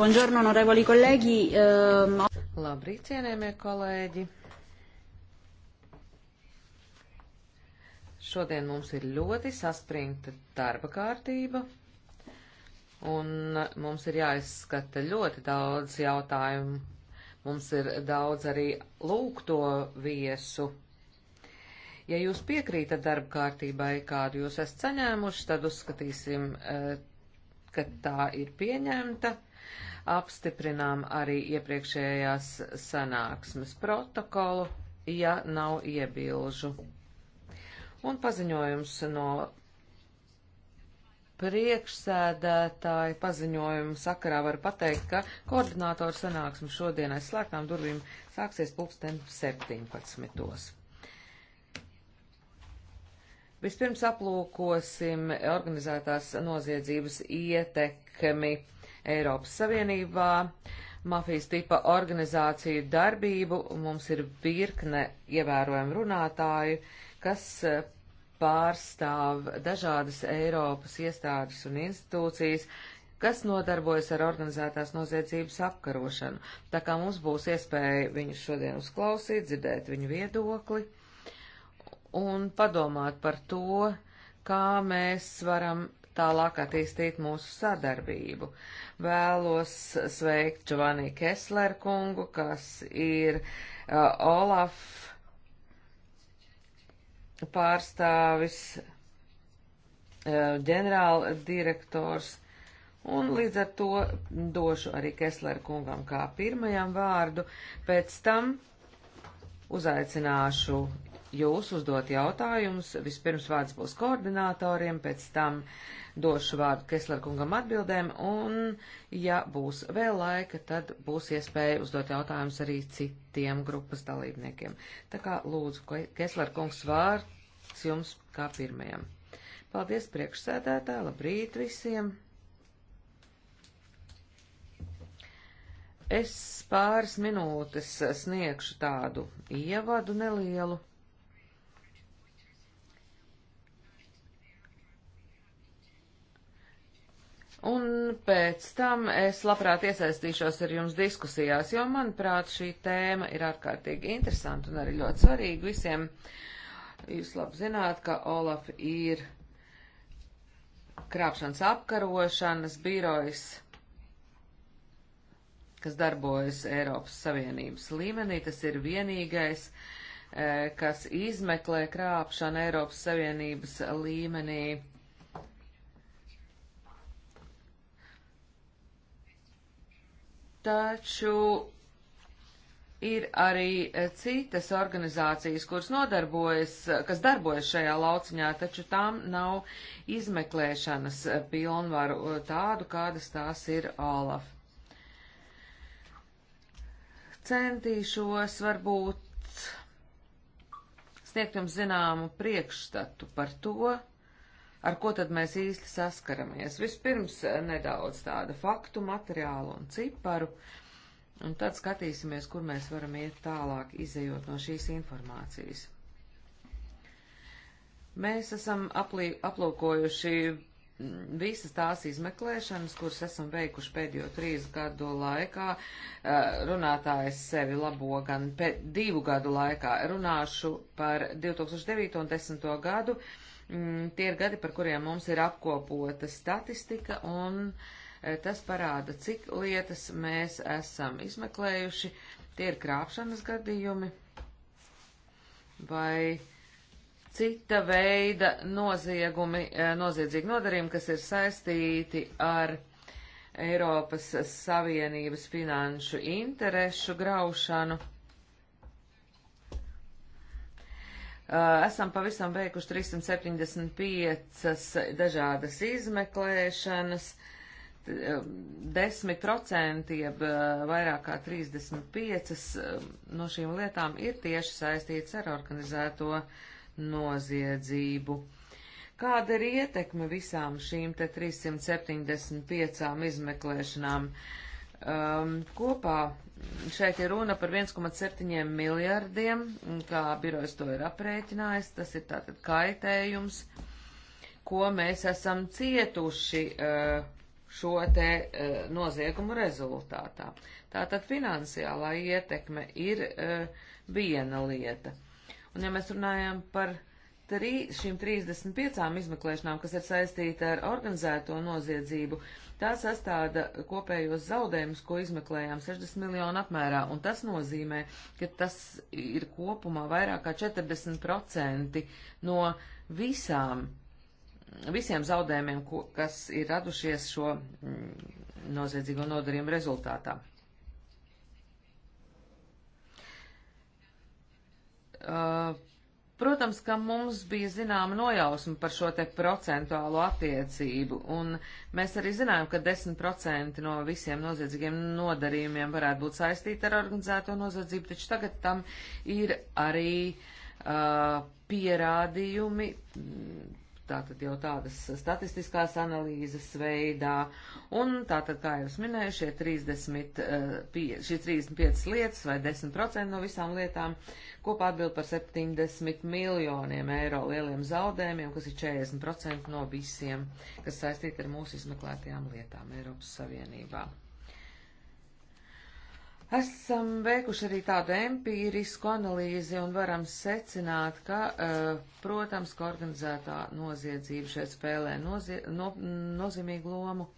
Buongiorno, onorevoli kolēģi. Um... Ehm, Labrīt, cienējamie kolēģi. Šodien mums ir ļoti saspringta darba kārtība, un mums ir jāizskata ļoti daudz jautājumu. Mums ir daudz arī lūgto viesu. Ja jūs piekrītat darba kārtībai, kādu jūs esat saņēmuši, tad uzskatīsim, eh, ka tā ir pieņemta apstiprinām arī iepriekšējās sanāksmes protokolu, ja nav iebilžu. Un paziņojums no priekšsēdētāja paziņojumu sakarā var pateikt, ka koordinātoru sanāksme šodien aiz slēgtām durvīm sāksies pulksten 17. Vispirms aplūkosim organizētās noziedzības ietekmi Eiropas Savienībā. Mafijas tipa organizāciju darbību mums ir virkne ievērojumu runātāju, kas eh, pārstāv dažādas Eiropas iestādes un institūcijas, kas nodarbojas ar organizētās noziedzības apkarošanu. Tā kā mums būs iespēja viņus šodien uzklausīt, dzirdēt viņu viedokli un padomāt par to, kā mēs varam tālāk attīstīt mūsu sadarbību. Vēlos sveikt Giovanni Kessler kungu, kas ir uh, Olaf pārstāvis, uh, ģenerāla direktors, un līdz ar to došu arī Kessler kungam kā pirmajam vārdu, pēc tam uzaicināšu jūs uzdot jautājumus. Vispirms vārds būs koordinātoriem, pēc tam došu vārdu Keslerkungam atbildēm, un, ja būs vēl laika, tad būs iespēja uzdot jautājumus arī citiem grupas dalībniekiem. Tā kā lūdzu, Keslerkungs vārds jums kā pirmajam. Paldies priekšsēdētāji, labrīt visiem! Es pāris minūtes sniegšu tādu ievadu nelielu. Un pēc tam es labprāt iesaistīšos ar jums diskusijās, jo, manuprāt, šī tēma ir ārkārtīgi interesanta un arī ļoti svarīga visiem. Jūs labi zināt, ka Olaf ir krāpšanas apkarošanas birojas, kas darbojas Eiropas Savienības līmenī. Tas ir vienīgais, eh, kas izmeklē krāpšanu Eiropas Savienības līmenī. Taču ir arī eh, citas organizācijas, kuras nodarbojas, eh, kas darbojas šajā lauciņā, taču tām nav izmeklēšanas eh, pilnvaru tādu, kādas tās ir Olaf. Centīšos varbūt sniegt jums zināmu priekšstatu par to, Ar ko tad mēs īsti saskaramies? Vispirms eh, nedaudz tāda faktu materiālu un ciparu, un tad skatīsimies, kur mēs varam iet tālāk, izējot no šīs informācijas. Mēs esam aplī, aplūkojuši mm, visas tās izmeklēšanas, kuras esam veikuši pēdējo trīs gadu laikā, eh, runātājs sevi labo gan divu gadu laikā. Runāšu par 2009 un 2010 gadu mm, tie ir gadi, par kuriem mums ir apkopota statistika, un e, tas parāda, cik lietas mēs esam izmeklējuši. Tie ir krāpšanas gadījumi vai cita veida noziegumi, e, noziedzīgi nodarījumi, kas ir saistīti ar Eiropas Savienības finanšu interešu graušanu Uh, esam pavisam veikuši 375 dažādas izmeklēšanas, 10% um, jeb uh, vairāk kā 35 um, no šīm lietām ir tieši saistīts ar organizēto noziedzību. Kāda ir ietekme visām šīm te 375 izmeklēšanām? Uh, Um, kopā šeit ir runa par 1,7 miljardiem, kā birojas to ir aprēķinājis. Tas ir tātad kaitējums, ko mēs esam cietuši uh, šo te uh, noziegumu rezultātā. Tātad finansiālā ietekme ir uh, viena lieta. Un ja mēs runājam par trī, šīm 35 izmeklēšanām, kas ir saistīta ar organizēto noziedzību, uh, Tā sastāda kopējos zaudējumus, ko izmeklējām 60 miljonu apmērā, un tas nozīmē, ka tas ir kopumā vairāk kā 40% no visām, visiem zaudējumiem, ko, kas ir radušies šo mm, noziedzīgo nodarījumu rezultātā. Uh, Protams, ka mums bija zināma nojausma par šo te procentuālo attiecību, un mēs arī zinājām, ka 10% no visiem noziedzīgiem nodarījumiem varētu būt saistīti ar organizēto noziedzību, taču tagad tam ir arī uh, pierādījumi tātad jau tādas statistiskās analīzes veidā, un tātad, kā jau es minēju, šie 30, šī 35 lietas vai 10% no visām lietām kopā atbild par 70 miljoniem eiro lieliem zaudējumiem, kas ir 40% no visiem, kas saistīti ar mūsu izmeklētajām lietām Eiropas Savienībā. Esam veikuši arī tādu empīrisku analīzi un varam secināt, ka, eh, protams, ka organizētā noziedzība šeit spēlē nozie, no, nozīmīgu lomu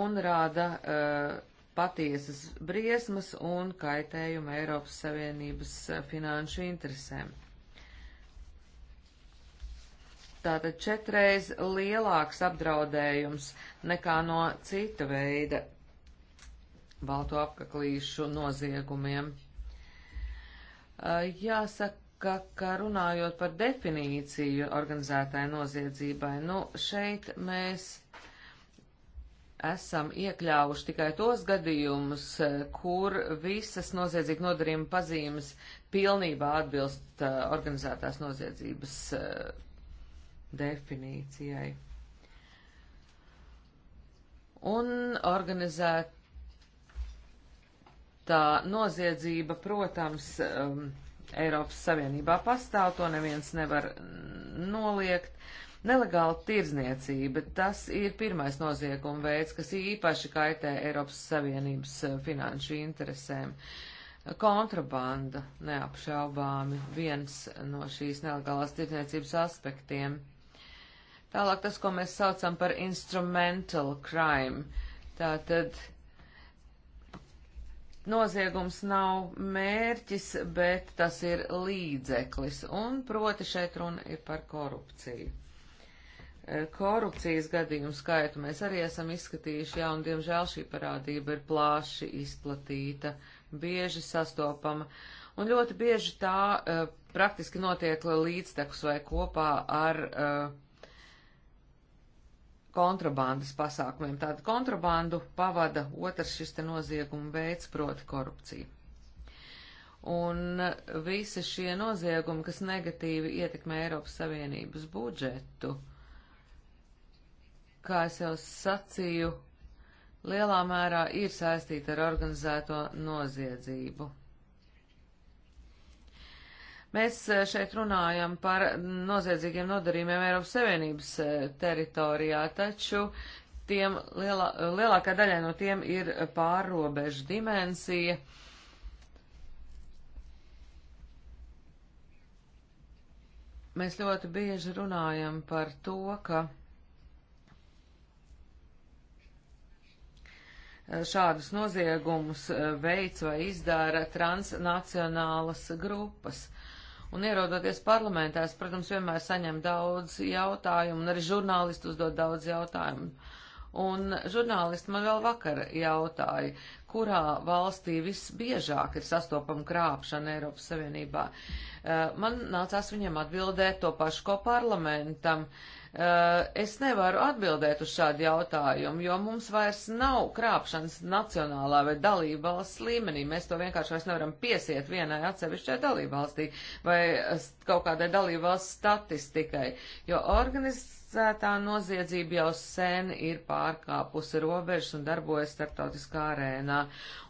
un rāda eh, patiesas briesmas un kaitējumu Eiropas Savienības eh, finanšu interesēm. Tātad četreiz lielāks apdraudējums nekā no cita veida balto apkaklīšu noziegumiem. Jāsaka, ka runājot par definīciju organizētāji noziedzībai, nu šeit mēs esam iekļāvuši tikai tos gadījumus, kur visas noziedzīga nodarījuma pazīmes pilnībā atbilst uh, organizētās noziedzības uh, definīcijai. Un organizēt Tā noziedzība, protams, um, Eiropas Savienībā pastāv, to neviens nevar noliegt. Nelegāla tirdzniecība, tas ir pirmais nozieguma veids, kas īpaši kaitē Eiropas Savienības uh, finanšu interesēm. Kontrabanda neapšaubāmi viens no šīs nelegālās tirdzniecības aspektiem. Tālāk tas, ko mēs saucam par instrumental crime, tātad uh, noziegums nav mērķis, bet tas ir līdzeklis, un proti šeit runa ir par korupciju. E, korupcijas gadījumu skaitu mēs arī esam izskatījuši, jā, un diemžēl šī parādība ir plāši izplatīta, bieži sastopama, un ļoti bieži tā uh, praktiski notiek līdztekus vai kopā ar uh, kontrabandas pasākumiem. Tātad kontrabandu pavada otrs šis te nozieguma veids, proti korupcija. Un visi šie noziegumi, kas negatīvi ietekmē Eiropas Savienības budžetu, kā es jau sacīju, lielā mērā ir saistīta ar organizēto noziedzību. Mēs eh, šeit runājam par noziedzīgiem nodarījumiem Eiropas Savienības eh, teritorijā, taču tiem lielā, lielākā daļa no tiem ir pārrobežu dimensija. Mēs ļoti bieži runājam par to, ka šādus noziegumus eh, veids vai izdara transnacionālas grupas. Un ierodoties parlamentā, es, protams, vienmēr saņemu daudz jautājumu, un arī žurnālisti uzdod daudz jautājumu. Un žurnālisti man vēl vakar jautāja, kurā valstī visbiežāk ir sastopama krāpšana Eiropas Savienībā. Eh, man nācās viņiem atbildēt to pašu, ko parlamentam. Uh, Eh, es nevaru atbildēt uz šādu jautājumu, jo mums vairs nav krāpšanas nacionālā vai dalībvalsts līmenī. Mēs to vienkārši vairs nevaram piesiet vienai atsevišķai dalībvalstī vai kaut kādai dalībvalsts statistikai, jo organizētā noziedzība jau sen ir pārkāpusi robežas un darbojas starptautiskā arēnā.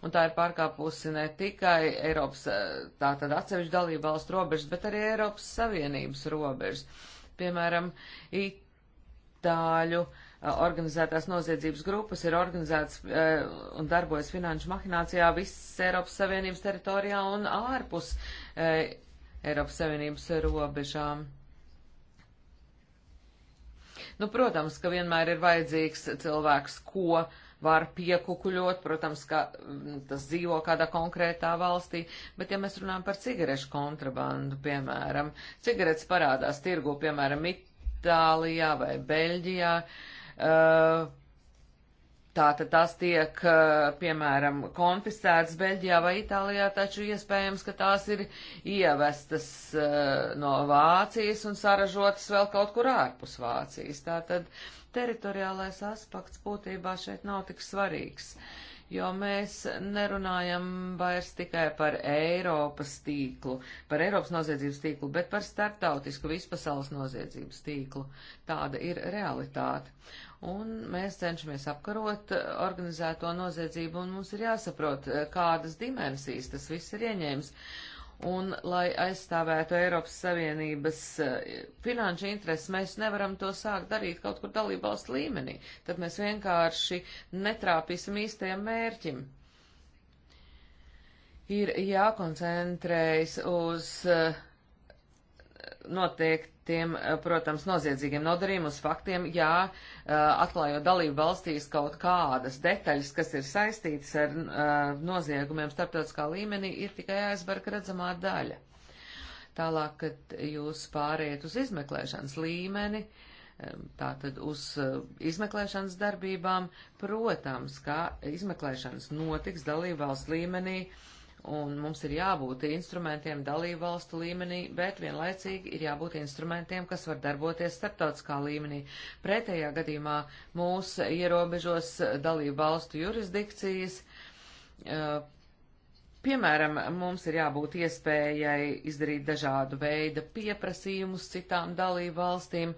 Un tā ir pārkāpusi ne tikai Eiropas, eh, tātad atsevišķu dalībvalstu robežas, bet arī Eiropas Savienības robežas. Piemēram, Itāļu organizētās noziedzības grupas ir organizētas un darbojas finanšu mahinācijā visas Eiropas Savienības teritorijā un ārpus Eiropas Savienības robežām. Nu, protams, ka vienmēr ir vajadzīgs cilvēks, ko uh, var piekukuļot, protams, ka mm, tas dzīvo kādā konkrētā valstī, bet ja mēs runājam par cigarešu kontrabandu, piemēram, cigaretes parādās tirgu, piemēram, Itālijā vai Beļģijā, uh, eh, Tātad tās tiek, eh, piemēram, konfiscētas Beļģijā vai Itālijā, taču iespējams, ka tās ir ievestas eh, no Vācijas un saražotas vēl kaut kur ārpus Vācijas. Tātad teritoriālais aspekts būtībā šeit nav tik svarīgs, jo mēs nerunājam vairs tikai par Eiropas tīklu, par Eiropas noziedzības tīklu, bet par starptautisku vispasaules noziedzības tīklu. Tāda ir realitāte. Un mēs cenšamies apkarot organizēto noziedzību, un mums ir jāsaprot, kādas dimensijas tas viss ir ieņēmis un, lai aizstāvētu Eiropas Savienības eh, finanšu intereses, mēs nevaram to sākt darīt kaut kur dalībvalstu līmenī. Tad mēs vienkārši netrāpīsim īstajam mērķim. Ir jākoncentrējas uz eh, notiek tiem, eh, protams, noziedzīgiem nodarījumus faktiem, jā, eh, atklājot dalību valstīs kaut kādas detaļas, kas ir saistītas ar eh, noziegumiem starptautiskā līmenī, ir tikai aizberga redzamā daļa. Tālāk, kad jūs pāriet uz izmeklēšanas līmeni, tātad uz izmeklēšanas darbībām, protams, ka izmeklēšanas notiks dalību valsts līmenī, uh, un mums ir jābūt instrumentiem dalību valstu līmenī, bet vienlaicīgi ir jābūt instrumentiem, kas var darboties starptautiskā līmenī. Pretējā gadījumā mūs ierobežos dalību valstu jurisdikcijas. Piemēram, mums ir jābūt iespējai izdarīt dažādu veidu pieprasījumus citām dalību valstīm,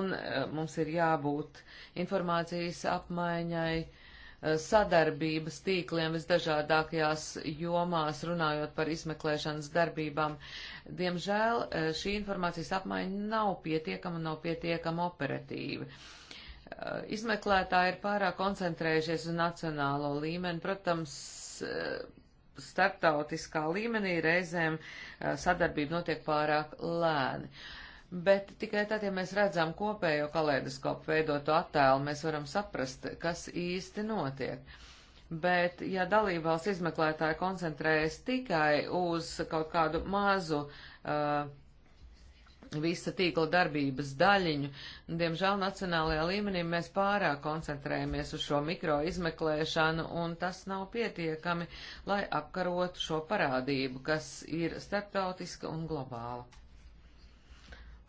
un mums ir jābūt informācijas apmaiņai Eh, sadarbības tīkliem visdažādākajās jomās, runājot par izmeklēšanas darbībām. Diemžēl eh, šī informācijas apmaiņa nav pietiekama, nav pietiekama operatīva. Eh, izmeklētāji ir pārāk koncentrējušies uz nacionālo līmeni, protams, starptautiskā līmenī reizēm sadarbība notiek pārāk lēni bet tikai tad, ja mēs redzam kopējo kaleidoskopu veidotu attēlu, mēs varam saprast, kas īsti notiek. Bet, ja dalībvalsts izmeklētāji koncentrējas tikai uz kaut kādu mazu uh, visa tīkla darbības daļiņu, diemžēl nacionālajā līmenī mēs pārāk koncentrējamies uz šo mikro izmeklēšanu, un tas nav pietiekami, lai apkarotu šo parādību, kas ir starptautiska un globāla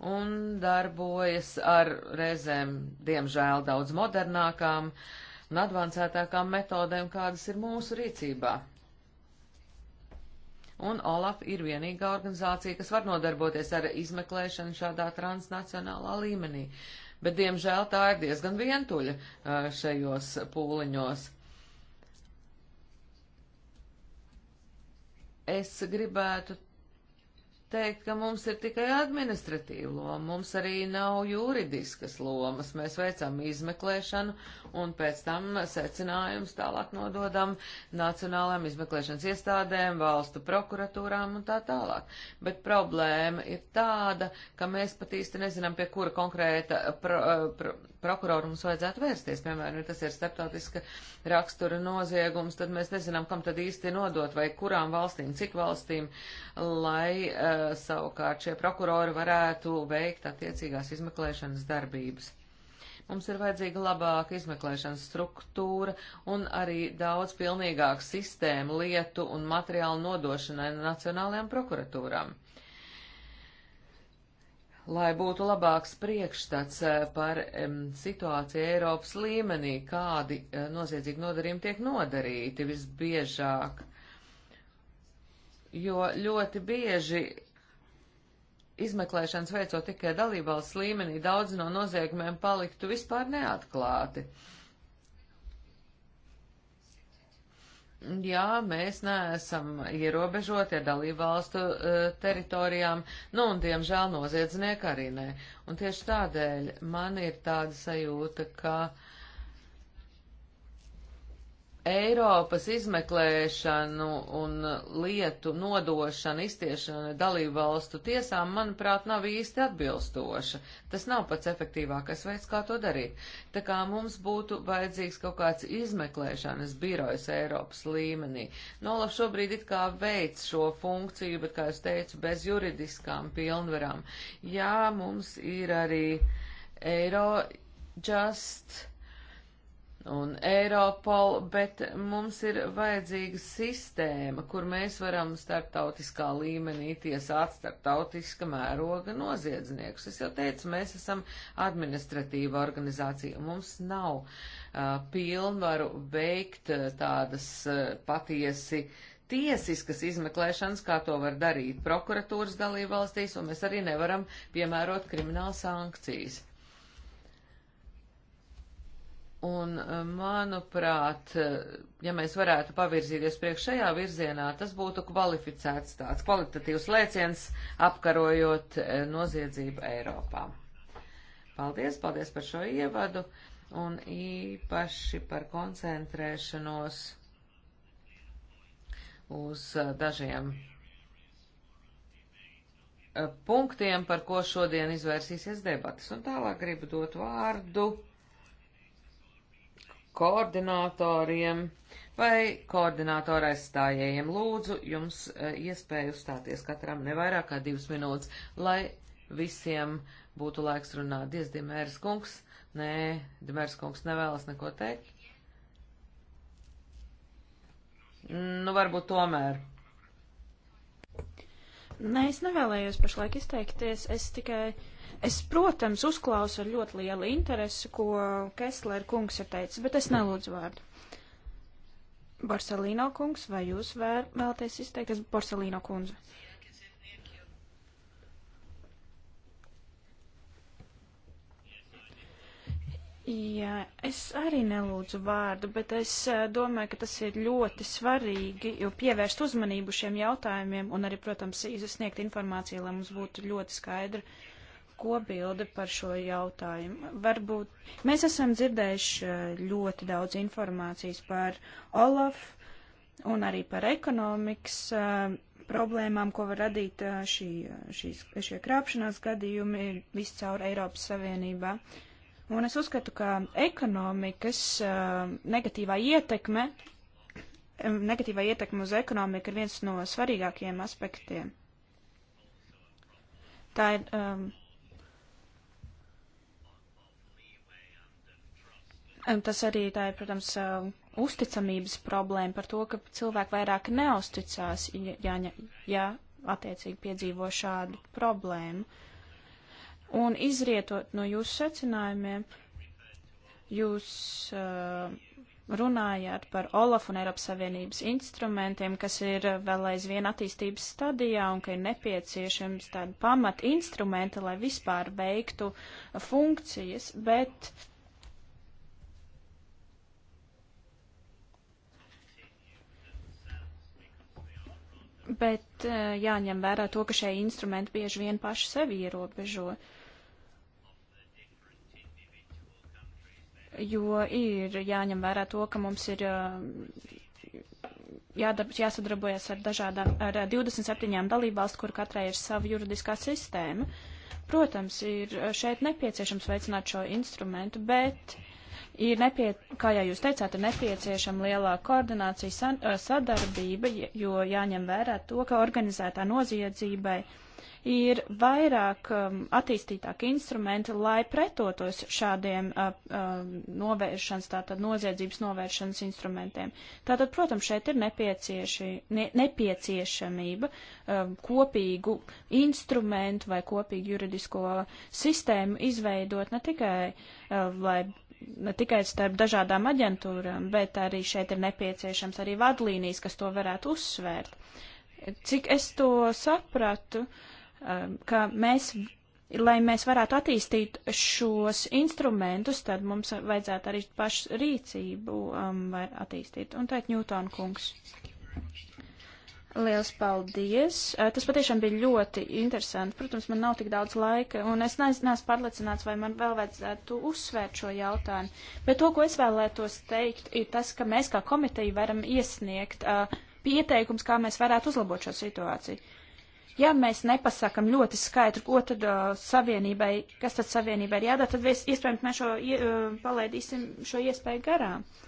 un darbojas ar reizēm, diemžēl, daudz modernākām un advancētākām metodēm, kādas ir mūsu rīcībā. Un OLAF ir vienīgā organizācija, kas var nodarboties ar izmeklēšanu šādā transnacionālā līmenī. Bet, diemžēl, tā ir diezgan vientuļa šajos pūliņos. Es gribētu teikt, ka mums ir tikai administratīva loma, mums arī nav juridiskas lomas. Mēs veicam izmeklēšanu un pēc tam secinājumus tālāk nododam nacionālajām izmeklēšanas iestādēm, valstu prokuratūrām un tā tālāk. Bet problēma ir tāda, ka mēs pat īsti nezinām, pie kura konkrēta pro, eh, pro, prokuroru mums vajadzētu vērsties. Piemēram, ja tas ir starptautiska rakstura noziegums, tad mēs nezinām, kam tad īsti nodot vai kurām valstīm, cik valstīm, lai uh, savukārt šie prokurori varētu veikt attiecīgās izmeklēšanas darbības. Mums ir vajadzīga labāka izmeklēšanas struktūra un arī daudz pilnīgāka sistēma lietu un materiālu nodošanai Nacionālajām prokuratūrām. Lai būtu labāks priekšstats eh, par um, situāciju Eiropas līmenī, kādi uh, noziedzīgi nodarījumi tiek nodarīti visbiežāk, jo ļoti bieži izmeklēšanas veicot tikai dalībvalsts līmenī, daudz no noziegumiem paliktu vispār neatklāti. Jā, mēs neesam ierobežotie dalībvalstu uh, teritorijām, nu un diemžēl noziedznieki arī nē. Un tieši tādēļ man ir tāda sajūta, ka uh, Eiropas izmeklēšanu un lietu nodošanu, iztiešanu dalību valstu tiesām, manuprāt, nav īsti atbilstoša. Tas nav pats efektīvākais veids, kā to darīt. Tā kā mums būtu vajadzīgs kaut kāds izmeklēšanas birojs Eiropas līmenī. Nolaf nu, šobrīd it kā veic šo funkciju, bet, kā es teicu, bez juridiskām pilnvarām. Jā, mums ir arī Eiro just un Eiropol, bet mums ir vajadzīga sistēma, kur mēs varam starptautiskā līmenī tiesāt starptautiska mēroga noziedzniekus. Es jau teicu, mēs esam administratīva organizācija, mums nav uh, pilnvaru veikt tādas uh, patiesi uh, tiesiskas izmeklēšanas, kā to var darīt prokuratūras dalībvalstīs, un mēs arī nevaram piemērot kriminālu sankcijas. Un, eh, manuprāt, eh, ja mēs varētu pavirzīties priekš šajā virzienā, tas būtu kvalificēts tāds kvalitatīvs lēciens, apkarojot eh, noziedzību Eiropā. Paldies, paldies par šo ievadu un īpaši par koncentrēšanos uz dažiem punktiem, par ko šodien izvērsīsies debatas. Un tālāk gribu dot vārdu koordinatoriem vai koordinātora aizstājējiem. Lūdzu, jums e, iespēja uzstāties katram nevairāk kā divas minūtes, lai visiem būtu laiks runāt. Diez, Dimērs kungs, nē, Dimērs kungs nevēlas neko teikt. Nu, varbūt tomēr. Nē, es nevēlējos pašlaik izteikties. Es tikai uh, Es, protams, uzklausu ar ļoti lielu interesi, ko Kesler kungs ir teicis, bet es nelūdzu vārdu. Borsalīno kungs, vai jūs vēr, vēlaties izteikties Borsalīno kundze? Jā, es arī nelūdzu vārdu, bet es eh, domāju, ka tas ir ļoti svarīgi, jo pievērst uzmanību šiem jautājumiem un arī, protams, izsniegt informāciju, lai mums būtu ļoti skaidra uh, kopbildi par šo jautājumu. Varbūt mēs esam dzirdējuši eh, ļoti daudz informācijas par Olaf un arī par ekonomikas uh, problēmām, ko var radīt uh, šī, šīs, šie krāpšanās gadījumi viscaur Eiropas Savienībā. Un es uzskatu, ka ekonomikas uh, negatīvā ietekme, negatīvā ietekme uz ekonomiku ir viens no svarīgākajiem aspektiem. Tā ir um, Tas arī tā ir, protams, uh, uzticamības problēma par to, ka cilvēki vairāk neusticās, ja, ja, ja attiecīgi piedzīvo šādu problēmu. Un izrietot no jūsu secinājumiem, jūs uh, runājāt par Olaf un Eiropas Savienības instrumentiem, kas ir vēl aizvien attīstības stadijā un ka ir nepieciešams tādi pamat instrumenti, lai vispār veiktu funkcijas, bet uh, bet eh, jāņem vērā to, ka šie instrumenti bieži vien paši sevi ierobežo. Jo ir jāņem vērā to, ka mums ir eh, jādab, jāsadarbojas ar, dažādām, ar 27 eh, dalībvalstu, kur katrai ir sava juridiskā sistēma. Protams, ir šeit nepieciešams veicināt šo instrumentu, bet uh, ir nepie, kā jau jūs teicāt, ir nepieciešama lielāka koordinācija san, eh, sadarbība, jo jāņem vērā to, ka organizētā noziedzībai ir vairāk um, attīstītāki instrumenti, lai pretotos šādiem uh, uh, novēršanas, tātad noziedzības novēršanas instrumentiem. Tātad, protams, šeit ir ne, nepieciešamība um, kopīgu instrumentu vai kopīgu juridisko sistēmu izveidot ne tikai, uh, lai ne tikai starp dažādām aģentūrām, bet arī šeit ir nepieciešams arī vadlīnijas, kas to varētu uzsvērt. Cik es to sapratu, um, ka mēs, lai mēs varētu attīstīt šos instrumentus, tad mums vajadzētu arī pašu rīcību um, attīstīt. Un teikt, Ņūtona kungs. Liels paldies! Tas patiešām bija ļoti interesanti. Protams, man nav tik daudz laika, un es neesmu pārliecināts, vai man vēl vajadzētu uzsvērt šo jautājumu. Bet to, ko es vēlētos teikt, ir tas, ka mēs kā komiteja varam iesniegt uh, pieteikums, kā mēs varētu uzlabot šo situāciju. Ja mēs nepasakam ļoti skaidru, ko tad uh, savienībai, kas tad savienībai ir jādara, tad iespējams mēs šo, uh, palaidīsim šo iespēju garām. Uh,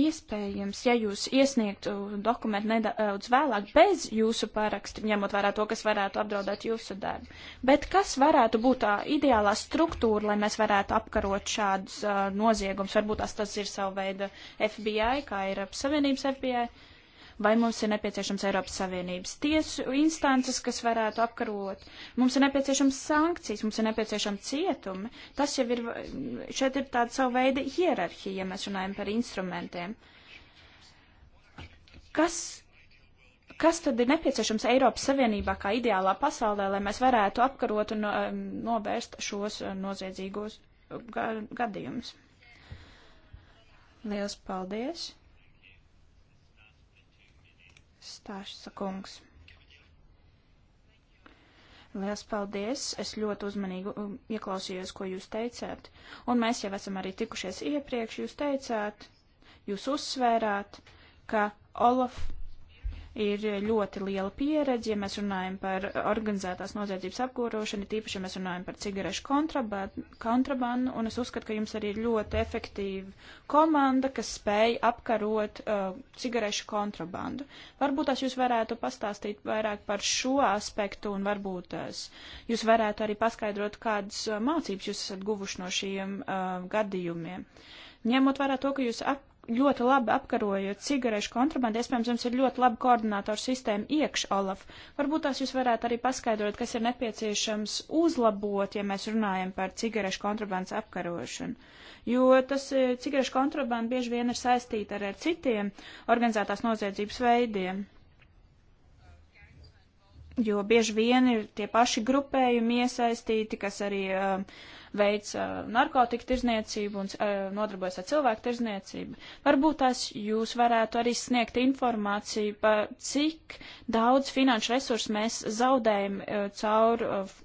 iespējams, ja jūs iesniegtu dokumentu nedaudz vēlāk bez jūsu parakstu, ņemot vērā to, kas varētu apdraudēt jūsu darbu. Bet kas varētu būt tā ideālā struktūra, lai mēs varētu apkarot šādus uh, noziegumus? Varbūt tās tas ir sava veida FBI, kā ir Savienības FBI. Uh, vai mums ir nepieciešams Eiropas Savienības tiesu instances, kas varētu apkarot, mums ir nepieciešams sankcijas, mums ir nepieciešami cietumi. Tas jau ir, šeit ir tāda savu veidu hierarhija, ja mēs runājam par instrumentiem. Kas, kas tad ir nepieciešams Eiropas Savienībā kā ideālā pasaulē, lai mēs varētu apkarot un no, um, novērst šos uh, noziedzīgos uh, gadījumus? Liels paldies! Stāšsa kungs. Liels paldies! Es ļoti uzmanīgi um, ieklausījos, ko jūs teicāt. Un mēs jau esam arī tikušies iepriekš. Jūs teicāt, jūs uzsvērāt, ka Olaf ir ļoti liela pieredze, ja mēs runājam par organizētās noziedzības apkūrošanu, tīpaši, ja mēs runājam par cigarešu kontrabandu, un es uzskatu, ka jums arī ir ļoti efektīva komanda, kas spēj apkarot uh, cigarešu kontrabandu. Varbūt tās jūs varētu pastāstīt vairāk par šo aspektu, un varbūt tās jūs varētu arī paskaidrot, kādas uh, mācības jūs esat guvuši no šiem uh, gadījumiem. Ņemot vērā to, ka jūs ap ļoti labi apkarojot cigarešu kontrabandu, iespējams, jums ir ļoti laba koordinātora sistēma iekš Olaf. Varbūt tās jūs varētu arī paskaidrot, kas ir nepieciešams uzlabot, ja mēs runājam par cigarešu kontrabandas apkarošanu. Jo tas e, cigarešu kontrabanda bieži vien ir saistīta arī ar citiem organizētās noziedzības veidiem jo bieži vien ir tie paši grupējumi iesaistīti, kas arī uh, veic uh, narkotiku tirzniecību un uh, nodarbojas ar cilvēku tirzniecību. Varbūt tās jūs varētu arī sniegt informāciju par cik daudz finanšu resursu mēs zaudējam uh, caur uh,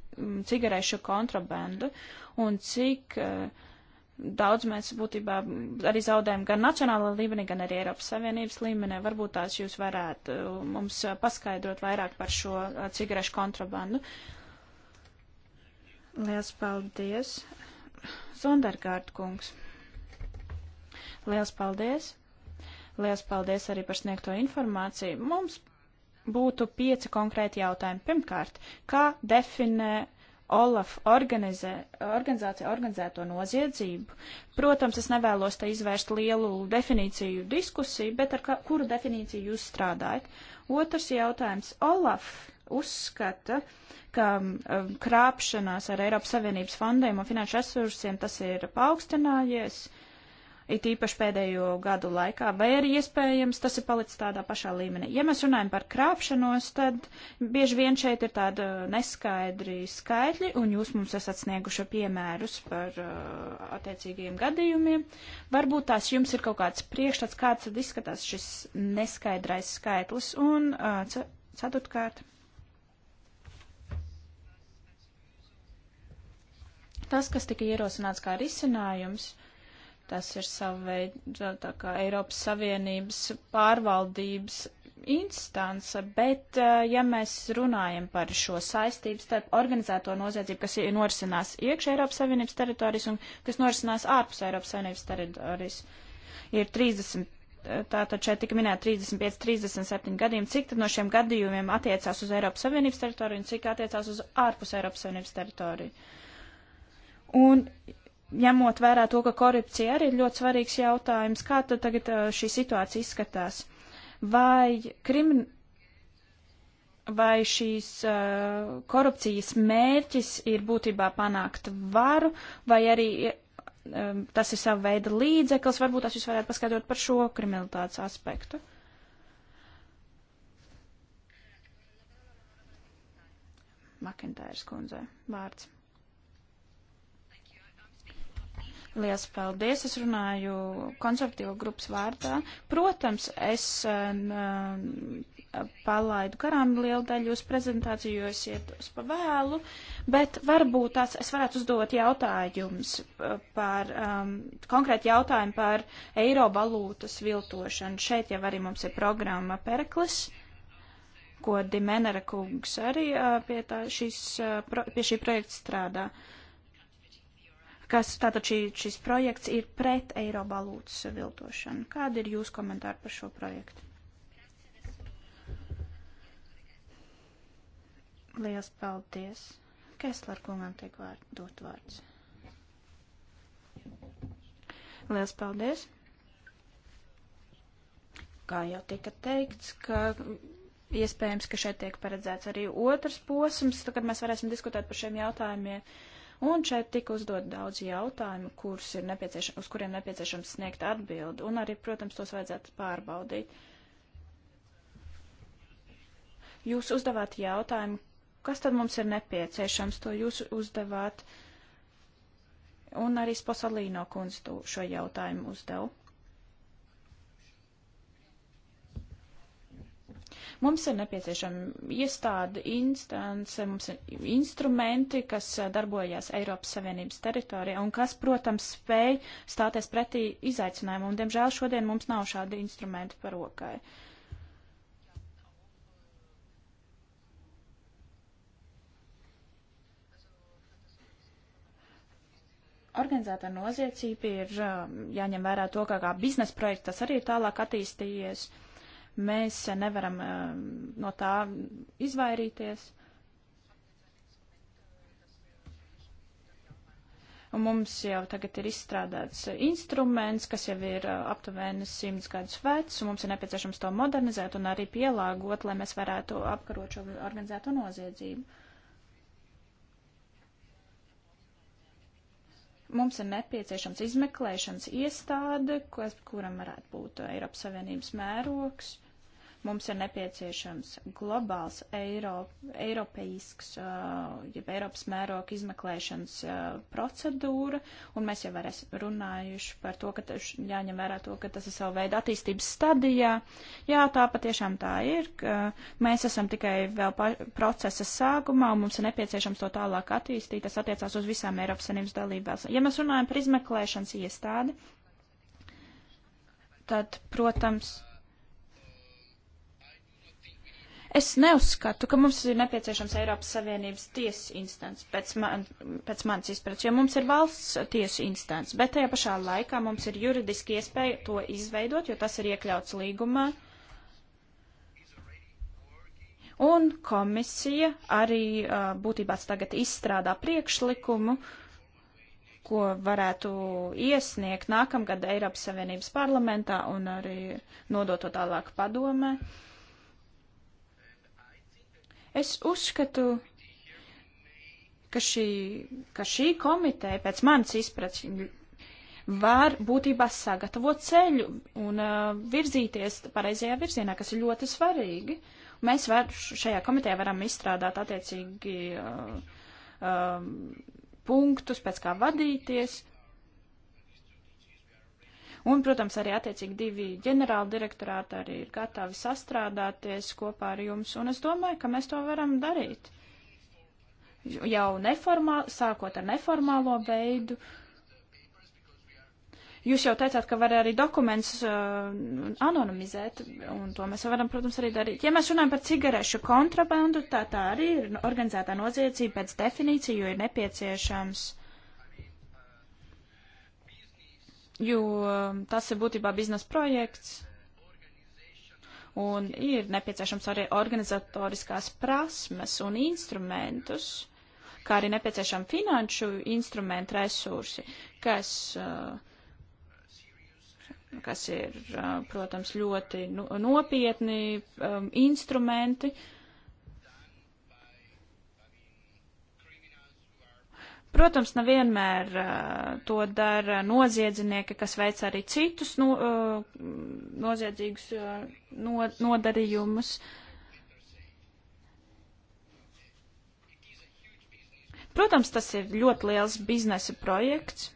cigarešu kontrabandu un cik uh, daudz mēs būtībā arī zaudējam gan nacionālā līmenī, gan arī Eiropas Savienības līmenī. Varbūt tās jūs varētu uh, mums uh, paskaidrot vairāk par šo uh, cigarešu kontrabandu. Lielas paldies, Zondergārd kungs. Lielas paldies. Lielas paldies arī par sniegto informāciju. Mums būtu pieci konkrēti jautājumi. Pirmkārt, kā definē Olaf organizē, organizācija organizēto noziedzību. Protams, es nevēlos te izvērst lielu definīciju diskusiju, bet ar kā, kuru definīciju jūs strādājat? Otrs jautājums. Olaf uzskata, ka um, krāpšanās ar Eiropas Savienības fondiem un finanšu resursiem tas ir paaugstinājies. Uh, it īpaši pēdējo gadu laikā, vai arī iespējams tas ir palicis tādā pašā līmenī. Ja mēs runājam par krāpšanos, tad bieži vien šeit ir tāda neskaidri skaitļi, un jūs mums esat snieguši piemērus par uh, attiecīgiem gadījumiem. Varbūt tās jums ir kaut kāds priekšstats, kāds tad izskatās šis neskaidrais skaitlis, un uh, ceturtkārt. Tas, kas tika ierosināts kā risinājums, uh, Tas ir sava veida tā kā Eiropas Savienības pārvaldības instance, bet ja mēs runājam par šo saistību starp organizēto noziedzību, kas norisinās iekš Eiropas Savienības teritorijas un kas norisinās ārpus Eiropas Savienības teritorijas, ir 30 tātad šeit tika minēta 35, 37 gadījumi. Cik tad no šiem gadījumiem attiecās uz Eiropas Savienības teritoriju un cik attiecās uz ārpus Eiropas Savienības teritoriju? Un ņemot vērā to, ka korupcija arī ir ļoti svarīgs jautājums, kā tad tagad uh, šī situācija izskatās? Vai, krimin... vai šīs uh, korupcijas mērķis ir būtībā panākt varu, vai arī um, tas ir sava veida līdzeklis? Varbūt tas jūs varētu paskaidrot par šo kriminalitātes aspektu. Makintērs kundzei vārds. Lielas paldies, es runāju konservatīvo grupas vārdā. Protams, es palaidu garām lielu daļu jūsu prezentāciju, jo es iet uz pavēlu, bet varbūt tās es varētu uzdot jautājums uh, par um, konkrēti jautājumu par eiro valūtas viltošanu. Šeit jau arī mums ir programma Pereklis ko Dimenera kungs arī uh, pie, tā, šis, uh, pro, pie šī projekta strādā. Uh, kas tātad šī, šis projekts ir pret eiro valūtas viltošanu. Kāda ir jūsu komentāra par šo projektu? Liels paldies. Kesler kungam tiek vār, dot vārds. Liels paldies. Kā jau tika teikts, ka iespējams, ka šeit tiek paredzēts arī otrs posms, tad, kad mēs varēsim diskutēt par šiem jautājumiem. Uh, Un šeit tika uzdot daudz jautājumu, kurus ir nepieciešams, uz kuriem nepieciešams sniegt atbildi, un arī, protams, tos vajadzētu pārbaudīt. Jūs uzdevāt jautājumu, kas tad mums ir nepieciešams, to jūs uzdevāt, un arī Sposalīno kundze šo jautājumu uzdevu. Mums ir nepieciešama iestāde, instance, mums ir instrumenti, kas eh, darbojās Eiropas Savienības teritorijā un kas, protams, spēj stāties pretī izaicinājumam. Un, diemžēl šodien mums nav šādi instrumenti par rokai. organizētā noziedzība ir eh, jāņem vērā to, ka kā biznesa projekts tas arī ir tālāk attīstījies. Uh, Mēs nevaram eh, no tā izvairīties. Un mums jau tagad ir izstrādāts instruments, kas jau ir eh, aptuveni simts gadus vecs, un mums ir nepieciešams to modernizēt un arī pielāgot, lai mēs varētu apkarot šo organizēto noziedzību. Mums ir nepieciešams izmeklēšanas iestāde, kas, kuram varētu būt eh, Eiropas Savienības mērogs. Mums ir nepieciešams globāls Eiro, eiropeisks, jeb Eiropas mēroga izmeklēšanas procedūra, un mēs jau esam runājuši par to, ka tas jāņem vērā to, ka tas ir savu veidu attīstības stadijā. Jā, tā patiešām tā ir, ka mēs esam tikai vēl procesa sākumā, un mums ir nepieciešams to tālāk attīstīt. Tas attiecās uz visām Eiropas Savienības dalībās. Ja mēs runājam par izmeklēšanas iestādi, tad, protams, Es neuzskatu, ka mums ir nepieciešams Eiropas Savienības tiesas instants pēc, man, pēc manas izpratnes, jo mums ir valsts tiesu instants, bet tajā pašā laikā mums ir juridiski iespēja to izveidot, jo tas ir iekļauts līgumā. Un komisija arī būtībā tagad izstrādā priekšlikumu, ko varētu iesniegt nākamgad Eiropas Savienības parlamentā un arī nodot to tālāk padomē. Uh, Es uzskatu, ka šī, ka šī komiteja, pēc manas izpratnes, var būtībā sagatavot ceļu un uh, virzīties pareizajā virzienā, kas ir ļoti svarīgi. Mēs var, šajā komitejā varam izstrādāt attiecīgi uh, uh, punktus, pēc kā vadīties, Un, protams, arī attiecīgi divi ģenerāli direktorāti arī ir gatavi sastrādāties kopā ar jums, un es domāju, ka mēs to varam darīt. Jau neformāli, sākot ar neformālo veidu. Jūs jau teicāt, ka var arī dokumentus uh, anonimizēt, un to mēs varam, protams, arī darīt. Ja mēs runājam par cigarešu kontrabandu, tā tā arī ir organizētā noziedzība pēc definīcija, jo ir nepieciešams jo um, tas ir būtībā biznesa projekts. Un ir nepieciešams arī organizatoriskās prasmes un instrumentus, kā arī nepieciešami finanšu instrumentu resursi, kas uh, kas ir, uh, protams, ļoti nu, nopietni um, instrumenti, Protams, nevienmēr uh, to dara noziedznieki, kas veic arī citus no, uh, noziedzīgus uh, no, nodarījumus. Protams, tas ir ļoti liels biznesa projekts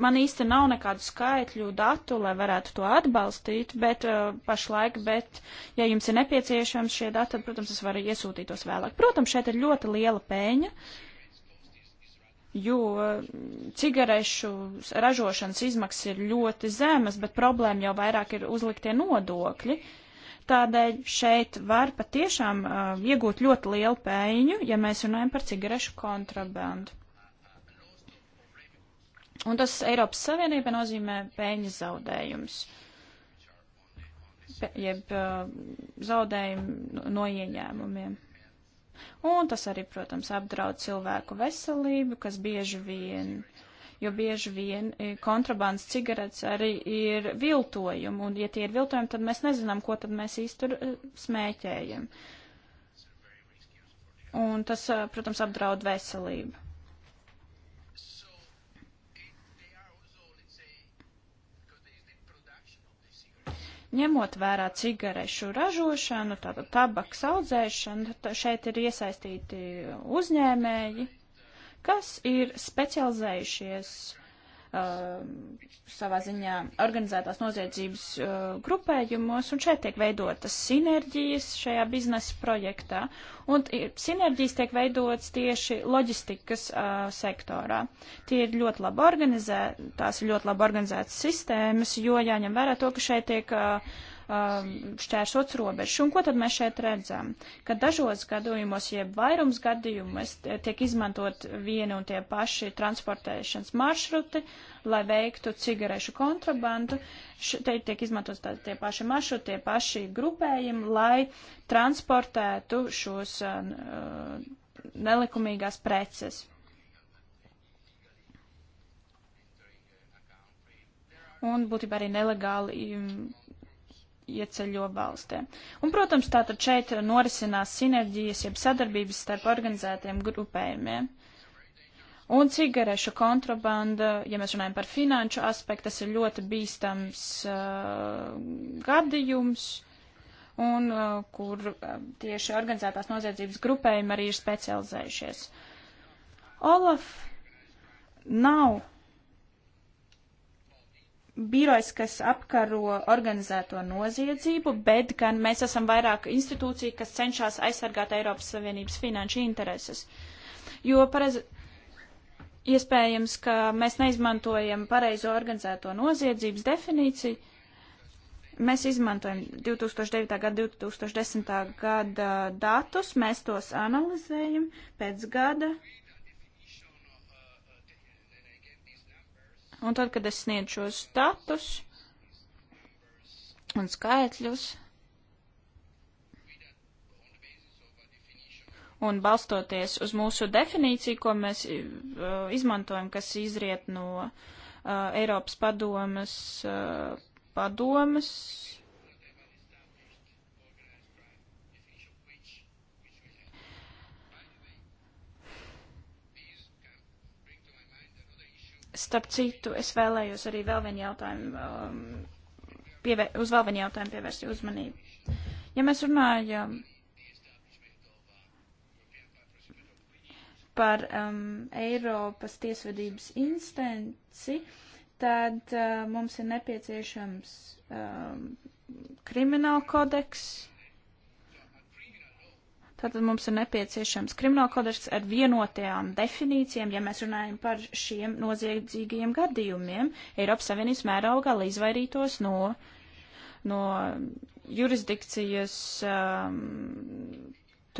man īsti nav nekādu skaitļu datu, lai varētu to atbalstīt, bet eh, pašlaik, bet ja jums ir nepieciešams šie dati, tad, protams, es varu iesūtīt tos vēlāk. Protams, šeit ir ļoti liela pēļņa, jo eh, cigarešu ražošanas izmaksas ir ļoti zemas, bet problēma jau vairāk ir uzliktie nodokļi. Tādēļ šeit var patiešām uh, iegūt ļoti lielu pēļņu, ja mēs runājam par cigarešu kontrabandu. Un tas Eiropas Savienība nozīmē peļņas zaudējumus, Pe, jeb uh, zaudējumu no ieņēmumiem. Un tas arī, protams, apdraud cilvēku veselību, kas bieži vien, jo bieži vien e, kontrabandas cigaretes arī ir viltojumi, un ja tie ir viltojumi, tad mēs nezinām, ko tad mēs īsti tur e, smēķējam. Un tas, e, protams, apdraud veselību. Ņemot vērā cigarešu ražošanu, tātad tabaks audzēšanu, tā šeit ir iesaistīti uzņēmēji, kas ir specializējušies uh, savā ziņā organizētās noziedzības uh, grupējumos, un šeit tiek veidotas sinerģijas šajā biznesa projektā, un sinerģijas tiek veidotas tieši loģistikas uh, sektorā. Tie ir ļoti labi organizēti, tās ir ļoti labi organizētas sistēmas, jo jāņem vērā to, ka šeit tiek uh, um, šķērsots robežas. Un ko tad mēs šeit redzam? Ka dažos gadījumos, jeb vairums gadījumos, eh, tiek izmantot vieni un tie paši transportēšanas maršruti, lai veiktu cigarešu kontrabandu. Šeit tiek izmantot tā, tie paši maršruti, tie paši grupējumi, lai transportētu šos uh, nelikumīgās preces. un būtībā arī nelegāli mm, ieceļo valstē. Un, protams, tātad šeit norisinās sinerģijas, jeb sadarbības starp organizētiem grupējumiem. Un cigarešu kontrabanda, ja mēs runājam par finanšu aspektu, tas ir ļoti bīstams uh, gadījums, un uh, kur uh, tieši organizētās noziedzības grupējumi arī ir specializējušies. Olaf nav birojs, kas apkaro organizēto noziedzību, bet gan mēs esam vairāk institūcija, kas cenšas aizsargāt Eiropas Savienības finanšu intereses. Jo pareiz, iespējams, ka mēs neizmantojam pareizo organizēto noziedzības definīciju. Mēs izmantojam 2009. gada, 2010. gada datus, mēs tos analizējam pēc gada, Un tad, kad es sniedzu šos datus un skaitļus, un balstoties uz mūsu definīciju, ko mēs uh, izmantojam, kas izriet no uh, Eiropas padomas, uh, padomas Starp citu, es vēlējos arī vēl vienu jautājumu, um, pievēr, uz vēl vienu jautājumu pievērst uzmanību. Ja mēs runājam par um, Eiropas tiesvedības instanci, tad uh, mums ir nepieciešams um, krimināla kodeks, Tātad mums ir nepieciešams kriminālkodeks ar vienotajām definīcijām, ja mēs runājam par šiem noziedzīgajiem gadījumiem Eiropas Savienības mērogā, lai izvairītos no, no jurisdikcijas um,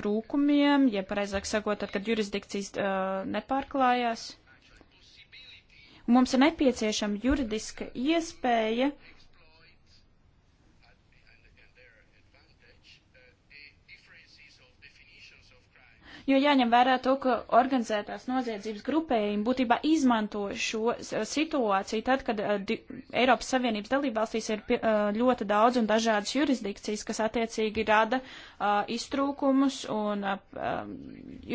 trūkumiem, ja pareizāk sakot, tad, kad jurisdikcijas uh, nepārklājās. Un mums ir nepieciešama juridiska iespēja uh, jo jāņem vērā to, ka organizētās noziedzības grupējumi būtībā izmanto šo situāciju tad, kad uh, Eiropas Savienības dalībvalstīs ir uh, ļoti daudz un dažādas jurisdikcijas, kas attiecīgi rada uh, iztrūkumus un um,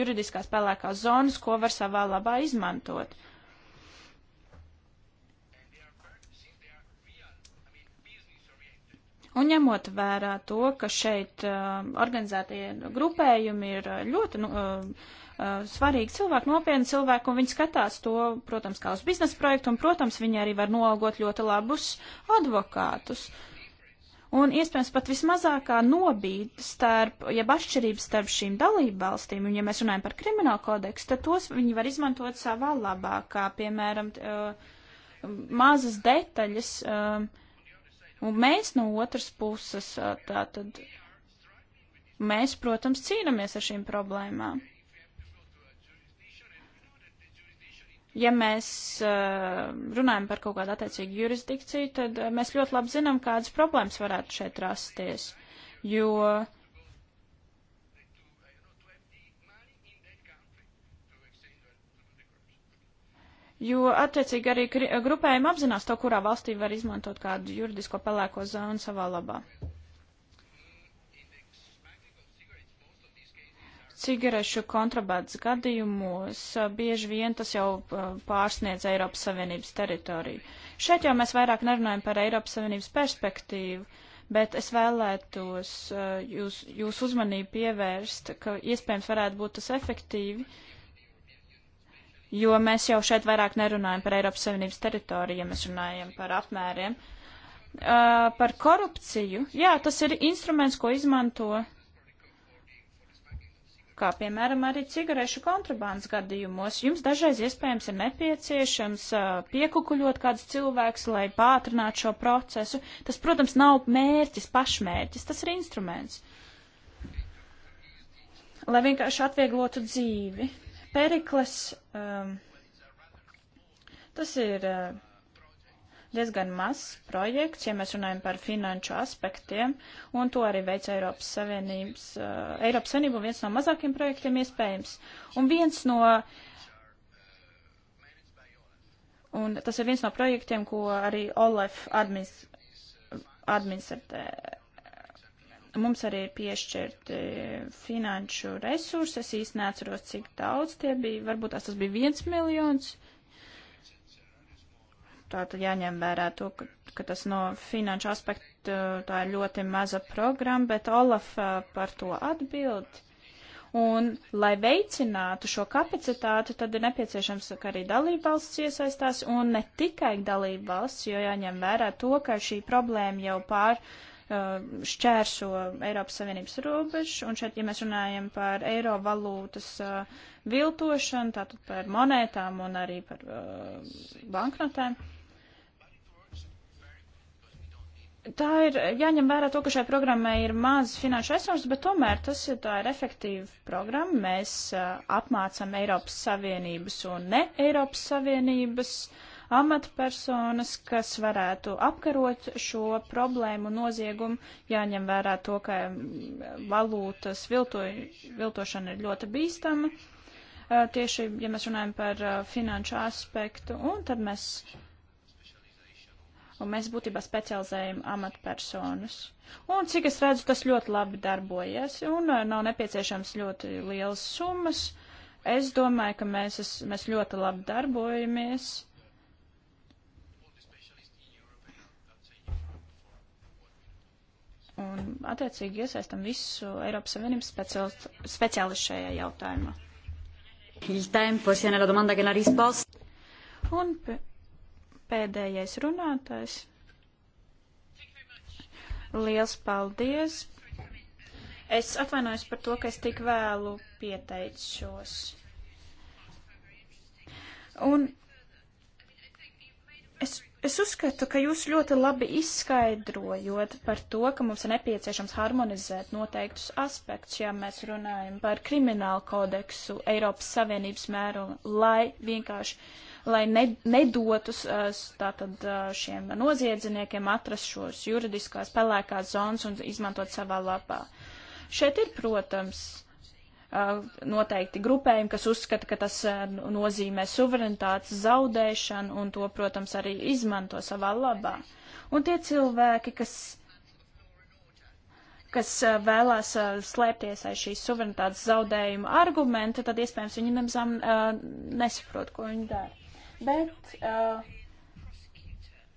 juridiskās pelēkās zonas, ko var savā labā izmantot. Un ņemot vērā to, ka šeit uh, organizētie grupējumi ir uh, ļoti nu, uh, uh, svarīgi cilvēki, nopietni cilvēki, un viņi skatās to, protams, kā uz biznesa projektu, un, protams, viņi arī var nolgot ļoti labus advokātus. Un iespējams pat vismazākā nobīde starp, jeb atšķirība starp šīm dalību valstīm, un ja mēs runājam par kriminālu kodeksu, tad tos viņi var izmantot savā labākā, piemēram, t, uh, mazas detaļas. Uh, Un mēs no otras puses, tātad, mēs, protams, cīnāmies ar šīm problēmām. Ja mēs runājam par kaut kādu attiecīgu jurisdikciju, tad mēs ļoti labi zinām, kādas problēmas varētu šeit rasties, jo uh, jo attiecīgi arī grupējumi apzinās to, kurā valstī var izmantot kādu juridisko pelēko zonu savā labā. Cigarešu kontrabandas gadījumos bieži vien tas jau pārsniedz Eiropas Savienības teritoriju. Šeit jau mēs vairāk nerunājam par Eiropas Savienības perspektīvu, bet es vēlētos jūs, jūs uzmanību pievērst, ka iespējams varētu būt tas efektīvi, uh, jo mēs jau šeit vairāk nerunājam par Eiropas Savienības teritoriju, ja mēs runājam par apmēriem. Uh, par korupciju, jā, tas ir instruments, ko izmanto, kā piemēram arī cigarešu kontrabandas gadījumos. Jums dažreiz iespējams ir nepieciešams uh, piekukuļot kāds cilvēks, lai pātrinātu šo procesu. Tas, protams, nav mērķis, pašmērķis, tas ir instruments. Lai vienkārši atvieglotu dzīvi Perikles. Um, tas ir uh, diezgan mazs projekts, ja mēs runājam par finanšu aspektiem, un to arī veica Eiropas Savienības, uh, Eiropas Savienība viens no mazākiem projektiem iespējams. Un viens no Un tas ir viens no projektiem, ko arī Olaf administ, administratē Mums arī ir piešķirti e, finanšu resursi, es īsti neatceros, cik daudz tie bija, varbūt tās tas bija viens miljons. Tā tad jāņem vērā to, ka, ka tas no finanšu aspekta e, tā ir ļoti maza programma, bet Olaf e, par to atbild. Un, lai veicinātu šo kapacitāti, tad ir nepieciešams, ka arī dalībvalsts iesaistās, un ne tikai dalībvalsts, jo jāņem vērā to, ka šī problēma jau pār uh, Uh, šķērso Eiropas Savienības robežu, un šeit, ja mēs runājam par eiro valūtas uh, viltošanu, tātad par monētām un arī par uh, banknotēm, tā ir jāņem vērā to, ka šai programmai ir maz finanšu resursu, bet tomēr tas ir tā ir efektīva programma. Mēs uh, apmācam Eiropas Savienības un ne Eiropas Savienības uh, amatpersonas, kas varētu apkarot šo problēmu noziegumu, jāņem vērā to, ka mm, valūtas vilto, viltošana ir ļoti bīstama. Tieši, ja mēs runājam par finanšu aspektu, un tad mēs, un mēs būtībā specializējam amatpersonas. Un, cik es redzu, tas ļoti labi darbojas, un nav nepieciešams ļoti lielas summas. Es domāju, ka mēs, es, mēs ļoti labi darbojamies. Uh, un attiecīgi iesaistam visu Eiropas Savienības speciālistu speciālis šajā jautājumā. Il tempo sia nella domanda che nella risposta. Un pēdējais runātājs. Liels paldies! Es atvainojos par to, ka es tik vēlu pieteicos. Un es Es uzskatu, ka jūs ļoti labi izskaidrojot par to, ka mums ir nepieciešams harmonizēt noteiktus aspektus, ja mēs runājam par kriminālu kodeksu Eiropas Savienības mērogu, lai vienkārši, lai ne, nedotus uh, tātad uh, šiem noziedziniekiem atrast šos juridiskās pelēkās zonas un izmantot savā labā. Šeit ir, protams, Uh, noteikti grupējumi, kas uzskata, ka tas uh, nozīmē suverenitātes zaudēšanu un to, protams, arī izmanto savā labā. Un tie cilvēki, kas kas uh, vēlās slēpties aiz šīs suverenitātes zaudējuma argumenta, tad iespējams viņi nemazām nesaprot, ko viņi dara. Bet uh,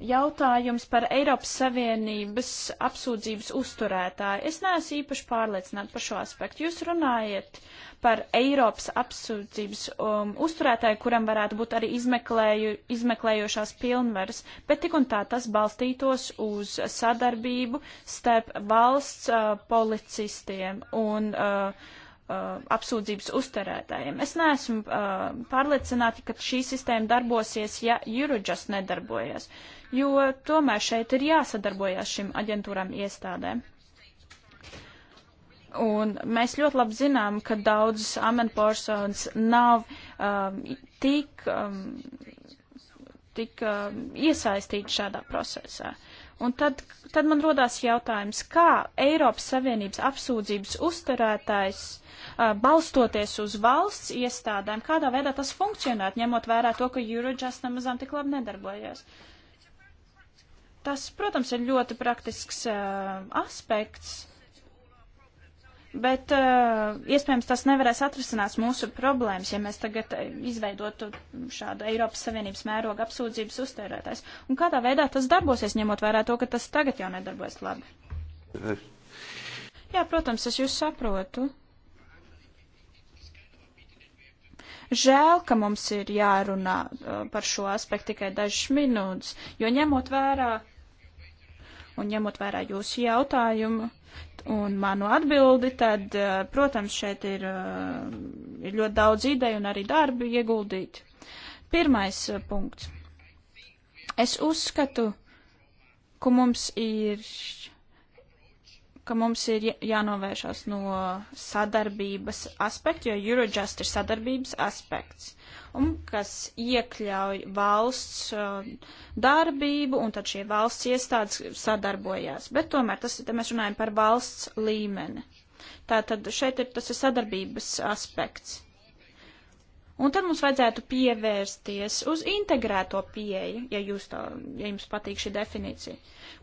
Jautājums par Eiropas Savienības apsūdzības uzturētāju. Es neesmu īpaši pārliecināta par šo aspektu. Jūs runājat par Eiropas apsūdzības um, uzturētāju, kuram varētu būt arī izmeklēju, izmeklējošās pilnvaras, bet tik un tā tas balstītos uz sadarbību starp valsts uh, policistiem un uh, Uh, apsūdzības uzturētājiem. Es neesmu uh, pārliecināta, ka šī sistēma darbosies, ja Eurojust nedarbojas. Uh, jo tomēr šeit ir jāsadarbojās šim aģentūram iestādēm. Un mēs ļoti labi zinām, ka daudzas amatpersonas nav um, tik, um, tik um, iesaistīti šādā procesā. Un tad, tad man rodās jautājums, kā Eiropas Savienības apsūdzības uzturētājs, uh, balstoties uz valsts iestādēm, kādā veidā tas funkcionētu, ņemot vērā to, ka Eurojust nemazām tik labi nedarbojas. Uh, Tas, protams, ir ļoti praktisks uh, aspekts, bet uh, iespējams tas nevarēs atrisināt mūsu problēmas, ja mēs tagad eh, izveidotu šādu Eiropas Savienības mērogu apsūdzības uztērētājs. Un kādā veidā tas darbosies, ņemot vērā to, ka tas tagad jau nedarbojas labi? Jā, protams, es jūs saprotu. Žēl, ka mums ir jārunā uh, par šo aspektu tikai dažas minūtes, jo ņemot vērā un ņemot vērā jūsu jautājumu un manu atbildi, tad, uh, protams, šeit ir, uh, ir ļoti daudz ideju un arī darbi ieguldīti. Pirmais punkts. Es uzskatu, ka mums ir ka mums ir jānovēršās no sadarbības aspekta, jo Eurojust ir sadarbības aspekts, un kas iekļauj valsts uh, darbību, un tad šie valsts iestādes sadarbojās. Bet tomēr tas, te mēs runājam par valsts līmeni. Tātad šeit ir tas ir sadarbības aspekts. Un tad mums vajadzētu pievērsties uz integrēto pieeju, ja, jūs tā, ja jums patīk šī definīcija.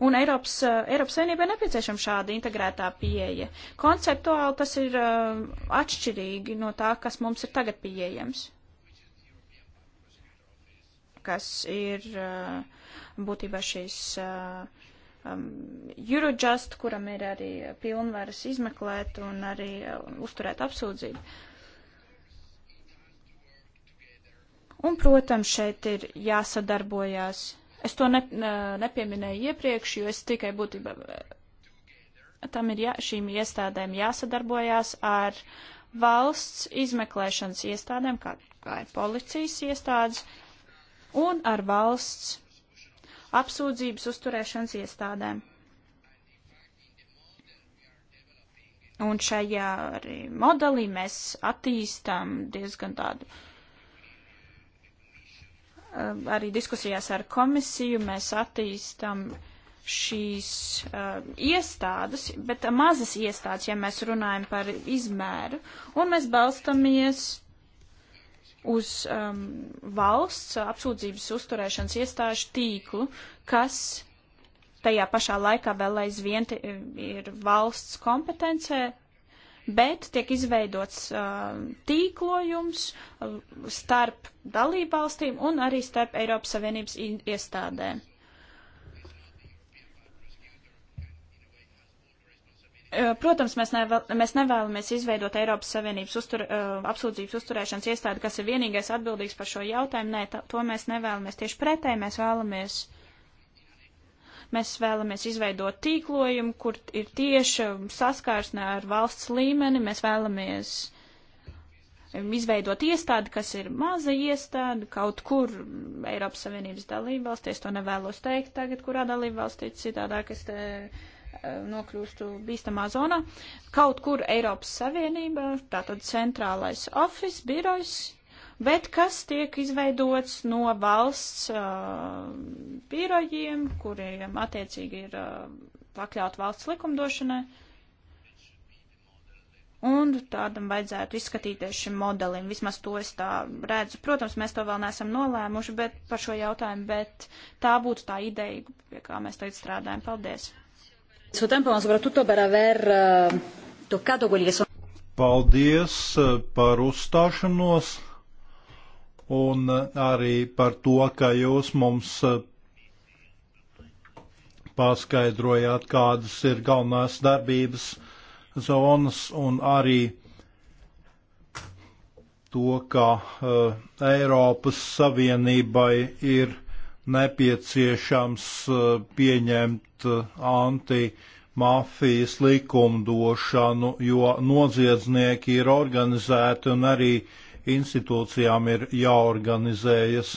Un Eiropas, eh, Eiropas Savienībai nepieciešama šāda integrētā pieeja. Konceptuāli tas ir uh, atšķirīgi no tā, kas mums ir tagad pieejams. Kas ir uh, būtībā šīs uh, um, Eurojust, kuram ir arī pilnvaras izmeklēt un arī uzturēt apsūdzību. Uh, Un, protams, šeit ir jāsadarbojās. Es to ne, nepieminēju iepriekš, jo es tikai būtībā eh, tam ir jā, šīm iestādēm jāsadarbojās ar valsts izmeklēšanas iestādēm, kā, kā ir policijas iestādes, un ar valsts apsūdzības uzturēšanas iestādēm. Un šajā arī modelī mēs attīstām diezgan tādu uh, Eh, arī diskusijās ar komisiju mēs attīstam šīs uh, iestādes, bet mazas iestādes, ja mēs runājam par izmēru, un mēs balstamies uz um, valsts apsūdzības uzturēšanas iestāžu tīklu, kas tajā pašā laikā vēl aizvien eh, ir valsts kompetencē, bet tiek izveidots uh, tīklojums uh, starp dalībvalstīm un arī starp Eiropas Savienības iestādēm. Uh, protams, mēs, nevēl, mēs nevēlamies izveidot Eiropas Savienības uztur, uh, apsūdzības uzturēšanas iestādi, kas ir vienīgais atbildīgs par šo jautājumu. Nē, tā, to mēs nevēlamies. Tieši pretēji mēs vēlamies uh, Mēs vēlamies izveidot tīklojumu, kur ir tieša saskarsne ar valsts līmeni. Mēs vēlamies izveidot iestādi, kas ir maza iestāde kaut kur Eiropas Savienības dalībvalstī. Es to nevēlos teikt tagad, kurā dalībvalstī citādāk es te eh, nokļūstu bīstamā zonā. Kaut kur Eiropas Savienībā, tātad centrālais ofis, birojs, bet kas tiek izveidots no valsts uh, birojiem, kuriem attiecīgi ir uh, pakļaut valsts likumdošanai. Un tādam vajadzētu izskatīties šim modelim. Vismaz to es tā redzu. Protams, mēs to vēl neesam nolēmuši bet, par šo jautājumu, bet tā būtu tā ideja, pie kā mēs tagad strādājam. Paldies! Eh, Paldies eh, par uzstāšanos! un arī par to, ka jūs mums eh, paskaidrojāt, kādas ir galvenās darbības zonas un arī to, ka uh, Eiropas Savienībai ir nepieciešams uh, pieņemt uh, antimafijas likumdošanu, jo noziedznieki ir organizēti un arī uh, institūcijām ir jāorganizējas.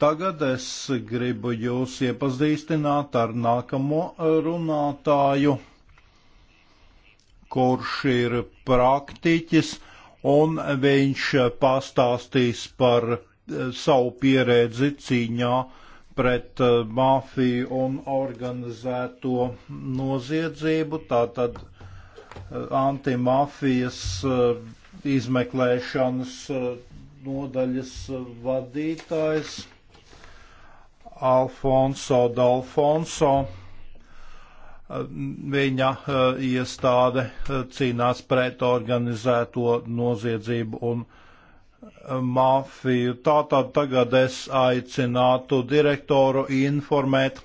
Tagad es gribu jūs iepazīstināt ar nākamo runātāju, kurš ir praktiķis, un viņš pastāstīs par eh, savu pieredzi cīņā pret eh, mafiju un organizēto noziedzību, tātad eh, antimafijas izmeklēšanas eh, nodaļas eh, vadītājs Alfonso D'Alfonso. Eh, viņa iestāde cīnās pret organizēto noziedzību un mafiju. Tātad tagad es aicinātu direktoru informēt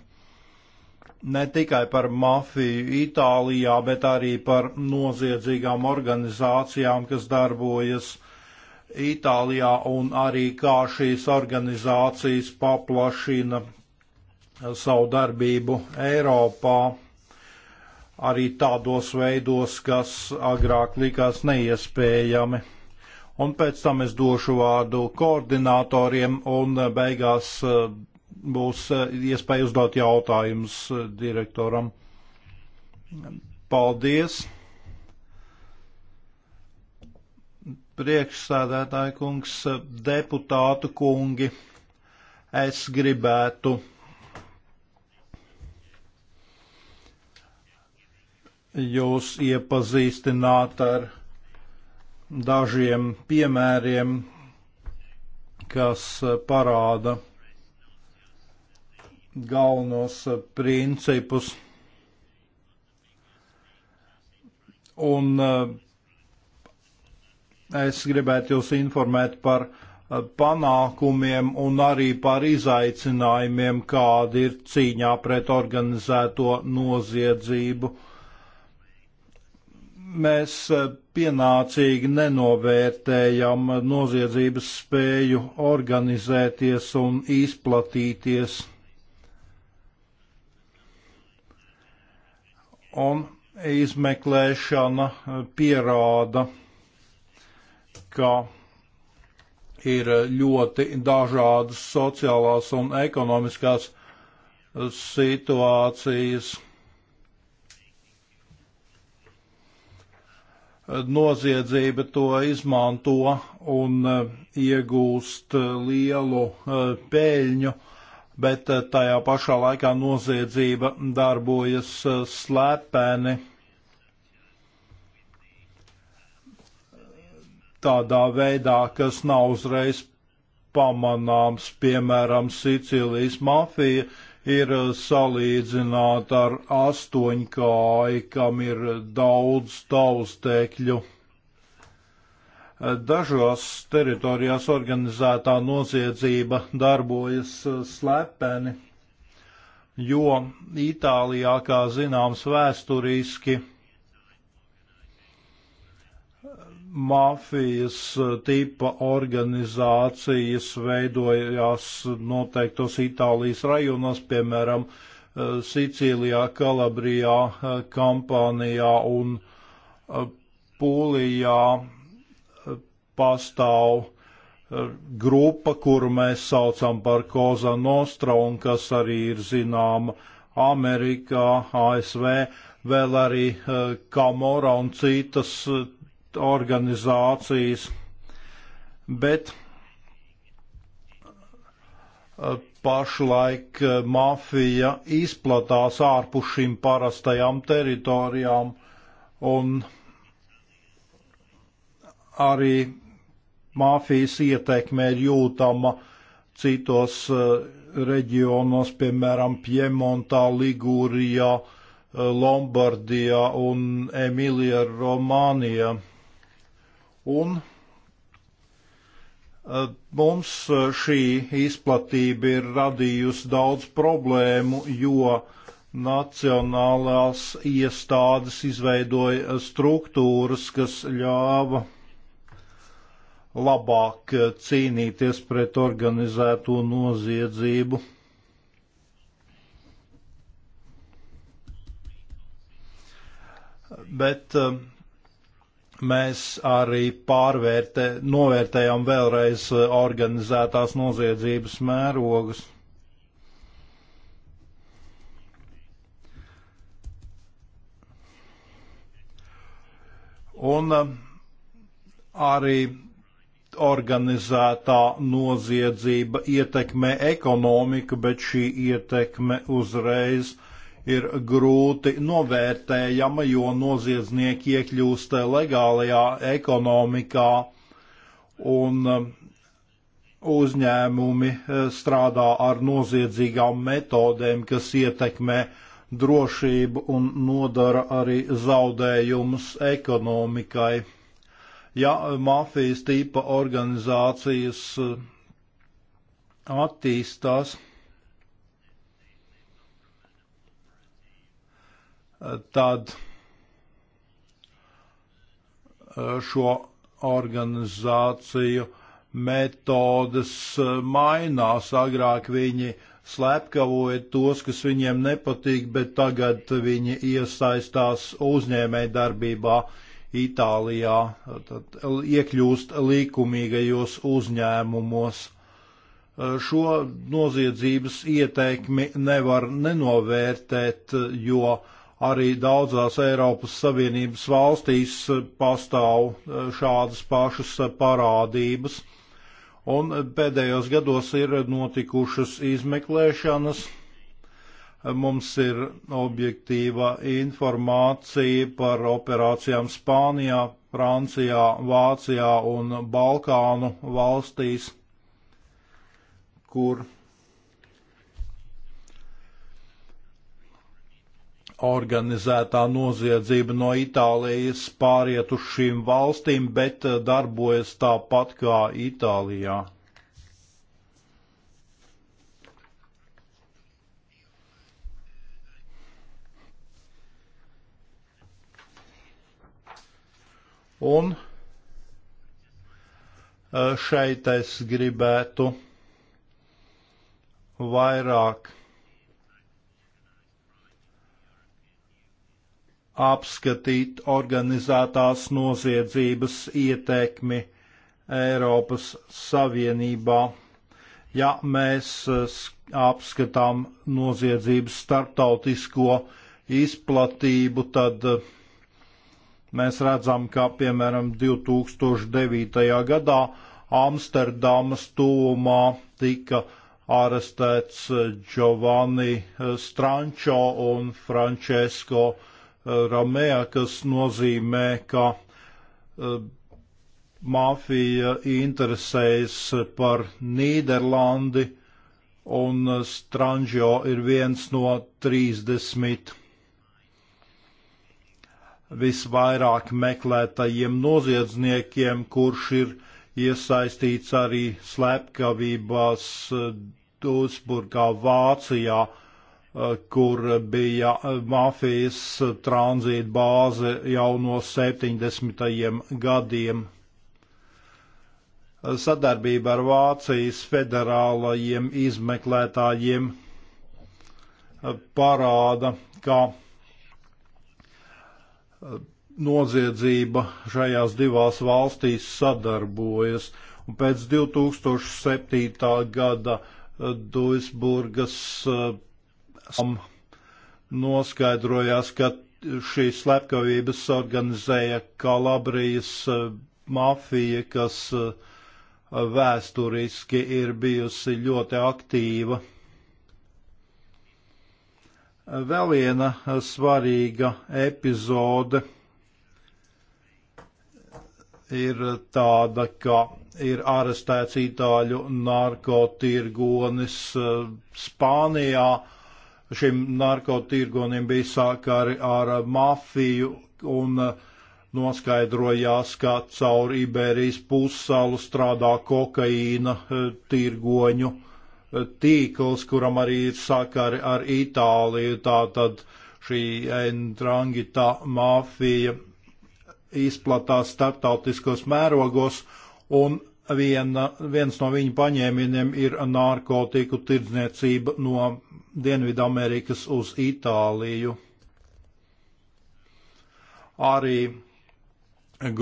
ne tikai par mafiju Itālijā, bet arī par noziedzīgām organizācijām, kas darbojas Itālijā un arī kā šīs organizācijas paplašina savu darbību Eiropā arī tādos veidos, kas agrāk likās neiespējami. Un pēc tam es došu vārdu koordinatoriem un beigās eh, būs eh, iespēja uzdot jautājumus eh, direktoram. Paldies! Priekšsēdētāji kungs, deputātu kungi, es gribētu jūs iepazīstināt ar dažiem piemēriem, kas eh, parāda galvenos principus. Un eh, es gribētu jūs informēt par eh, panākumiem un arī par izaicinājumiem, kādi ir cīņā pret organizēto noziedzību. Mēs eh, pienācīgi nenovērtējam noziedzības spēju organizēties un izplatīties. un izmeklēšana pierāda, ka ir ļoti dažādas sociālās un ekonomiskās situācijas. Noziedzība to izmanto un iegūst lielu eh, peļņu bet eh, tajā pašā laikā noziedzība darbojas eh, slēpēni. Tādā veidā, kas nav uzreiz pamanāms, piemēram, Sicīlijas mafija ir eh, salīdzināta ar astoņkāju, kam ir daudz taustekļu. Dažos teritorijās organizētā noziedzība darbojas uh, slepeni, jo Itālijā, kā zināms, vēsturiski mafijas uh, tipa organizācijas veidojās noteiktos Itālijas rajonos, piemēram, uh, Sicīlijā, Kalabrijā, Kampānijā un Pūlijā pastāv eh, grupa, kuru mēs saucam par Koza Nostra un kas arī ir zināma Amerikā, ASV, vēl arī Kamora eh, un citas eh, organizācijas. Bet pašlaik mafija izplatās ārpus šīm parastajām teritorijām un arī mafijas ietekme ir jūtama citos eh, reģionos, piemēram, Piemontā, Ligūrijā, eh, Lombardijā un Emīlijā, Romānijā. Un eh, mums šī izplatība ir radījusi daudz problēmu, jo nacionālās iestādes izveidoja struktūras, kas ļāva labāk cīnīties pret organizēto noziedzību. Bet um, mēs arī pārvērtē, novērtējam vēlreiz uh, organizētās noziedzības mērogus. Un um, arī organizētā noziedzība ietekmē ekonomiku, bet šī ietekme uzreiz ir grūti novērtējama, jo noziedznieki iekļūst legālajā ekonomikā un um, uzņēmumi eh, strādā ar noziedzīgām metodēm, kas ietekmē drošību un nodara arī zaudējumus ekonomikai ja mafijas tipa organizācijas eh, attīstās. Eh, tad eh, šo organizāciju metodes mainās. Agrāk viņi slepkavoja tos, kas viņiem nepatīk, bet tagad viņi iesaistās uzņēmējdarbībā darbībā Itālijā tad, iekļūst likumīgajos uzņēmumos. Šo noziedzības ieteikmi nevar nenovērtēt, jo arī daudzās Eiropas Savienības valstīs pastāv šādas pašas parādības. Un pēdējos gados ir notikušas izmeklēšanas Mums ir objektīva informācija par operācijām Spānijā, Francijā, Vācijā un Balkānu valstīs, kur organizētā noziedzība no Itālijas pāriet uz šīm valstīm, bet darbojas tāpat kā Itālijā. Un eh, šeit es gribētu vairāk apskatīt organizētās noziedzības ietekmi Eiropas Savienībā. Ja mēs eh, apskatām noziedzības starptautisko izplatību, tad uh, Mēs redzam, ka piemēram 2009. gadā Amsterdamas tūmā tika arestēts Giovanni Strančo un Francesco Ramea, kas nozīmē, ka eh, mafija interesējas par Nīderlandi, un Stranžo ir viens no 30 visvairāk meklētajiem noziedzniekiem, kurš ir iesaistīts arī slepkavībās eh, Dūsburgā, Vācijā, eh, kur bija eh, mafijas tranzīta bāze jau no 70. gadiem. Sadarbība ar Vācijas federālajiem izmeklētājiem parāda, ka noziedzība šajās divās valstīs sadarbojas. Un pēc 2007. gada eh, Duisburgas um, noskaidrojās, ka šīs slepkavības organizēja Kalabrijas eh, mafija, kas vēsturiski ir bijusi ļoti aktīva vēl viena svarīga epizode ir tāda, ka ir arestēts itāļu narkotirgonis eh, Spānijā. Šim narkotirgonim bija sākari ar mafiju un eh, noskaidrojās, ka caur Iberijas pussalu strādā kokaīna eh, tirgoņu uh, tīkls, kuram arī ir sakari ar Itāliju, tā tad šī endrangita mafija izplatās starptautiskos mērogos, un viena, viens no viņu paņēmieniem ir narkotiku tirdzniecība no Dienvidamerikas uz Itāliju. Arī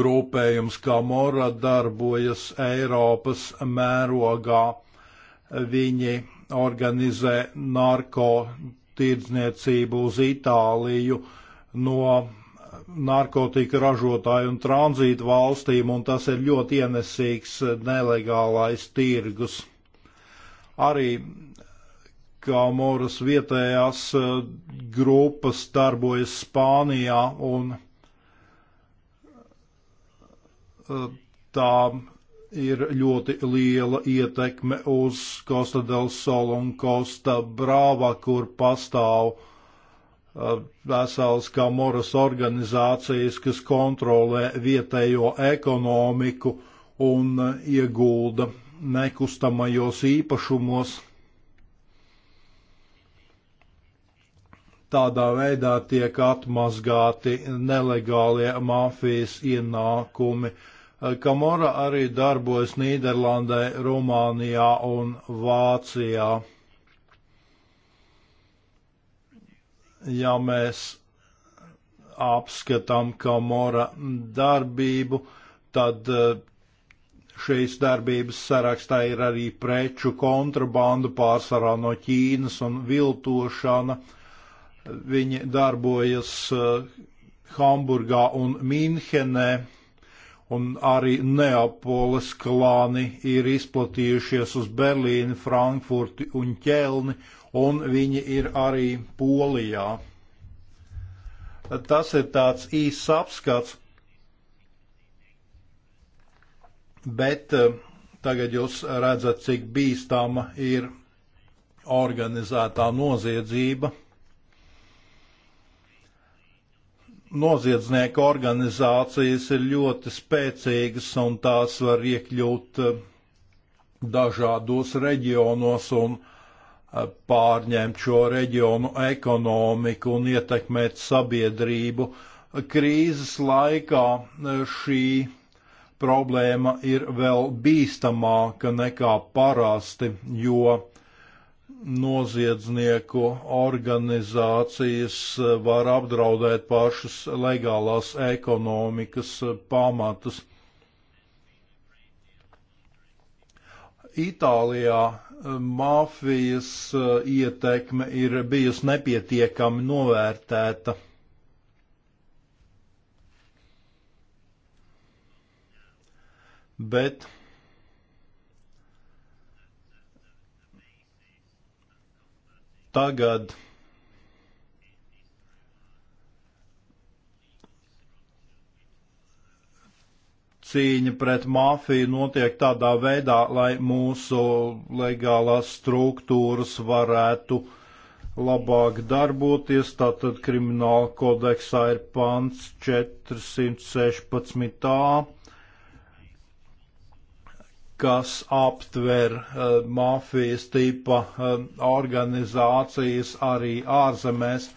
grupējums Kamora darbojas Eiropas mērogā Viņi organizē narko tirdzniecību uz Itāliju no narkotika ražotāju un tranzītu valstīm, un tas ir ļoti ienesīgs nelegālais tirgus. Arī Kamoras vietējās eh, grupas darbojas Spānijā, un eh, tā ir ļoti liela ietekme uz Costa del Sol un Costa Brava, kur pastāv uh, vesels kā moras organizācijas, kas kontrolē vietējo ekonomiku un uh, iegulda nekustamajos īpašumos. Tādā veidā tiek atmazgāti nelegālie mafijas ienākumi. Uh, Eh, Kamora arī darbojas Nīderlandē, Rumānijā un Vācijā. Ja mēs apskatām Kamora darbību, tad eh, šīs darbības sarakstā ir arī preču kontrabanda pārsvarā no Ķīnas un viltošana. Viņi darbojas eh, Hamburgā un Mīnhenē un arī Neapoles klāni ir izplatījušies uz Berlīni, Frankfurti un Ķelni, un viņi ir arī Polijā. Tas ir tāds īss apskats, bet eh, tagad jūs redzat, cik bīstama ir organizētā noziedzība. noziedznieku organizācijas ir ļoti spēcīgas un tās var iekļūt eh, dažādos reģionos un eh, pārņemt šo reģionu ekonomiku un ietekmēt sabiedrību. Krīzes laikā eh, šī problēma ir vēl bīstamāka nekā parasti, jo noziedznieku organizācijas eh, var apdraudēt pašas legālās ekonomikas eh, pamatus. Itālijā eh, mafijas ietekme ir bijusi nepietiekami novērtēta. Bet Tagad cīņa pret mafiju notiek tādā veidā, lai mūsu legālās struktūras varētu labāk darboties. Tātad krimināla kodeksā ir pants 416a kas aptver uh, mafijas tipa uh, organizācijas arī ārzemēs,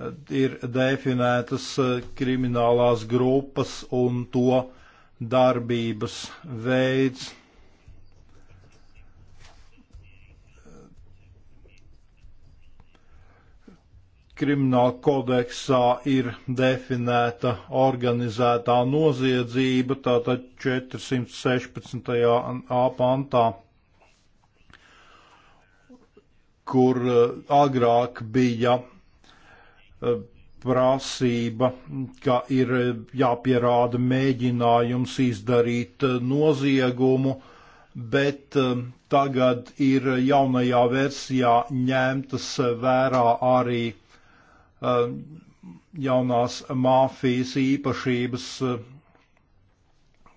uh, ir definētas uh, kriminālās grupas un to darbības veids. krimināla kodeksā ir definēta organizētā noziedzība, tātad 416. a pantā, kur eh, agrāk bija eh, prasība, ka ir eh, jāpierāda mēģinājums izdarīt noziegumu, bet tagad ir jaunajā versijā ņemtas vērā arī Um, jaunās mafijas īpašības, uh,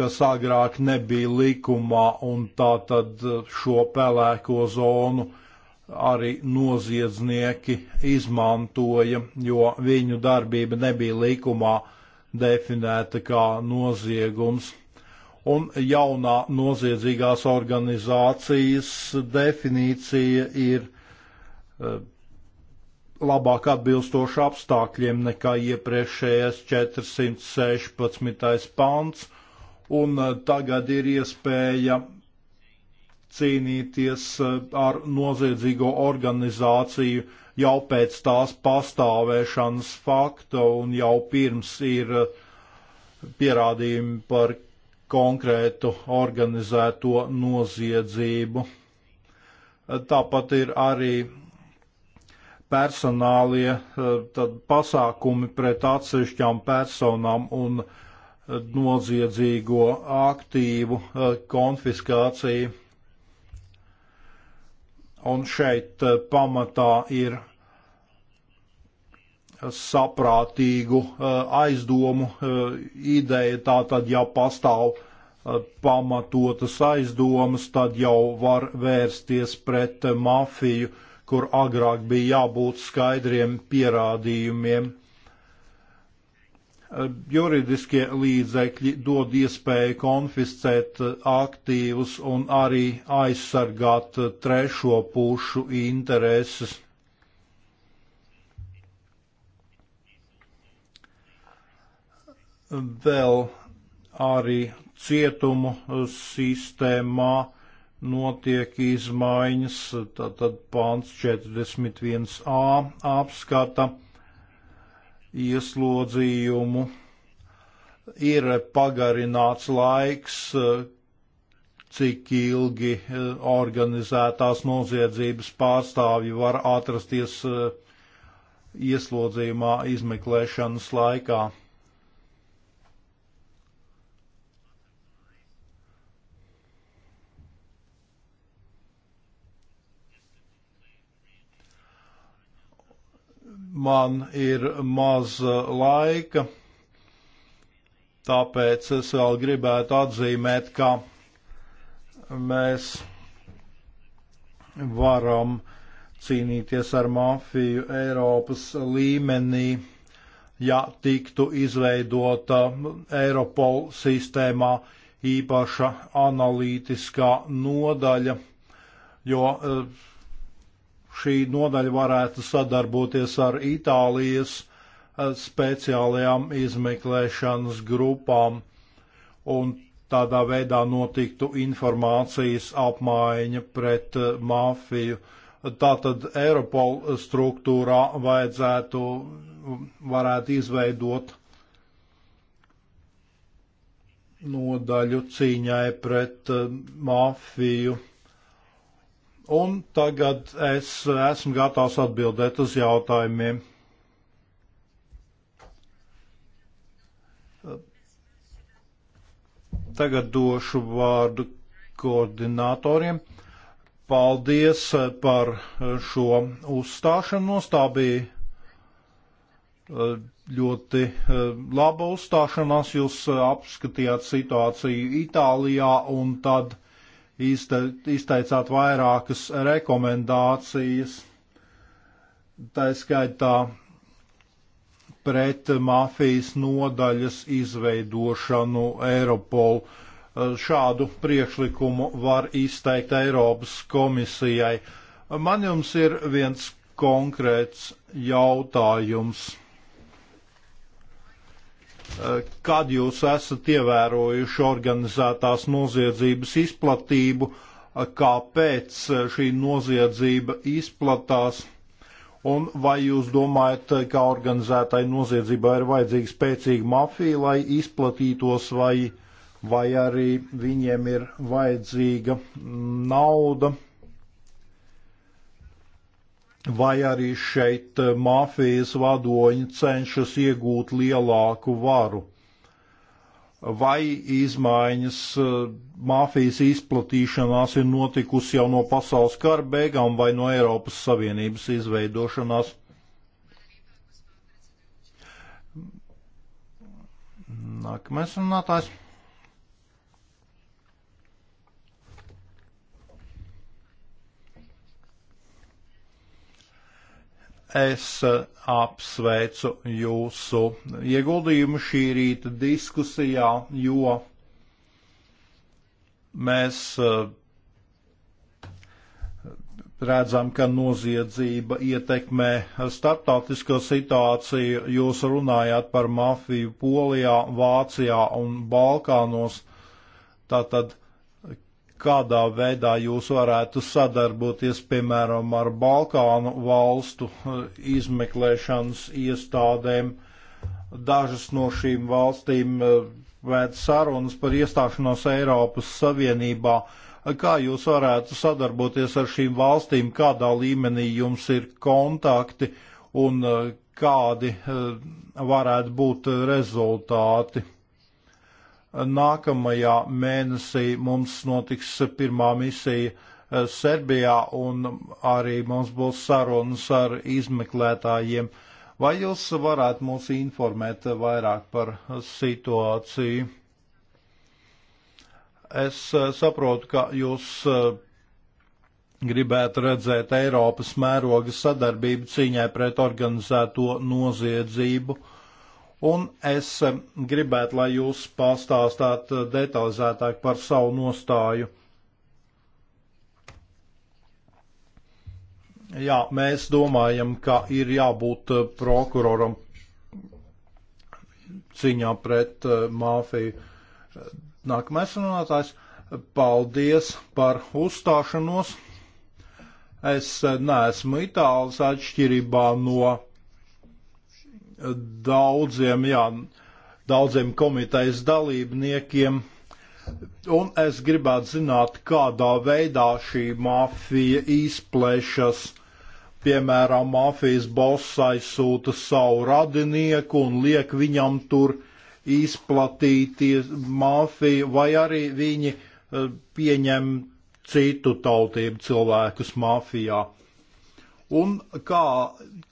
kas agrāk nebija likumā, un tā tad uh, šo pelēko zonu arī noziedznieki izmantoja, jo viņu darbība nebija likumā definēta kā noziegums. Un jaunā noziedzīgās organizācijas definīcija ir uh, labāk atbilstoši apstākļiem nekā iepriekšējais 416. pants, un eh, tagad ir iespēja cīnīties eh, ar noziedzīgo organizāciju jau pēc tās pastāvēšanas fakta un jau pirms ir eh, pierādījumi par konkrētu organizēto noziedzību. Tāpat ir arī personālie eh, pasākumi pret atsevišķām personām un eh, noziedzīgo aktīvu eh, konfiskāciju. Un šeit pamatā ir saprātīgu aizdomu ideja. Tātad, ja pastāv pamatotas aizdomas, tad jau var vērsties pret mafiju kur agrāk bija jābūt skaidriem pierādījumiem. Juridiskie līdzekļi dod iespēju konfiscēt aktīvus un arī aizsargāt trešo pušu intereses. Vēl arī cietumu sistēmā notiek izmaiņas, tātad pāns 41a apskata ieslodzījumu, ir pagarināts laiks, cik ilgi eh, organizētās noziedzības pārstāvji var atrasties eh, ieslodzījumā izmeklēšanas laikā. man ir maz uh, laika, tāpēc es vēl gribētu atzīmēt, ka mēs varam cīnīties ar mafiju Eiropas līmenī, ja tiktu izveidota Eiropol sistēmā īpaša analītiskā nodaļa, jo uh, šī nodaļa varētu sadarboties ar Itālijas eh, speciālajām izmeklēšanas grupām, un tādā veidā notiktu informācijas apmaiņa pret eh, mafiju. Tātad Eiropol struktūrā vajadzētu, varētu izveidot nodaļu cīņai pret eh, mafiju. Un tagad es esmu gatavs atbildēt uz jautājumiem. Tagad došu vārdu koordinatoriem. Paldies par šo uzstāšanos. Tā bija eh, ļoti eh, laba uzstāšanās. Jūs eh, apskatījāt situāciju Itālijā un tad uh, izteicāt vairākas rekomendācijas, tā skaitā pret mafijas nodaļas izveidošanu Eiropolu. Šādu priekšlikumu var izteikt Eiropas komisijai. Man jums ir viens konkrēts jautājums kad jūs esat ievērojuši organizētās noziedzības izplatību, kāpēc šī noziedzība izplatās, un vai jūs domājat, ka organizētai noziedzībai ir vajadzīga spēcīga mafija, lai izplatītos, vai, vai arī viņiem ir vajadzīga nauda, vai arī šeit eh, mafijas vadoņi cenšas iegūt lielāku varu, vai izmaiņas eh, mafijas izplatīšanās ir notikusi jau no pasaules kara beigām vai no Eiropas Savienības izveidošanās. Nākamais runātājs. Es eh, apsveicu jūsu ieguldījumu šī rīta diskusijā, jo mēs eh, redzam, ka noziedzība ietekmē starptautisko situāciju. Jūs runājāt par mafiju Polijā, Vācijā un Balkānos. Tātad kādā veidā jūs varētu sadarboties, piemēram, ar Balkānu valstu eh, izmeklēšanas iestādēm. Dažas no šīm valstīm eh, vēd sarunas par iestāšanos Eiropas Savienībā. Kā jūs varētu sadarboties ar šīm valstīm, kādā līmenī jums ir kontakti un eh, kādi varētu būt rezultāti? Nākamajā mēnesī mums notiks pirmā misija eh, Serbijā un arī mums būs sarunas ar izmeklētājiem. Vai jūs varētu mūs informēt vairāk par situāciju? Es eh, saprotu, ka jūs eh, gribētu redzēt Eiropas mēroga sadarbību cīņai pret organizēto noziedzību. Uh, Un es eh, gribētu, lai jūs pastāstāt eh, detalizētāk par savu nostāju. Jā, mēs domājam, ka ir jābūt eh, prokuroram cīņā pret māfiju. Nākamais runātājs, paldies par uzstāšanos. Es neesmu itālis atšķirībā no daudziem, jā, daudziem komitejas dalībniekiem. Un es gribētu zināt, kādā veidā šī mafija izplešas. Piemēram, mafijas boss aizsūta savu radinieku un liek viņam tur izplatīties mafiju, vai arī viņi eh, pieņem citu tautību cilvēkus mafijā un kā,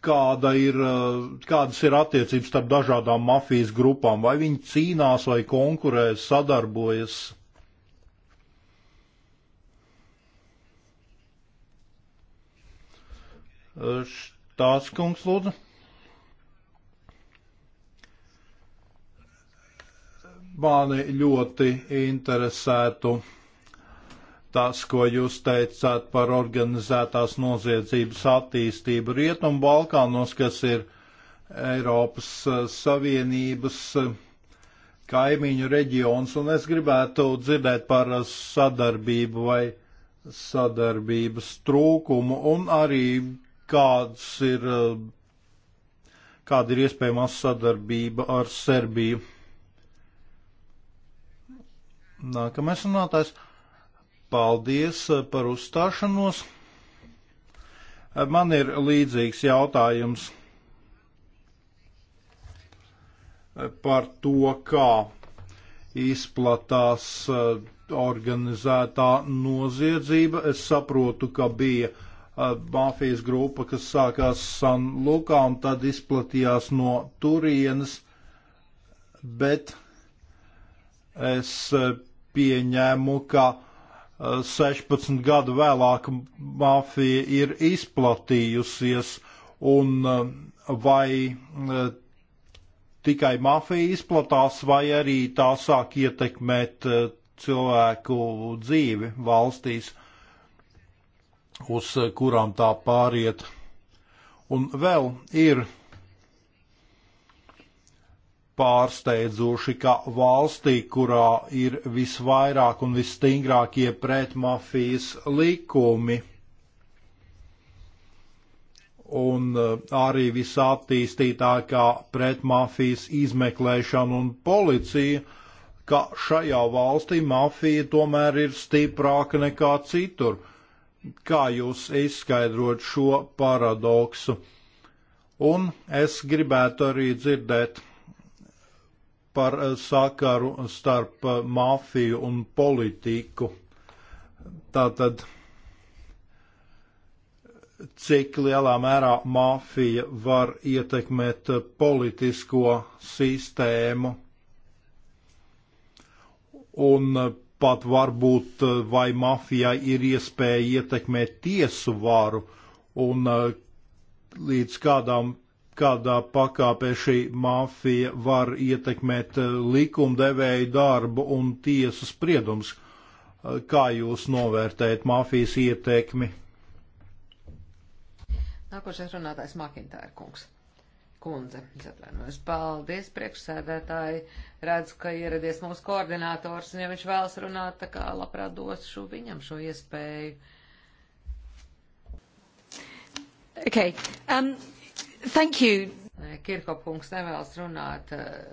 kāda ir, eh, kādas ir attiecības starp dažādām mafijas grupām, vai viņi cīnās vai konkurē, sadarbojas. Eh, Tās kungs lūdzu. Mani ļoti interesētu tas, ko jūs teicāt par organizētās noziedzības attīstību Rietumu Balkānos, kas ir Eiropas eh, Savienības eh, kaimiņu reģions, un es gribētu dzirdēt par eh, sadarbību vai sadarbības trūkumu, un arī kāds ir, kāda ir iespējamā sadarbība ar Serbiju. Nākamais runātājs. No Paldies eh, par uzstāšanos. Eh, man ir līdzīgs jautājums eh, par to, kā izplatās organizētā noziedzība. Es saprotu, ka bija mafijas grupa, kas sākās Sanlukā un tad izplatījās no turienes, bet es pieņēmu, ka 16 gadu vēlāk mafija ir izplatījusies un eh, vai eh, tikai mafija izplatās vai arī tā sāk ietekmēt eh, cilvēku dzīvi valstīs, uz kurām tā pāriet. Un vēl ir pārsteidzoši, ka valstī, kurā ir visvairāk un visstingrākie pretmafijas likumi un eh, arī visattīstītākā pretmafijas izmeklēšana un policija, ka šajā valstī mafija tomēr ir stiprāka nekā citur. Kā jūs izskaidrot šo paradoksu? Un es gribētu arī dzirdēt par eh, sakaru starp eh, mafiju un politiku. Tātad, cik lielā mērā mafija var ietekmēt eh, politisko sistēmu un pat varbūt vai mafijai ir iespēja ietekmēt tiesu varu un līdz kādām kādā pakāpē šī mafija var ietekmēt eh, likumdevēju darbu un tiesu spriedums. Eh, kā jūs novērtējat mafijas ietekmi? Nākošais runātājs Makintēra kungs. Kundze, atvainojos, paldies priekšsēdētāji, redzu, ka ieradies mūsu koordinators, un ja viņš vēlas runāt, tā kā labprāt došu viņam šo iespēju. Okay. Um, Thank you. Kirkop kungs nevēlas runāt,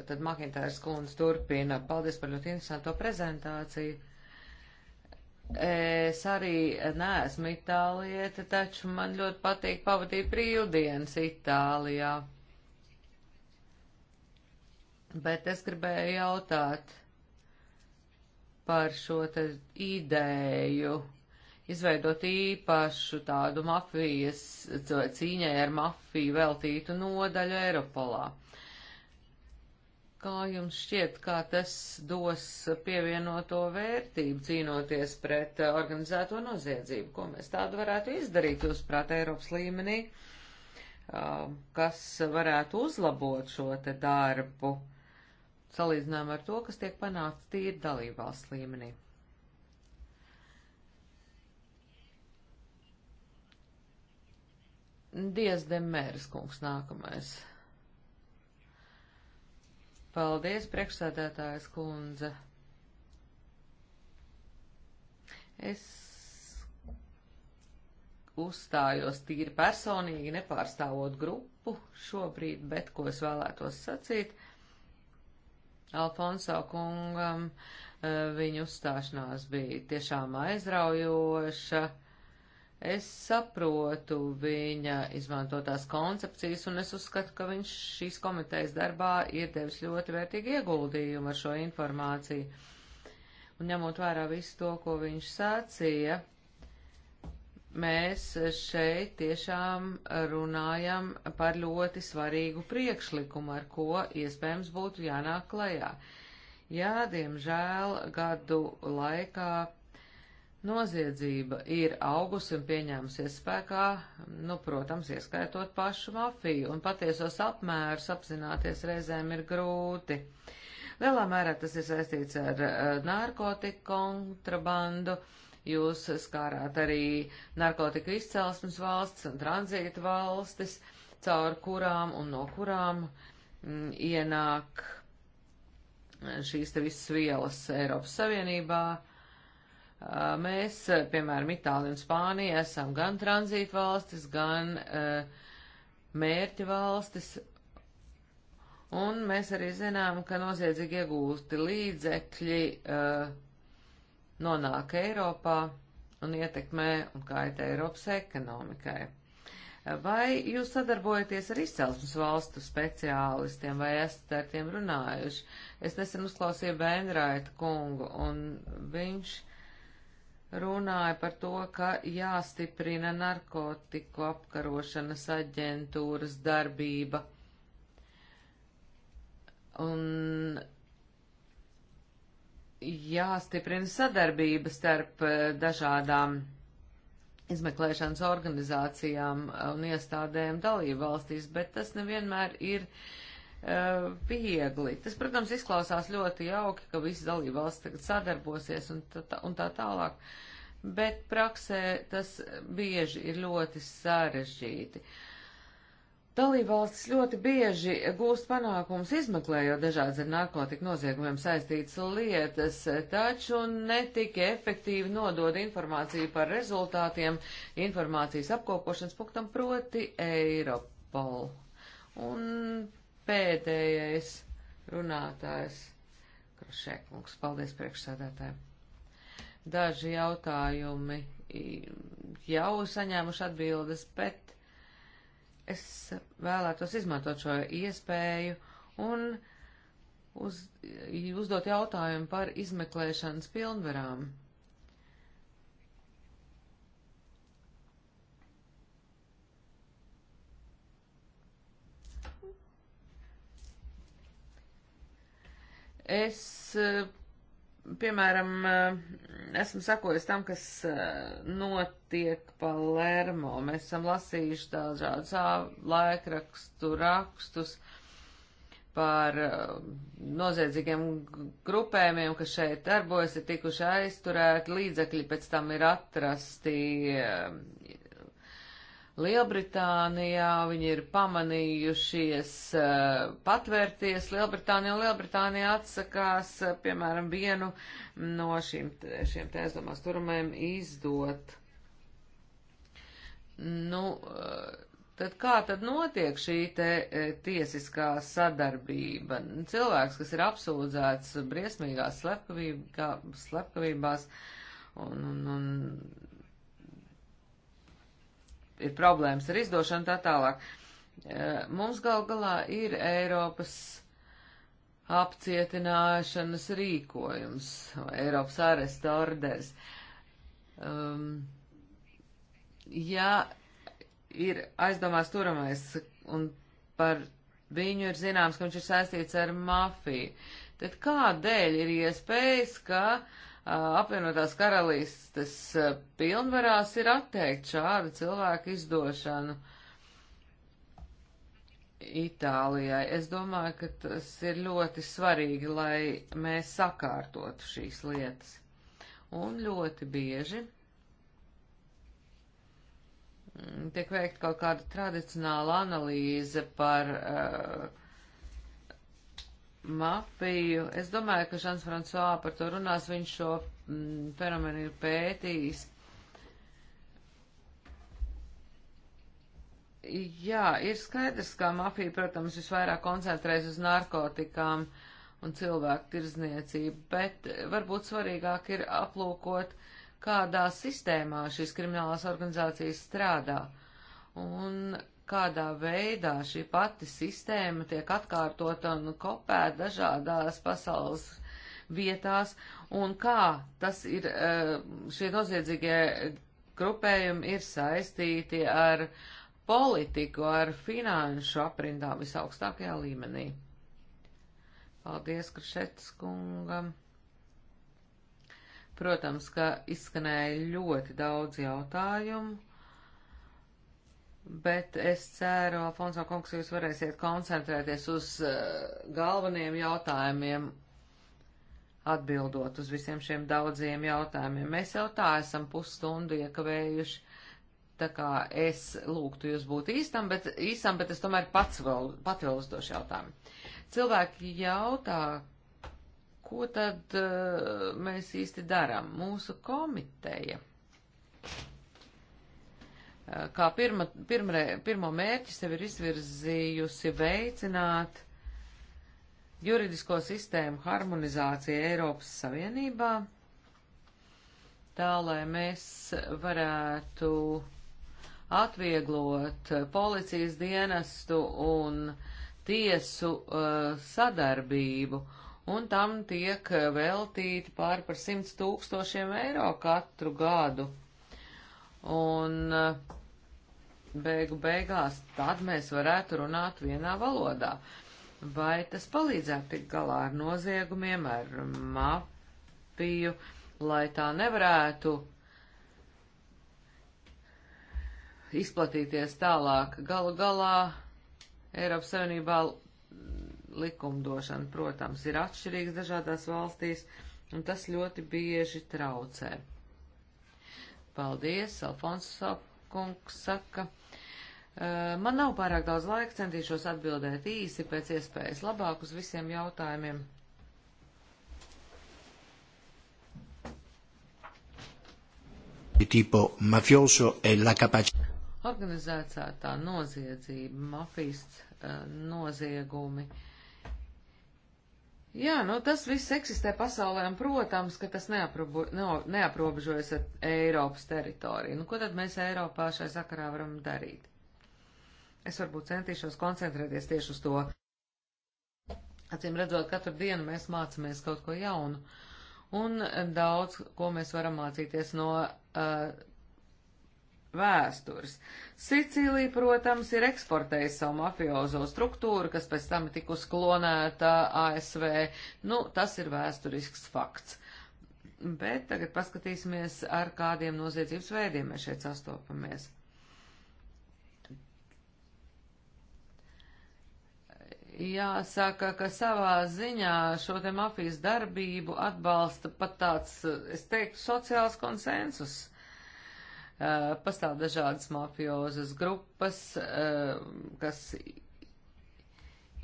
tad Makintājas kundze turpina. Paldies par ļoti interesanto prezentāciju. Es arī neesmu itālieta, taču man ļoti patīk pavadīt brīvdienas Itālijā. Bet es gribēju jautāt par šo te ideju izveidot īpašu tādu mafijas, cīņai ar mafiju veltītu nodaļu Eiropolā. Kā jums šķiet, kā tas dos pievienoto vērtību cīnoties pret eh, organizēto noziedzību? Ko mēs tādu varētu izdarīt, jūsuprāt, Eiropas līmenī, eh, kas varētu uzlabot šo te darbu, salīdzinām ar to, kas tiek panākts tīri dalībvalsts līmenī? Dievs Demēras kungs nākamais. Paldies, priekšsēdētājas kundze. Es uzstājos tīri personīgi, nepārstāvot grupu šobrīd, bet ko es vēlētos sacīt Alfonso kungam, eh, viņa uzstāšanās bija tiešām aizraujoša Es saprotu viņa izmantotās koncepcijas, un es uzskatu, ka viņš šīs komitejas darbā ir devis ļoti vērtīgu ieguldījumu ar šo informāciju. Un ņemot vērā visu to, ko viņš sācīja, mēs šeit tiešām runājam par ļoti svarīgu priekšlikumu, ar ko iespējams būtu jānāk klajā. Jā, diemžēl gadu laikā Noziedzība ir augus un pieņēmusies spēkā, nu, protams, ieskaitot pašu mafiju, un patiesos apmērus apzināties reizēm ir grūti. Lielā mērā tas ir saistīts ar eh, narkotiku kontrabandu, jūs skārāt arī narkotiku izcelsmes valsts un tranzīta valstis, caur kurām un no kurām m, mm, ienāk eh, šīs te visas vielas Eiropas Savienībā Mēs, piemēram, Itālija un Spānija esam gan tranzīta valstis, gan mērķa valstis, un mēs arī zinām, ka noziedzīgi iegūsti līdzekļi nonāk Eiropā un ietekmē un kaita Eiropas ekonomikai. Vai jūs sadarbojaties ar izcelsmes valstu speciālistiem, vai esat ar tiem runājuši? Es nesen uzklausīju Bēnraita kungu, un viņš uh, runāja par to, ka jāstiprina narkotiku apkarošanas aģentūras darbība. Un jāstiprina sadarbība starp eh, dažādām izmeklēšanas organizācijām un iestādēm dalību valstīs, bet tas nevienmēr ir uh, Eh, viegli. Tas, protams, izklausās ļoti jauki, ka visas dalībvalstis tagad sadarbosies un tā, un tā tālāk, bet praksē tas bieži ir ļoti sarežģīti. Dalībvalstis ļoti bieži gūst panākumus izmeklējot dažādas ar narkotiku noziegumiem saistītas lietas, taču netika efektīvi nodod informāciju par rezultātiem informācijas apkopošanas punktam proti Eiropol. Un pēdējais runātājs Krošēkungs. Paldies priekšsēdētājiem. Daži jautājumi jau saņēmuši atbildes, bet es vēlētos izmantot šo iespēju un uz, uzdot jautājumu par izmeklēšanas pilnvarām. Es, eh, piemēram, eh, esmu sakojis tam, kas eh, notiek Palermo. Mēs esam lasījuši dažādus laikrakstu rakstus par noziedzīgiem grupējumiem, kas šeit darbojas, ir tikuši aizturēti, līdzekļi pēc tam ir atrasti Lielbritānijā viņi ir pamanījušies uh, patvērties Lielbritānijā, un Lielbritānija atsakās, uh, piemēram, vienu no šīm, šiem te aizdomās turumiem izdot. Nu, uh, tad kā tad notiek šī te tiesiskā sadarbība? Cilvēks, kas ir apsūdzēts briesmīgās slepkavībās, un, un, un ir problēmas ar izdošanu tā tālāk. E, mums gal galā ir Eiropas apcietināšanas rīkojums, Eiropas aresta orders. Um, ja ir aizdomās turamais un par viņu ir zināms, ka viņš ir saistīts ar mafiju, tad kādēļ ir iespējas, ka uh, apvienotās karalistes eh, pilnvarās ir atteikt šādu cilvēku izdošanu Itālijai. Es domāju, ka tas ir ļoti svarīgi, lai mēs sakārtotu šīs lietas. Un ļoti bieži tiek veikt kaut kāda tradicionāla analīze par uh, mapiju. Es domāju, ka Žans Francoā par to runās, viņš šo mm, fenomenu ir pētījis. Jā, ir skaidrs, ka mafija, protams, visvairāk koncentrējas uz narkotikām un cilvēku tirzniecību, bet varbūt svarīgāk ir aplūkot, kādā sistēmā šīs kriminālās organizācijas strādā. Un kādā veidā šī pati sistēma tiek atkārtota un kopēta dažādās pasaules vietās, un kā tas ir, eh, šie noziedzīgie grupējumi ir saistīti ar politiku, ar finanšu aprindām visaugstākajā līmenī. Paldies, Krašets kungam. Protams, ka izskanēja ļoti daudz jautājumu bet es ceru, Alfonso kungs, jūs varēsiet koncentrēties uz uh, galveniem jautājumiem, atbildot uz visiem šiem daudziem jautājumiem. Mēs jau tā esam pusstundu iekavējuši, tā kā es lūgtu jūs būt īstam, bet, īstam, bet es tomēr pats vēl, pat vēl uzdošu jautājumu. Cilvēki jautā, ko tad uh, mēs īsti darām? Mūsu komiteja. Thank you kā pirma, pirmre, pirmo mērķi sev ir izvirzījusi veicināt juridisko sistēmu harmonizāciju Eiropas Savienībā, tā lai mēs varētu atvieglot policijas dienestu un tiesu uh, sadarbību, un tam tiek veltīti pār par 100 tūkstošiem eiro katru gadu un eh, beigu beigās tad mēs varētu runāt vienā valodā. Vai tas palīdzētu tik galā ar noziegumiem, ar mapiju, lai tā nevarētu izplatīties tālāk galu galā Eiropas Savienībā likumdošana, protams, ir atšķirīgs dažādās valstīs, un tas ļoti bieži traucē. Paldies, Alfonso kungs saka. Eh, man nav pārāk daudz laika, centīšos atbildēt īsi pēc iespējas labāk uz visiem jautājumiem. tipo mafioso e la capacità. Organizētā noziedzība, mafijas eh, noziegumi. Uh, Jā, nu tas viss eksistē pasaulē, un, protams, ka tas neaprobu, no, neaprobežojas ar Eiropas teritoriju. Nu, ko tad mēs Eiropā šai sakarā varam darīt? Es varbūt centīšos koncentrēties tieši uz to. Acīm redzot, katru dienu mēs mācāmies kaut ko jaunu, un eh, daudz, ko mēs varam mācīties no uh, vēstures. Sicīlija, protams, ir eksportējusi savu mafiozo struktūru, kas pēc tam tika uzklonēta ASV. Nu, tas ir vēsturisks fakts. Bet tagad paskatīsimies, ar kādiem noziedzības veidiem mēs šeit sastopamies. Jāsaka, ka savā ziņā šo te mafijas darbību atbalsta pat tāds, es teiktu, sociāls konsensus Eh, pastāv dažādas mafiozas grupas, eh, kas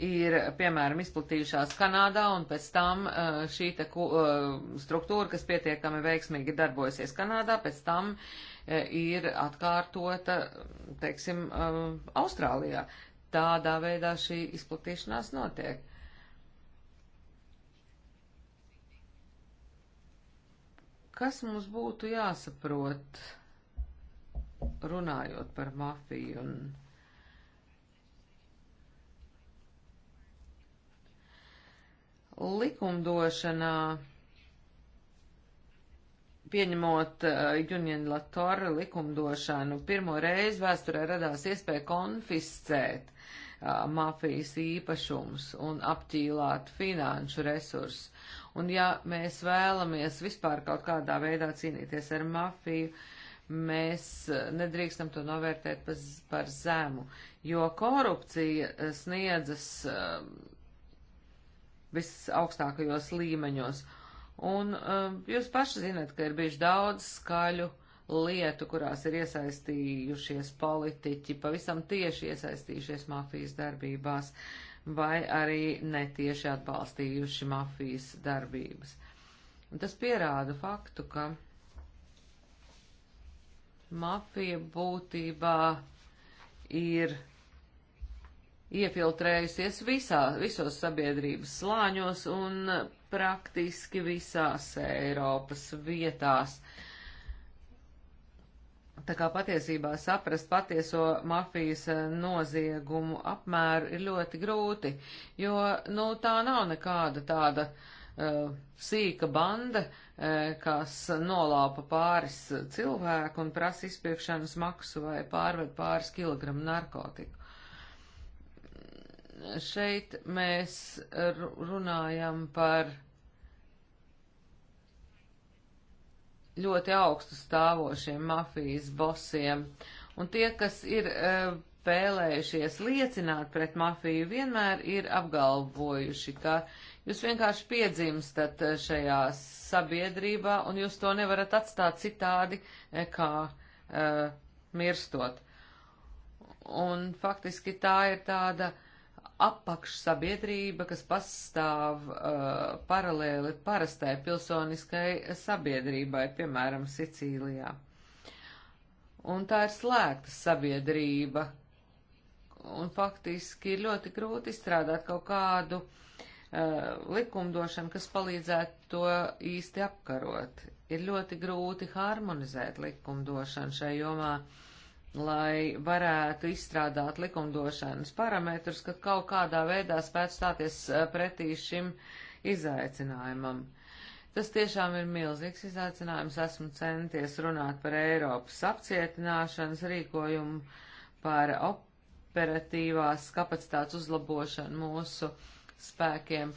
ir, piemēram, izplatījušās Kanādā, un pēc tam eh, šī te struktūra, kas pietiekami veiksmīgi darbojasies Kanādā, pēc tam ir atkārtota, teiksim, Austrālijā. Tādā veidā šī izplatīšanās notiek. Kas mums būtu jāsaprot? runājot par mafiju un likumdošanā, pieņemot uh, Union Latorre likumdošanu, pirmo reizi vēsturē radās iespēja konfiscēt uh, mafijas īpašums un apķīlāt finanšu resursus. Un ja mēs vēlamies vispār kaut kādā veidā cīnīties ar mafiju, uh, mēs eh, nedrīkstam to novērtēt par zemu, jo korupcija eh, sniedzas eh, visaugstākajos līmeņos. Un jūs paši zinat, ka ir bijuši daudz skaļu lietu, kurās ir iesaistījušies politiķi, pavisam tieši iesaistījušies mafijas darbībās vai arī netieši atbalstījuši mafijas darbības. Un tas pierāda faktu, ka mafija būtībā ir iefiltrējusies visā, visos sabiedrības slāņos un praktiski visās Eiropas vietās. Tā kā patiesībā saprast patieso mafijas noziegumu apmēru ir ļoti grūti, jo, nu, tā nav nekāda tāda uh, sīka banda, uh, E, kas nolāpa pāris cilvēku un prasa izpirkšanas maksu vai pārved pāris kilogramu narkotiku. Šeit mēs runājam par ļoti augstu stāvošiem mafijas bosiem, un tie, kas ir e, vēlējušies liecināt pret mafiju, vienmēr ir apgalvojuši, ka uh, Jūs vienkārši piedzimstat eh, šajā sabiedrībā, un jūs to nevarat atstāt citādi, eh, kā e, mirstot. Un faktiski tā ir tāda apakšsabiedrība, kas pastāv e, paralēli parastai pilsoniskai sabiedrībai, piemēram, Sicīlijā. Un tā ir slēgta sabiedrība, un faktiski ir ļoti grūti izstrādāt kaut kādu uh, Uh, likumdošana, kas palīdzētu to īsti apkarot. Ir ļoti grūti harmonizēt likumdošanu šai jomā, lai varētu izstrādāt likumdošanas parametrus, kad kaut kādā veidā spētu stāties uh, pretī šim izaicinājumam. Tas tiešām ir milzīgs izaicinājums. Esmu centies runāt par Eiropas apcietināšanas rīkojumu, par operatīvās kapacitātes uzlabošanu mūsu uh, spēkiem.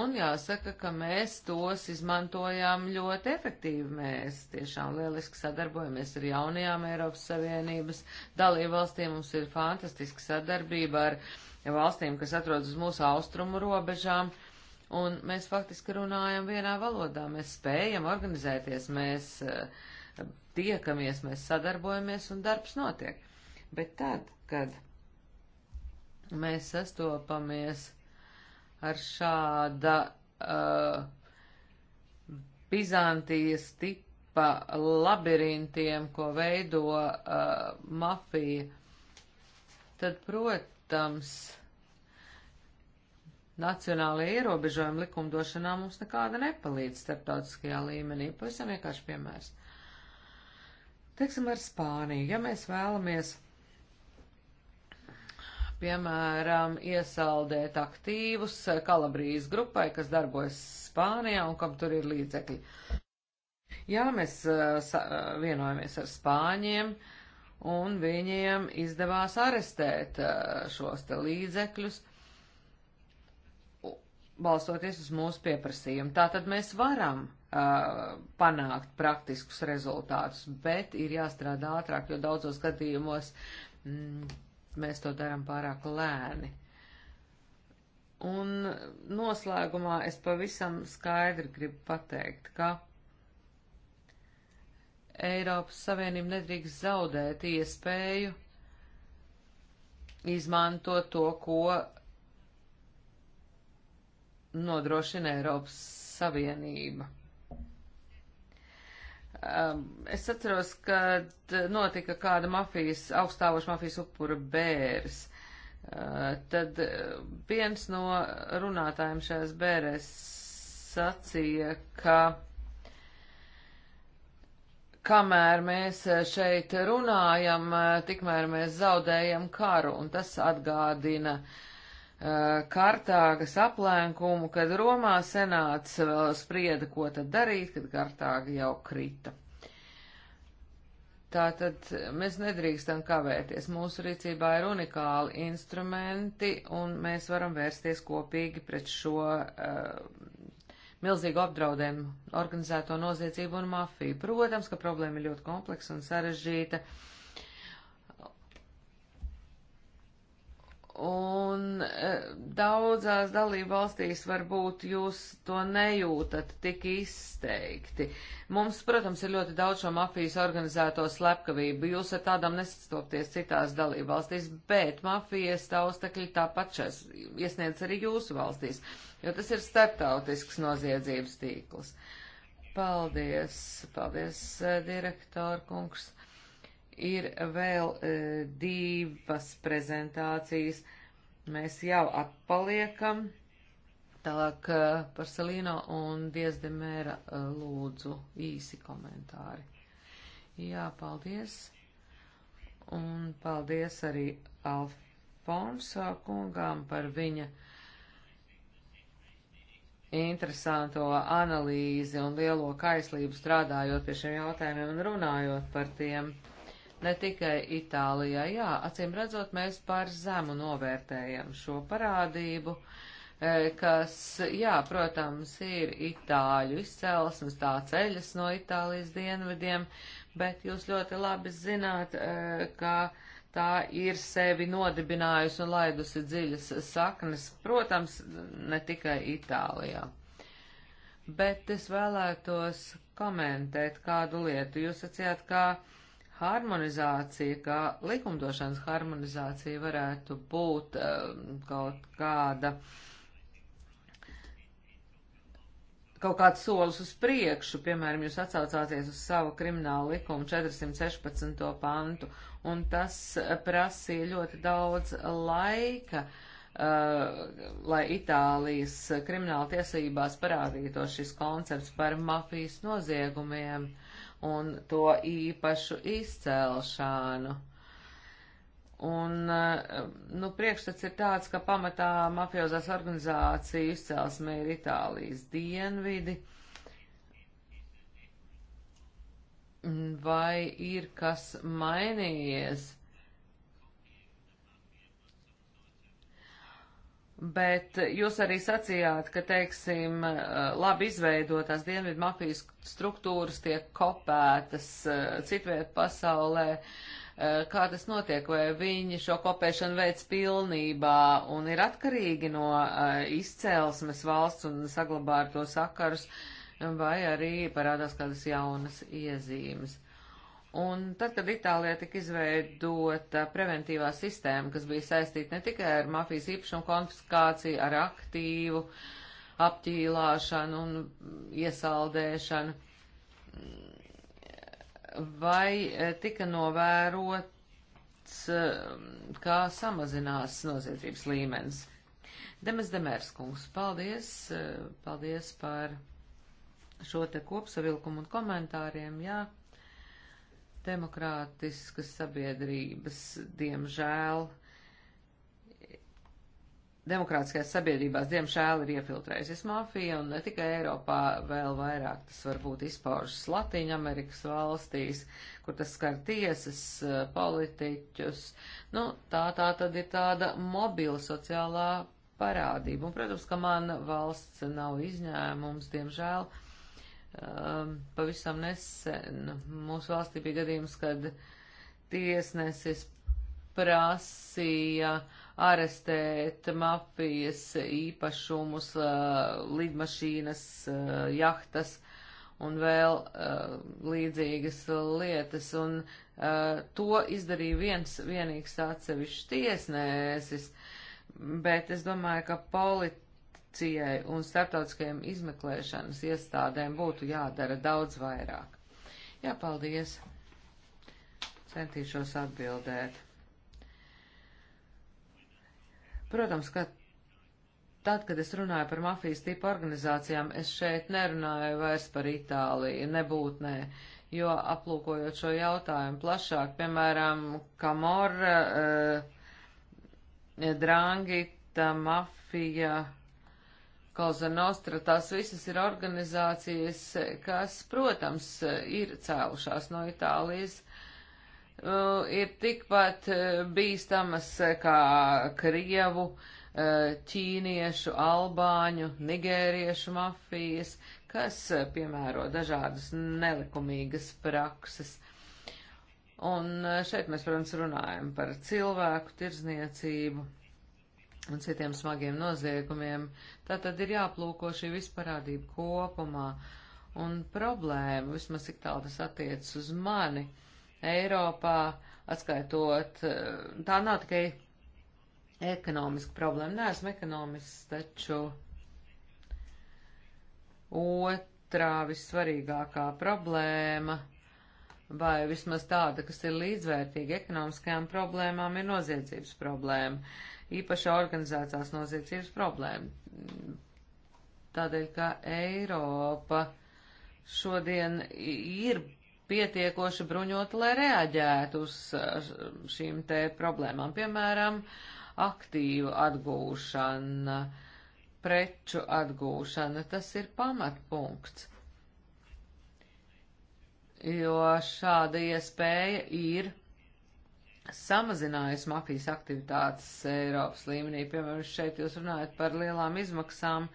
Un jāsaka, ka mēs tos izmantojām ļoti efektīvi. Mēs tiešām lieliski sadarbojamies ar jaunajām Eiropas Savienības dalībvalstīm. Mums ir fantastiska sadarbība ar valstīm, kas atrodas uz mūsu austrumu robežām. Un mēs faktiski runājam vienā valodā. Mēs spējam organizēties, mēs eh, tiekamies, mēs sadarbojamies un darbs notiek. Bet tad, kad mēs sastopamies ar šāda uh, Bizantijas tipa labirintiem, ko veido uh, mafija, tad, protams, nacionālajie ierobežojumi likumdošanā mums nekāda nepalīdz starptautiskajā līmenī. Pavisam vienkārši piemērs. Teiksim ar Spāniju, ja mēs vēlamies piemēram, iesaldēt aktīvus Kalabrijas grupai, kas darbojas Spānijā un kam tur ir līdzekļi. Jā, mēs uh, uh, vienojamies ar Spāņiem, un viņiem izdevās arestēt uh, šos te līdzekļus, balstoties uz mūsu pieprasījumu. Tātad mēs varam panākt praktiskus rezultātus, bet ir jāstrādā ātrāk, jo daudzos gadījumos mm, mēs to darām pārāk lēni. Un noslēgumā es pavisam skaidri gribu pateikt, ka Eiropas Savienība nedrīkst zaudēt iespēju izmantot to, ko nodrošina Eiropas Savienība. Um, es atceros, kad notika kāda mafijas, augstāvoša mafijas upura bērs. Uh, tad uh, viens no runātājiem šajās bērēs sacīja, ka kamēr mēs šeit runājam, uh, tikmēr mēs zaudējam karu, un tas atgādina uh, Eh, Kartāgas aplēkumu, kad Romā senāts vēl sprieda, ko tad darīt, kad Kartāga jau krita. Tātad mēs nedrīkstam kavēties. Mūsu rīcībā ir unikāli instrumenti, un mēs varam vērsties kopīgi pret šo uh, milzīgu apdraudējumu organizēto noziedzību un mafiju. Protams, ka problēma ir ļoti kompleksa un sarežģīta. Uh, Un e, daudzās dalību valstīs varbūt jūs to nejūtat tik izteikti. Mums, protams, ir ļoti daudz šo mafijas organizēto slepkavību. Jūs ar tādām nestopties citās dalību valstīs, bet mafijas taustekļi tāpat šais iesniedz arī jūsu valstīs, jo tas ir starptautisks noziedzības tīkls. Paldies, paldies, e, direktor kungs ir vēl e, divas prezentācijas. Mēs jau atpaliekam. Tālāk e, par Salīno un Diezdemēra e, lūdzu īsi komentāri. Jā, paldies. Un paldies arī Alfonso kungām par viņa interesanto analīzi un lielo kaislību strādājot pie šiem jautājumiem un runājot par tiem ne tikai Itālijā. Jā, acīm redzot, mēs par zemu novērtējam šo parādību, e, kas, jā, protams, ir itāļu izcelsmes, tā ceļas no Itālijas dienvidiem, bet jūs ļoti labi zināt, e, ka tā ir sevi nodibinājusi un laidusi dziļas saknes, protams, ne tikai Itālijā. Bet es vēlētos komentēt kādu lietu. Jūs sacījāt, ka harmonizācija, kā likumdošanas harmonizācija varētu būt um, kaut kāda, kaut kāds solis uz priekšu, piemēram, jūs atsaucāties uz savu kriminālu likumu 416. pantu, un tas uh, prasīja ļoti daudz laika. Uh, lai Itālijas krimināla tiesībās parādītos šis koncepts par mafijas noziegumiem, uh, un to īpašu izcelšanu. Un, eh, nu, priekšstats ir tāds, ka pamatā mafiozās organizāciju izcelsme ir Itālijas dienvidi. Vai ir kas mainījies Bet jūs arī sacījāt, ka, teiksim, eh, labi izveidotās dienvidu mafijas struktūras tiek kopētas eh, citviet pasaulē. Eh, kā tas notiek, vai viņi šo kopēšanu veids pilnībā un ir atkarīgi no izcēlesmes valsts un saglabā ar to sakarus, vai arī parādās kādas jaunas iezīmes? Un tad, kad Itālijā tika izveidota preventīvā sistēma, kas bija saistīta ne tikai ar mafijas īpašumu konfiskāciju, ar aktīvu apķīlāšanu un iesaldēšanu, vai e, tika novērots, e, kā samazinās noziedzības līmenis? Demes Demērskungs, paldies, e, paldies par šo te kopsavilkumu un komentāriem, jā. Demokrātiskas sabiedrības, diemžēl, demokrātiskajās sabiedrībās, diemžēl, ir iefiltrējusies mafija, un ne tikai Eiropā, vēl vairāk tas var būt izpaužas Latīņa Amerikas valstīs, kur tas skar tiesas, eh, politiķus. Nu, tā, tā tad ir tāda mobila sociālā parādība, un, protams, ka mana valsts nav izņēmums, diemžēl. Uh, Um, pavisam nesen mūsu valstī bija gadījums, kad tiesnesis prasīja arestēt mafijas īpašumus, uh, lidmašīnas, uh, jahtas un vēl uh, līdzīgas lietas. Un uh, to izdarīja viens vienīgs atsevišķs tiesnēsis, bet es domāju, ka politi policijai un starptautiskajiem izmeklēšanas iestādēm būtu jādara daudz vairāk. Jā, paldies. Centīšos atbildēt. Protams, ka tad, kad es runāju par mafijas tipu organizācijām, es šeit nerunāju vairs par Itāliju, nebūtnē, jo aplūkojot šo jautājumu plašāk, piemēram, Kamora, eh, Drangita, mafija, Koza Nostra, tās visas ir organizācijas, kas, protams, ir cēlušās no Itālijas, ir tikpat eh, bīstamas eh, kā Krievu, eh, ķīniešu, albāņu, nigēriešu mafijas, kas piemēro dažādas nelikumīgas prakses. Un šeit mēs, protams, runājam par cilvēku tirzniecību un citiem smagiem noziegumiem. Tātad ir jāplūko šī visparādība kopumā. Un problēma, vismaz cik tālu tas attiecas uz mani, Eiropā, atskaitot, eh, tā nav tikai ekonomiska problēma. Nē, esmu ekonomists, taču otrā vissvarīgākā problēma vai vismaz tāda, kas ir līdzvērtīga ekonomiskajām problēmām, ir noziedzības problēma īpaši organizētās noziedzības problēma. Tādēļ, ka Eiropa šodien ir pietiekoši bruņota, lai reaģētu uz šīm te problēmām. Piemēram, aktīvu atgūšana, preču atgūšana, tas ir pamatpunkts. Jo šāda iespēja ir samazinājusi mafijas aktivitātes Eiropas līmenī. Piemēram, šeit jūs runājat par lielām izmaksām,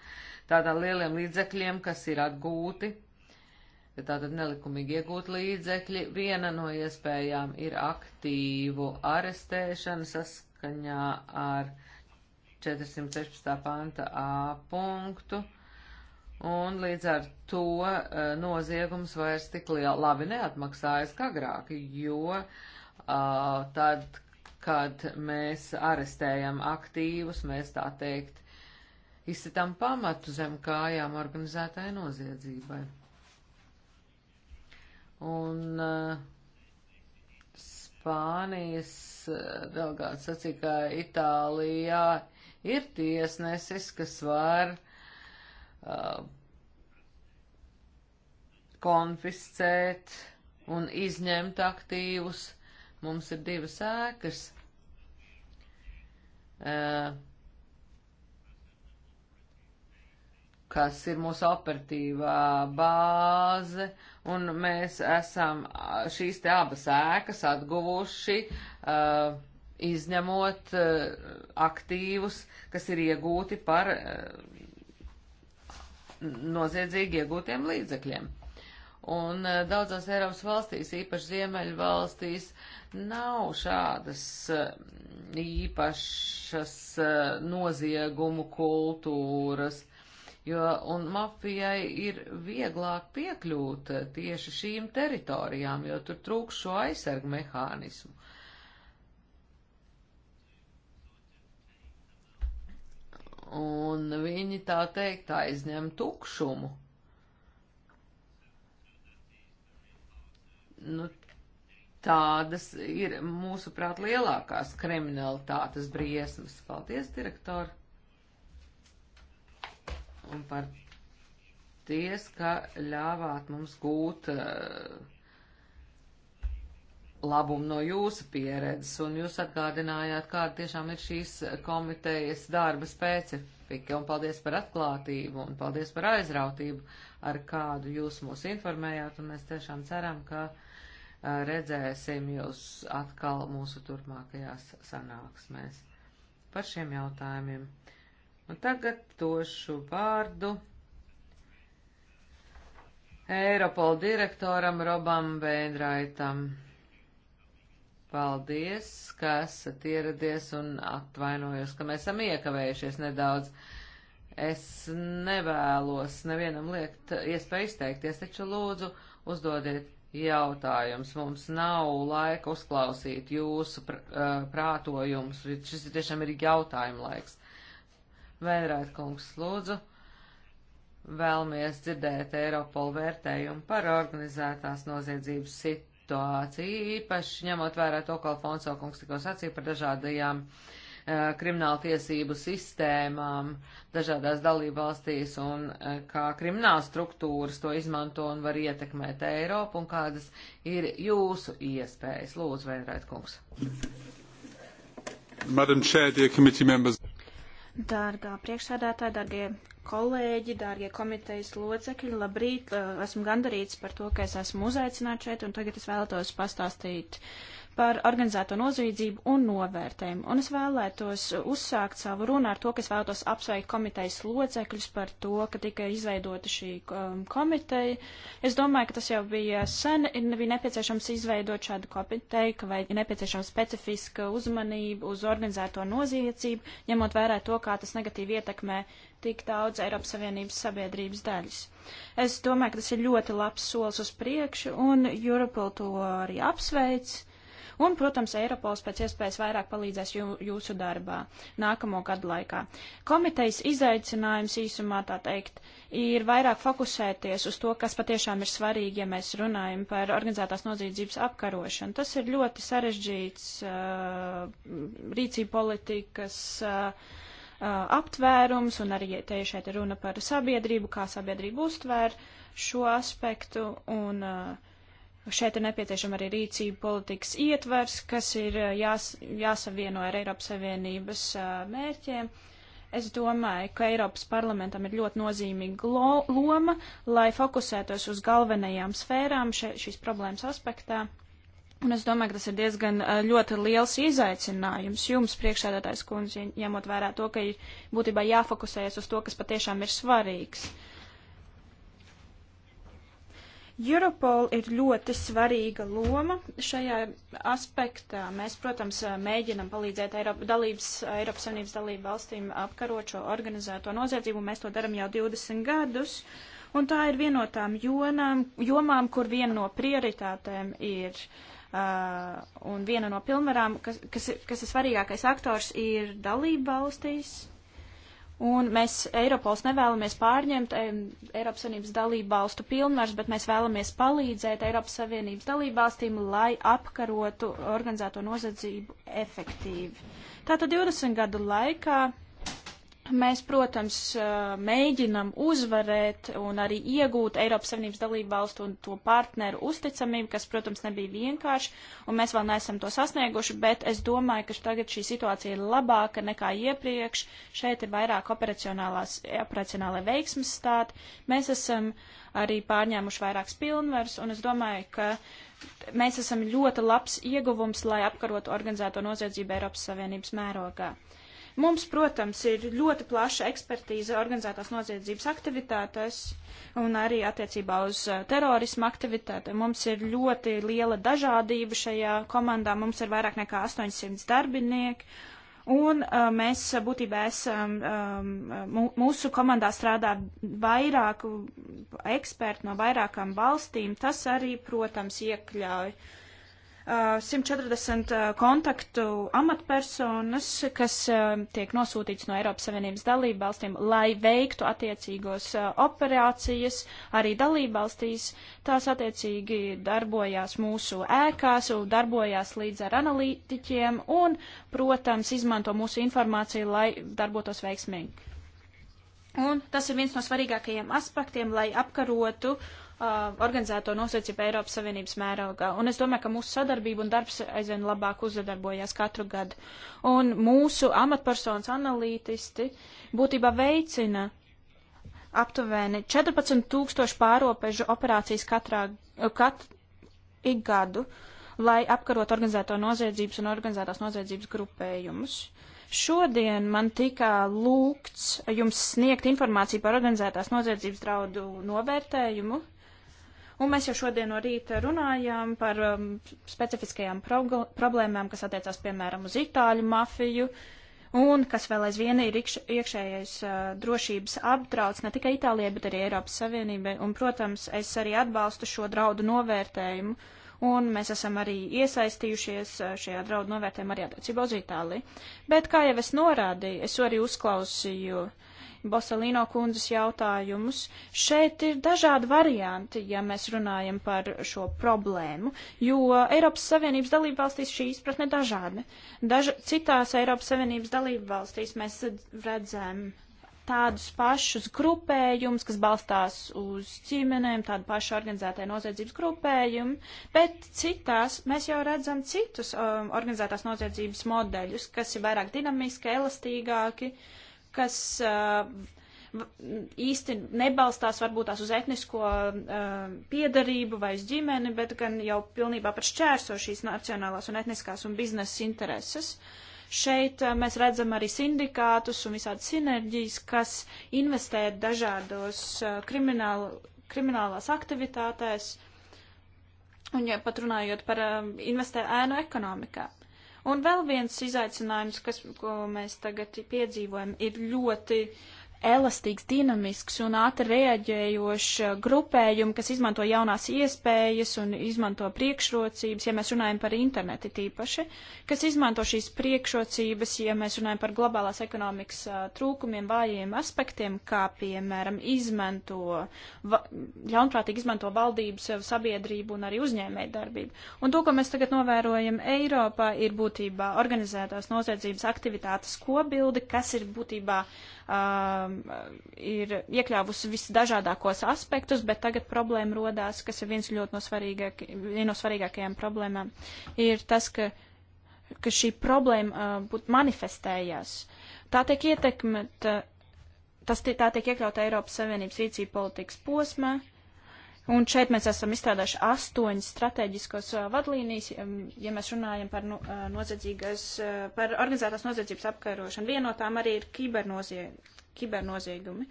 tādām lieliem līdzekļiem, kas ir atgūti, tātad nelikumīgi iegūti līdzekļi. Viena no iespējām ir aktīvu arestēšana saskaņā ar 416. panta A punktu. Un līdz ar to eh, noziegums vairs tik liel, labi neatmaksājas kā agrāk, jo uh, Uh, tad, kad mēs arestējam aktīvus, mēs tā teikt izsitam pamatu zem kājām organizētai noziedzībai. Un uh, Spānijas uh, delegāts sacīja, ka Itālijā ir tiesnesis, kas var uh, konfiscēt un izņemt aktīvus, Mums ir divas ēkas. Eh, kas ir mūsu operatīvā bāze, un mēs esam eh, šīs te abas ēkas atguvuši, eh, izņemot aktīvus, kas ir iegūti par noziedzīgi iegūtiem līdzekļiem. Un eh, daudzās Eiropas valstīs, īpaši Ziemeļu valstīs, nav šādas eh, īpašas eh, noziegumu kultūras, jo un mafijai ir vieglāk piekļūt tieši šīm teritorijām, jo tur trūks šo aizsargu mehānismu. Un viņi tā teikt aizņem tukšumu nu, tādas ir mūsuprāt lielākās kriminalitātes briesmas. Paldies, direktori! Un par ties, ka ļāvāt mums gūt uh, labumu no jūsu pieredzes, un jūs atgādinājāt, kāda tiešām ir šīs komitejas darba specifika, un paldies par atklātību, un paldies par aizrautību, ar kādu jūs mūs informējāt, un mēs tiešām ceram, ka redzēsim jūs atkal mūsu turpmākajās sanāksmēs par šiem jautājumiem. Un tagad došu vārdu Eiropola direktoram Robam Bēnraitam. Paldies, ka esat ieradies un atvainojos, ka mēs esam iekavējušies nedaudz. Es nevēlos nevienam liekt iespēju izteikties, taču lūdzu uzdodiet jautājums. Mums nav laika uzklausīt jūsu pr eh, prātojumus. Šis tiešām ir jautājuma laiks. Vēdrēt, kungs, lūdzu. Vēlamies dzirdēt Eiropolu vērtējumu par organizētās noziedzības situāciju, īpaši ņemot vērā to, ko Alfonso kungs tikko sacīja par dažādajām uh, Uh, krimināla tiesību sistēmām dažādās dalībvalstīs un uh, kā krimināla struktūras to izmanto un var ietekmēt Eiropu un kādas ir jūsu iespējas. Lūdzu, Veinrēt kungs. Madam Chair, dear committee members. Dārgā priekšsēdētāja, dārgie kolēģi, dārgie komitejas locekļi, labrīt! Uh, esmu gandarīts par to, ka es esmu uzaicināts šeit, un tagad es vēlētos pastāstīt par organizēto noziedzību un novērtējumu. Un es vēlētos uzsākt savu runu ar to, ka es vēlētos apsveikt komitejas locekļus par to, ka tika izveidota šī um, komiteja. Es domāju, ka tas jau bija sen, ir nebija nepieciešams izveidot šādu komiteju, ka vai ir nepieciešama specifiska uzmanība uz organizēto noziedzību, ņemot vērā to, kā tas negatīvi ietekmē tik daudz Eiropas Savienības sabiedrības daļas. Es domāju, ka tas ir ļoti labs solis uz priekšu, un Europol to arī apsveic. Uh, Un, protams, Eiropols pēc iespējas vairāk palīdzēs jū, jūsu darbā nākamo gadu laikā. Komitejas izaicinājums īsumā tā teikt ir vairāk fokusēties uz to, kas patiešām ir svarīgi, ja mēs runājam par organizētās nozīdzības apkarošanu. Tas ir ļoti sarežģīts uh, rīcība politikas. Uh, aptvērums, un arī tieši šeit ir runa par sabiedrību, kā sabiedrība uztvēr šo aspektu, un uh, Šeit ir nepieciešama arī rīcība politikas ietvers, kas ir eh, jās, jāsavieno ar Eiropas Savienības eh, mērķiem. Es domāju, ka Eiropas parlamentam ir ļoti nozīmīga loma, lai fokusētos uz galvenajām sfērām še, šīs problēmas aspektā. Un es domāju, ka tas ir diezgan eh, ļoti liels izaicinājums jums, priekšsēdētājs kundze, ņemot vērā to, ka ir būtībā jāfokusējas uz to, kas patiešām ir svarīgs. Uh, Europol ir ļoti svarīga loma šajā aspektā. Mēs, protams, mēģinam palīdzēt Eiropa, dalības, Eiropas Savienības dalību valstīm apkarot šo organizēto noziedzību, un mēs to daram jau 20 gadus. Un tā ir vienotām jonām, jomām, kur viena no prioritātēm ir uh, Uh, un viena no pilnvarām, kas, kas, kas ir svarīgākais aktors, ir dalība valstīs. Un mēs Eiropols nevēlamies pārņemt Eiropas Savienības dalību valstu pilnvars, bet mēs vēlamies palīdzēt Eiropas Savienības dalību valstīm, lai apkarotu organizēto nozadzību efektīvi. Tātad 20 gadu laikā Mēs, protams, mēģinam uzvarēt un arī iegūt Eiropas Savienības dalību valstu un to partneru uzticamību, kas, protams, nebija vienkārši, un mēs vēl neesam to sasnieguši, bet es domāju, ka tagad šī situācija ir labāka nekā iepriekš. Šeit ir vairāk operacionālai veiksmes stāti. Mēs esam arī pārņēmuši vairākas pilnvaras, un es domāju, ka mēs esam ļoti labs ieguvums, lai apkarotu organizēto noziedzību Eiropas Savienības mērogā. Mums, protams, ir ļoti plaša ekspertīze organizētās noziedzības aktivitātēs un arī attiecībā uz terorismu aktivitātēm. Mums ir ļoti liela dažādība šajā komandā. Mums ir vairāk nekā 800 darbinieki. Un uh, mēs būtībā esam, um, mūsu komandā strādā vairāku ekspertu no vairākām valstīm. Tas arī, protams, iekļauj uh, 140 kontaktu amatpersonas, kas tiek nosūtīts no Eiropas Savienības dalību valstīm, lai veiktu attiecīgos operācijas arī dalību valstīs. Tās attiecīgi darbojās mūsu ēkās, darbojās līdz ar analītiķiem un, protams, izmanto mūsu informāciju, lai darbotos veiksmīgi. Un tas ir viens no svarīgākajiem aspektiem, lai apkarotu uh, Uh, organizēto nosacību Eiropas Savienības mērogā. Un es domāju, ka mūsu sadarbība un darbs aizvien labāk uzsadarbojās katru gadu. Un mūsu amatpersonas analītisti būtībā veicina aptuveni 14 tūkstošu pārobežu operācijas katrā, kat, ik gadu, lai apkarot organizēto noziedzības un organizētās noziedzības grupējumus. Šodien man tika lūgts jums sniegt informāciju par organizētās noziedzības draudu novērtējumu, Un mēs jau šodien no rīta runājām par um, specifiskajām problēmām, kas attiecās, piemēram, uz itāļu mafiju, un kas vēl aizvien ir iekš, iekšējais uh, drošības apdrauc ne tikai Itālijai, bet arī Eiropas Savienībai. Un, protams, es arī atbalstu šo draudu novērtējumu, un mēs esam arī iesaistījušies uh, šajā draudu novērtējumā arī attiecībā uz Itāliju. Bet, kā jau es norādīju, es arī uzklausīju uh, Bosalino kundzes jautājumus. Šeit ir dažādi varianti, ja mēs runājam par šo problēmu, jo Eiropas Savienības dalību valstīs šī izpratne dažāda. Daž citās Eiropas Savienības dalību valstīs mēs redzam tādus pašus grupējumus, kas balstās uz ģimenēm, tādu pašu organizētāju noziedzības grupējumu, bet citās mēs jau redzam citus um, organizētās noziedzības modeļus, kas ir vairāk dinamiski, elastīgāki. Uh, kas uh, īsti nebalstās varbūt tās uz etnisko uh, piedarību vai uz ģimeni, bet gan jau pilnībā pat šķērso šīs nacionālās un etniskās un biznesa intereses. Šeit uh, mēs redzam arī sindikātus un visādi sinerģijas, kas investē dažādos kriminālu, kriminālās aktivitātēs, un ja pat runājot par um, investē ēnu ekonomikā. Uh, Un vēl viens izaicinājums, kas, ko mēs tagad piedzīvojam, ir ļoti uh, elastīgs, dinamisks un ātri reaģējošs uh, grupējumi, kas izmanto jaunās iespējas un izmanto priekšrocības, ja mēs runājam par interneti tīpaši, kas izmanto šīs priekšrocības, ja mēs runājam par globālās ekonomikas uh, trūkumiem, vājiem aspektiem, kā piemēram izmanto, va, ļaunprātīgi izmanto valdības uh, sabiedrību un arī uzņēmēju darbību. Un to, ko mēs tagad novērojam Eiropā, ir būtībā organizētās noziedzības aktivitātes kobildi, kas ir būtībā uh, um, ir iekļāvusi visdažādākos aspektus, bet tagad problēma rodās, kas ir viens ļoti no, svarīgāk, viena no svarīgākajām problēmām, ir tas, ka, ka šī problēma uh, būt manifestējās. Tā tiek ietekmēta, tas tā tiek iekļauta Eiropas Savienības rīcība politikas posmā. Uh, Un šeit mēs esam izstrādājuši astoņas strateģiskos vadlīnijas, ja mēs runājam par, nu, nozadzīgas, par organizētās nozadzības apkarošanu. Viena no tām arī ir kibernozie, kibernoziegumi.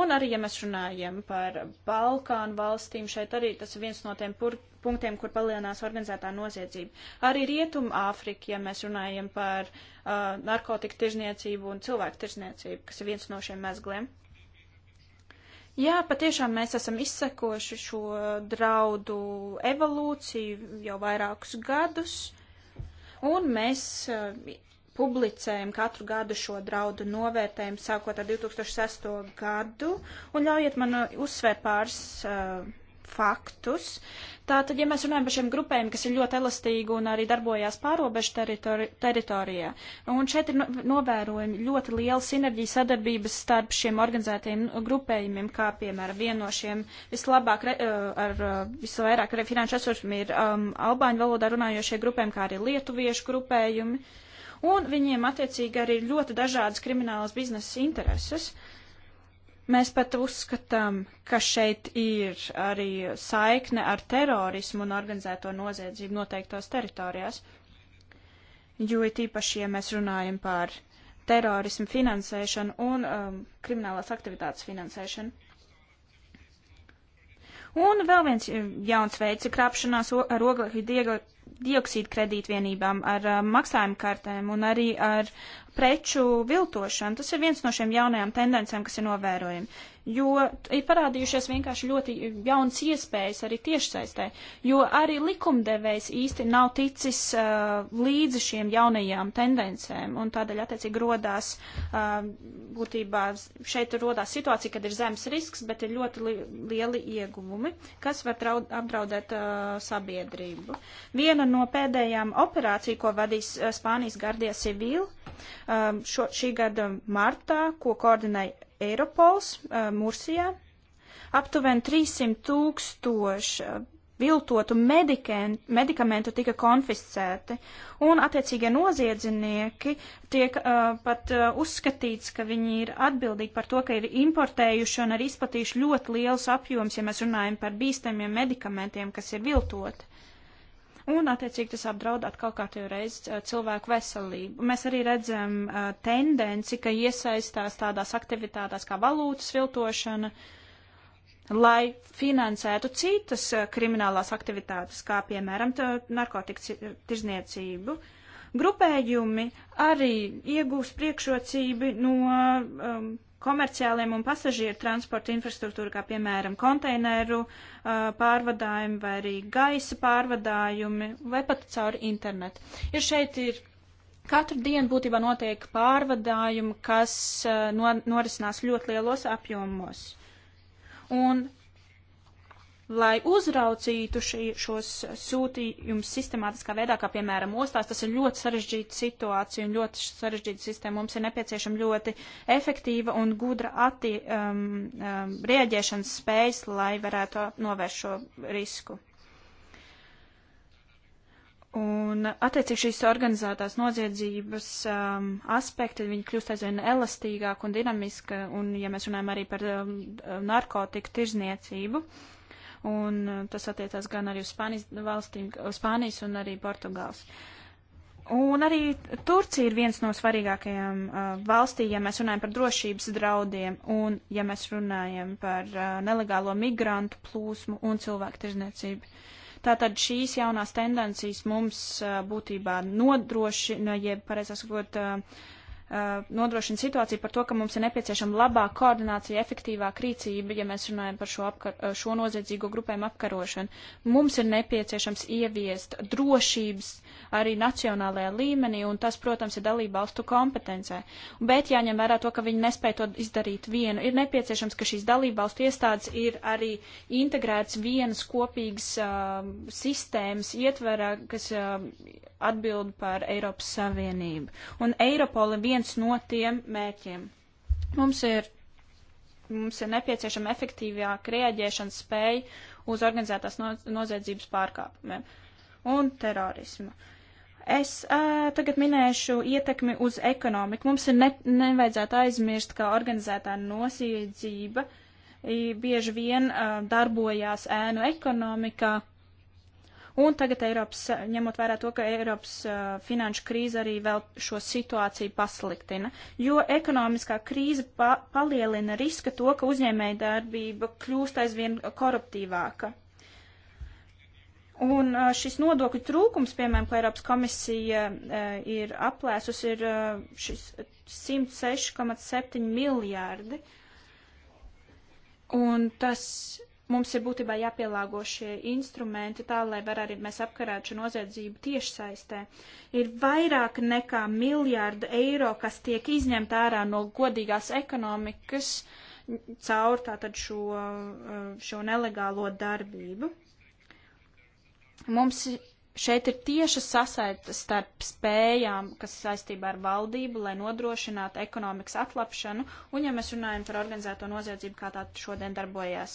Un arī, ja mēs runājam par Balkānu valstīm, šeit arī tas ir viens no tiem pur, punktiem, kur palielinās organizētā noziedzība. Arī Rietuma Āfrika, ja mēs runājam par uh, narkotiku tirzniecību un cilvēku tirzniecību, kas ir viens no šiem mezgliem. Jā, patiešām mēs esam izsekoši šo draudu evolūciju jau vairākus gadus, un mēs eh, publicējam katru gadu šo draudu novērtējumu, sākot ar 2006. gadu, un ļaujiet man uzsvērt pāris uh, faktus. Tātad, ja mēs runājam par šiem grupējiem, kas ir ļoti elastīgi un arī darbojās pārobežu teritori teritorijā, un šeit ir novērojami ļoti liela sinerģija sadarbības starp šiem organizētajiem grupējumiem, kā piemēram vieno no šiem vislabāk re, eh, ar eh, visvairāk ar finanšu resursiem ir um, albāņu valodā runājošie grupējumi, kā arī lietuviešu grupējumi, un viņiem attiecīgi arī ir ļoti dažādas kriminālas biznesa intereses. Uh, Mēs pat uzskatām, ka šeit ir arī saikne ar terorismu un organizēto noziedzību noteiktās teritorijās. Jo it īpaši, ja mēs runājam par terorismu finansēšanu un um, kriminālās aktivitātes finansēšanu. Un vēl viens um, jauns veids ir krāpšanās ar oglekļa dioksīdu kredītvienībām, ar uh, maksājumu kartēm un arī ar preču viltošanu. Tas ir viens no šiem jaunajām tendencēm, kas ir novērojami jo ir parādījušies vienkārši ļoti jauns iespējas arī tiešsaistē, jo arī likumdevējs īsti nav ticis uh, līdzi šiem jaunajām tendencēm, un tādēļ attiecīgi rodās, uh, būtībā šeit rodās situācija, kad ir zemes risks, bet ir ļoti li lieli ieguvumi, kas var traud, apdraudēt uh, sabiedrību. Viena no pēdējām operāciju, ko vadīs uh, Spānijas Gardie Civil, uh, šo, šī gada martā, ko koordinēja Eiropols eh, Mursijā. Aptuveni 300 tūkstoši eh, viltotu medikamentu tika konfiscēti, un attiecīgie noziedznieki tiek uh, pat uh, uzskatīts, ka viņi ir atbildīgi par to, ka ir importējuši un arī izplatījuši ļoti liels apjoms, ja mēs runājam par bīstamiem medikamentiem, kas ir viltoti un, attiecīgi, tas apdraud atkal kā tev reiz uh, cilvēku veselību. Mēs arī redzam uh, tendenci, ka iesaistās tādās aktivitātās kā valūtas viltošana, lai finansētu citas uh, kriminālās aktivitātes, kā piemēram narkotiku tirzniecību. Grupējumi arī iegūs priekšrocību no um, komerciāliem un pasažieru transporta infrastruktūru, kā piemēram konteineru uh, pārvadājumi vai arī gaisa pārvadājumi vai pat cauri internetu. Ir šeit ir katru dienu būtībā notiek pārvadājumi, kas uh, no, norisinās ļoti lielos apjomos. Un lai uzraucītu šī, šos sūtījumus sistemātiskā veidā, kā piemēram ostās, tas ir ļoti sarežģīta situācija un ļoti sarežģīta sistēma. Mums ir nepieciešama ļoti efektīva un gudra atti, um, um, rieģēšanas spējas, lai varētu novērst šo risku. Un attiecīgi šīs organizētās noziedzības um, aspekti, viņi kļūst aizvien elastīgāk un dinamiska, un ja mēs runājam arī par um, narkotiku tirzniecību, uh, un eh, tas attiecās gan arī uz Spānijas valstīm, uz Spānijas un arī Portugāls. Un arī Turcija ir viens no svarīgākajām uh, eh, valstī, ja mēs runājam par drošības draudiem un ja mēs runājam par uh, nelegālo migrantu plūsmu un cilvēku tirzniecību. Tātad šīs jaunās tendencijas mums uh, būtībā nodrošina, jeb pareizāk sakot, uh, Uh, nodrošina situāciju par to, ka mums ir nepieciešama labāka koordinācija, efektīvāka rīcība, ja mēs runājam par šo, apkar, uh, šo noziedzīgo grupēm apkarošanu. Mums ir nepieciešams ieviest drošības arī nacionālajā līmenī, un tas, protams, ir dalība valstu kompetencē. Bet jāņem vērā to, ka viņi nespēja to izdarīt vienu. Ir nepieciešams, ka šīs dalība valstu iestādes ir arī integrētas vienas kopīgas uh, sistēmas ietverā, kas uh, atbild par Eiropas Savienību. Un Eiropola vien viens no tiem mērķiem. Mums ir, mums ir nepieciešama efektīvāka rēģēšanas spēja uz organizētās no, noziedzības pārkāpumiem un terorismu. Es ā, tagad minēšu ietekmi uz ekonomiku. Mums ir ne, nevajadzētu aizmirst, ka organizētā noziedzība bieži vien ā, darbojās ēnu ekonomikā, Un tagad, Eiropas, ņemot vērā to, ka Eiropas uh, finanšu krīze arī vēl šo situāciju pasliktina, jo ekonomiskā krīze pa palielina riska to, ka uzņēmēja darbība kļūst aizvien koruptīvāka. Un uh, šis nodokļu trūkums, piemēram, ko Eiropas komisija uh, ir aplēsus, ir uh, šis 106,7 miljārdi. Un tas mums ir būtībā jāpielāgo šie instrumenti tā, lai var arī mēs apkarāt šo noziedzību tiešsaistē. Ir vairāk nekā miljārdu eiro, kas tiek izņemta ārā no godīgās ekonomikas caur tātad šo, šo nelegālo darbību. Mums Šeit ir tieša sasaita starp spējām, kas saistībā ar valdību, lai nodrošinātu ekonomikas atlapšanu, un ja mēs runājam par organizēto noziedzību, kā tā šodien darbojas.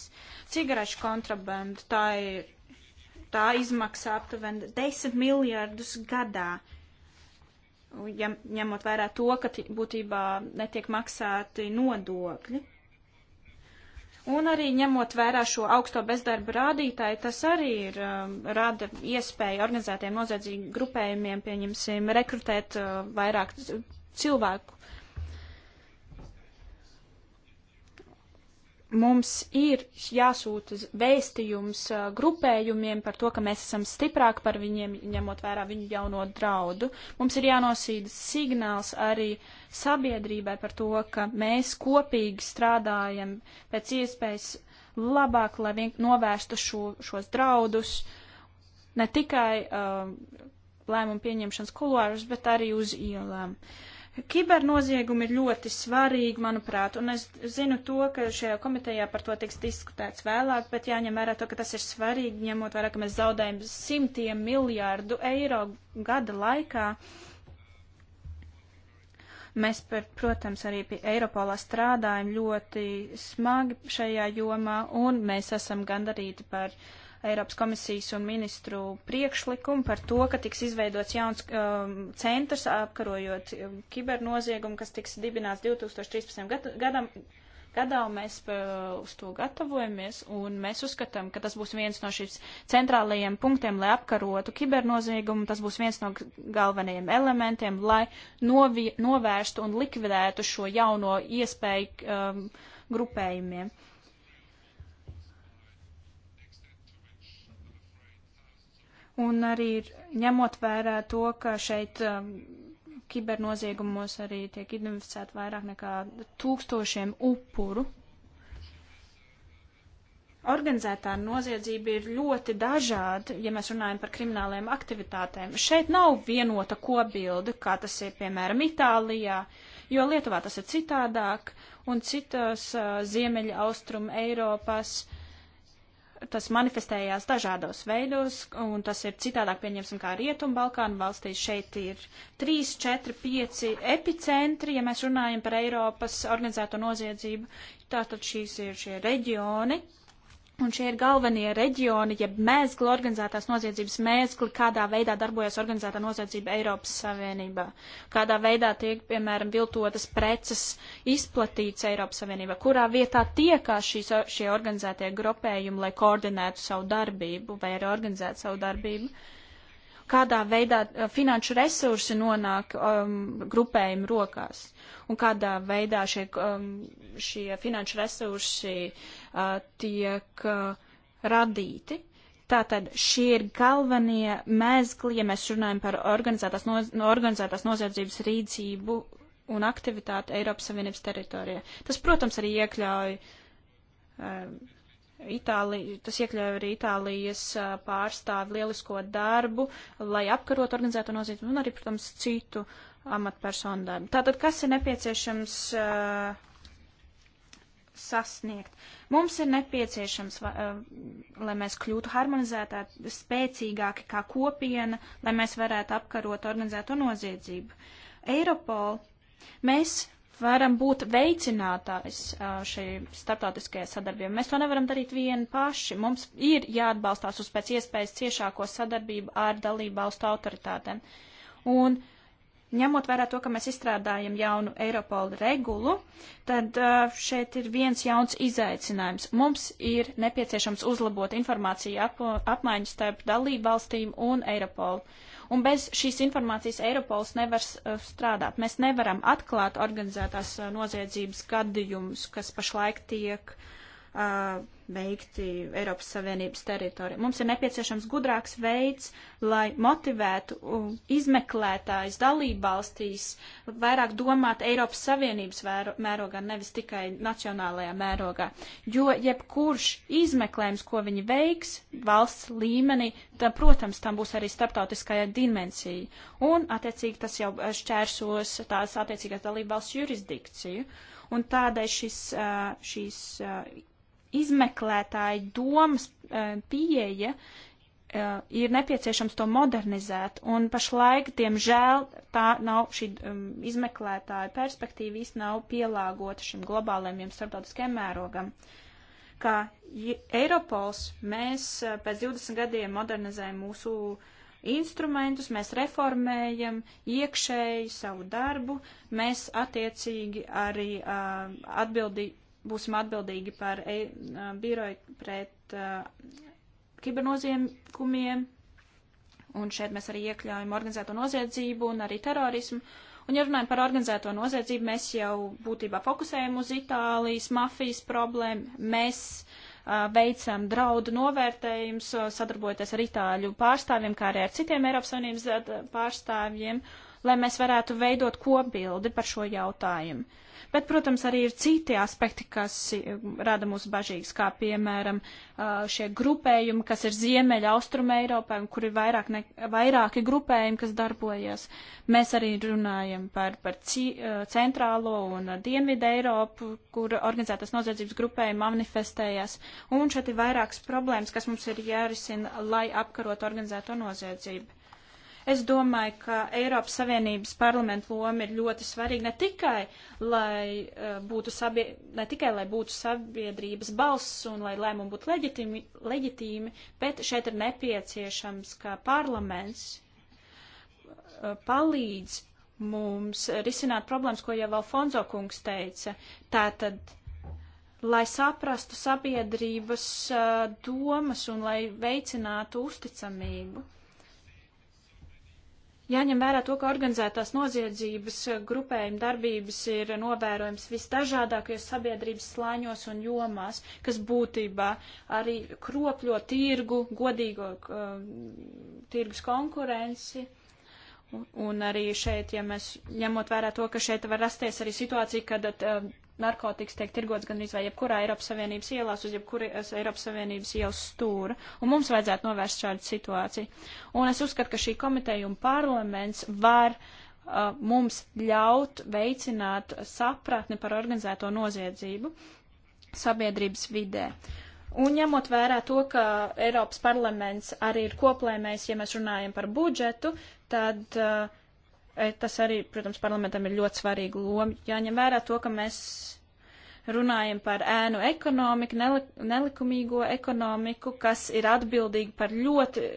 Cigarešu kontrabanda, tā, ir, tā izmaksā aptuveni 10 miljardus gadā. Ja, ņemot vērā to, ka būtībā netiek maksāti nodokļi. Un arī ņemot vērā šo augsto bezdarba rādītāju, tas arī ir, um, rada iespēju organizētiem noziedzīgiem grupējumiem, pieņemsim, rekrutēt uh, vairāk cilvēku mums ir jāsūta vēstījums uh, grupējumiem par to, ka mēs esam stiprāki par viņiem, ņemot vērā viņu jauno draudu. Mums ir jānosīda signāls arī sabiedrībai par to, ka mēs kopīgi strādājam pēc iespējas labāk, lai vien, novērstu šo, šos draudus ne tikai uh, lēmumu pieņemšanas kuluārus, bet arī uz ielām. Uh, Kibernoziegumi ir ļoti svarīgi, manuprāt, un es zinu to, ka šajā komitejā par to tiks diskutēts vēlāk, bet jāņem vērā to, ka tas ir svarīgi, ņemot vērā, ka mēs zaudējam simtiem miljārdu eiro gada laikā. Mēs, par, protams, arī pie Eiropolā strādājam ļoti smagi šajā jomā, un mēs esam gandarīti par uh, Eiropas komisijas un ministru priekšlikumu par to, ka tiks izveidots jauns um, centrs apkarojot um, kibernoziegumu, kas tiks dibināts 2013. Gadu, gadam. Gadā mēs uh, uz to gatavojamies, un mēs uzskatām, ka tas būs viens no šīs centrālajiem punktiem, lai apkarotu kibernoziegumu. Tas būs viens no galvenajiem elementiem, lai novi, novērstu un likvidētu šo jauno iespēju um, grupējumiem. Uh, Un arī ņemot vērā to, ka šeit um, kibernoziegumos arī tiek identificēti vairāk nekā tūkstošiem upuru. Organizētā noziedzība ir ļoti dažāda, ja mēs runājam par krimināliem aktivitātēm. Šeit nav vienota kobilde, kā tas ir piemēram Itālijā, jo Lietuvā tas ir citādāk, un citas uh, ziemeļa austrumu Eiropas uh, tas manifestējās dažādos veidos, un tas ir citādāk, pieņemsim, kā Rietumu Balkānu valstīs. Šeit ir 3, 4, 5 epicentri, ja mēs runājam par Eiropas organizēto noziedzību. Tātad šīs ir šie reģioni, uh, Un šie ir galvenie reģioni, jeb ja mēzgli organizētās noziedzības mēzgli, kādā veidā darbojas organizētā noziedzība Eiropas Savienībā, kādā veidā tiek, piemēram, viltotas preces izplatīts Eiropas Savienībā, kurā vietā tiekās šīs, šie organizētie grupējumi, lai koordinētu savu darbību vai arī organizētu savu darbību. Kādā veidā eh, finanšu resursi nonāk um, grupējumu rokās un kādā veidā šie, um, šie finanšu resursi uh, tiek uh, radīti. Tātad šie ir galvenie mēzgli, ja mēs runājam par organizētās, noz no organizētās noziedzības rīcību un aktivitāti Eiropas Savienības teritorijā. Tas, protams, arī iekļauj um, Itālija, tas iekļauj arī Itālijas uh, pārstāvi lielisko darbu, lai apkarotu organizēto noziedzību un arī, protams, citu amatpersonu darbu. Tātad, kas ir nepieciešams uh, sasniegt? Mums ir nepieciešams, uh, lai mēs kļūtu harmonizētāki, spēcīgāki kā kopiena, lai mēs varētu apkarot organizēto noziedzību. Eiropol, mēs varam būt veicinātājs uh, šai starptautiskajai sadarbībai. Mēs to nevaram darīt vieni paši. Mums ir jāatbalstās uz pēc iespējas ciešāko sadarbību ar dalību valstu autoritātēm. Un uh, Ņemot vērā to, ka mēs izstrādājam jaunu Eiropola regulu, tad uh, šeit ir viens jauns izaicinājums. Mums ir nepieciešams uzlabot informāciju ap, apmaiņu starp dalību valstīm un Eiropolu. Un bez šīs informācijas Eiropols nevar uh, strādāt. Mēs nevaram atklāt organizētās uh, noziedzības gadījumus, kas pašlaik tiek uh, veikti Eiropas Savienības teritorijā. Mums ir nepieciešams gudrāks veids, lai motivētu izmeklētājus dalībvalstīs vairāk domāt Eiropas Savienības vēro, mērogā, nevis tikai nacionālajā mērogā. Jo jebkurš izmeklējums, ko viņi veiks valsts līmenī, tā, protams, tam būs arī starptautiskajā dimensija. Un, attiecīgi, tas jau šķērsos tās attiecīgās dalībvalsts jurisdikciju. Un tādēļ šis, šīs izmeklētāja domas e, pieeja e, ir nepieciešams to modernizēt, un pašlaik, diemžēl, tā nav šī um, izmeklētāja perspektīva īsti nav pielāgota šim globālajiem starptautiskajiem mērogam. Kā Eiropols, mēs e, pēc 20 gadiem modernizējam mūsu instrumentus, mēs reformējam iekšēji savu darbu, mēs attiecīgi arī uh, atbildi, būsim atbildīgi par e biroju pret kibernoziegumiem, un šeit mēs arī iekļaujam organizēto noziedzību un arī terorismu. Un, ja runājam par organizēto noziedzību, mēs jau būtībā fokusējam uz Itālijas mafijas problēmu. Mēs uh, veicam draudu novērtējums, sadarbojoties ar Itāļu pārstāvjiem, kā arī ar citiem Eiropas Savienības pārstāvjiem. Uh, lai mēs varētu veidot kopbildi par šo jautājumu. Bet, protams, arī ir citi aspekti, kas um, rada mūs bažīgs, kā piemēram uh, šie grupējumi, kas ir Ziemeļa, Austruma Eiropā, un kur ir vairāk ne, vairāki grupējumi, kas darbojas. Mēs arī runājam par, par ci, uh, centrālo un uh, dienvidu Eiropu, kur organizētas noziedzības grupējumi manifestējas. Un šeit ir vairākas problēmas, kas mums ir jārisina, lai apkarotu organizēto noziedzību. Es domāju, ka Eiropas Savienības parlamenta loma ir ļoti svarīga ne tikai, lai, uh, būtu, sabie, ne tikai, lai būtu sabiedrības balss un lai lēmumi būtu leģitīmi, leģitīmi, bet šeit ir nepieciešams, ka parlaments uh, palīdz mums risināt problēmas, ko jau Alfonso kungs teica. Tātad, lai saprastu sabiedrības uh, domas un lai veicinātu uzticamību. Jāņem vērā to, ka organizētās noziedzības grupējuma darbības ir novērojams visdažādākajos sabiedrības slāņos un jomās, kas būtībā arī kropļo tirgu, godīgo uh, tirgus konkurenci. Un, un arī šeit, ja mēs ņemot vērā to, ka šeit var rasties arī situācija, kad uh, narkotikas tiek tirgots gan vai jebkurā Eiropas Savienības ielās, uz jebkuras Eiropas Savienības ielas stūra. Un mums vajadzētu novērst šādu situāciju. Un es uzskatu, ka šī komiteja un parlaments var uh, mums ļaut veicināt sapratni par organizēto noziedzību sabiedrības vidē. Un ņemot vērā to, ka Eiropas parlaments arī ir koplēmējs, ja mēs runājam par budžetu, tad uh, Eh, tas arī, protams, parlamentam ir ļoti svarīga loma. Jāņem vērā to, ka mēs runājam par ēnu ekonomiku, nelikumīgo ekonomiku, kas ir atbildīga par ļoti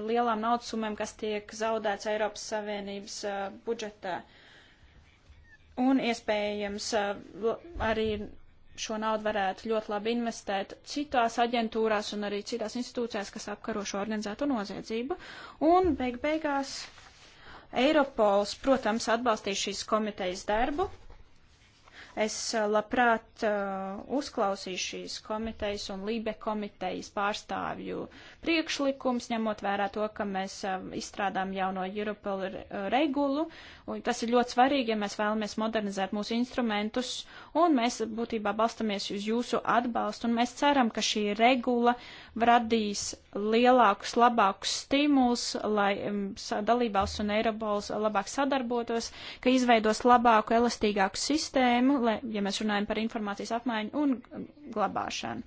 lielām naudasumiem, kas tiek zaudēts Eiropas Savienības uh, budžetā. Un iespējams uh, arī šo naudu varētu ļoti labi investēt citās aģentūrās un arī citās institūcijās, kas apkaro šo organizēto noziedzību. Un beig beigās Eiropols, protams, atbalstīs šīs komitejas darbu. Es eh, labprāt eh, uzklausīšu šīs komitejas un Lībe komitejas pārstāvju priekšlikums, ņemot vērā to, ka mēs eh, izstrādām jauno Europol regulu. Tas ir ļoti svarīgi, ja mēs vēlamies modernizēt mūsu instrumentus, un mēs būtībā balstamies uz jūsu atbalstu, un mēs ceram, ka šī regula radīs lielākus, labākus stimulus, lai mm, dalībās un Eirobols labāk sadarbotos, ka izveidos labāku, elastīgāku sistēmu, pasaulē, ja mēs runājam par informācijas apmaiņu un glabāšanu.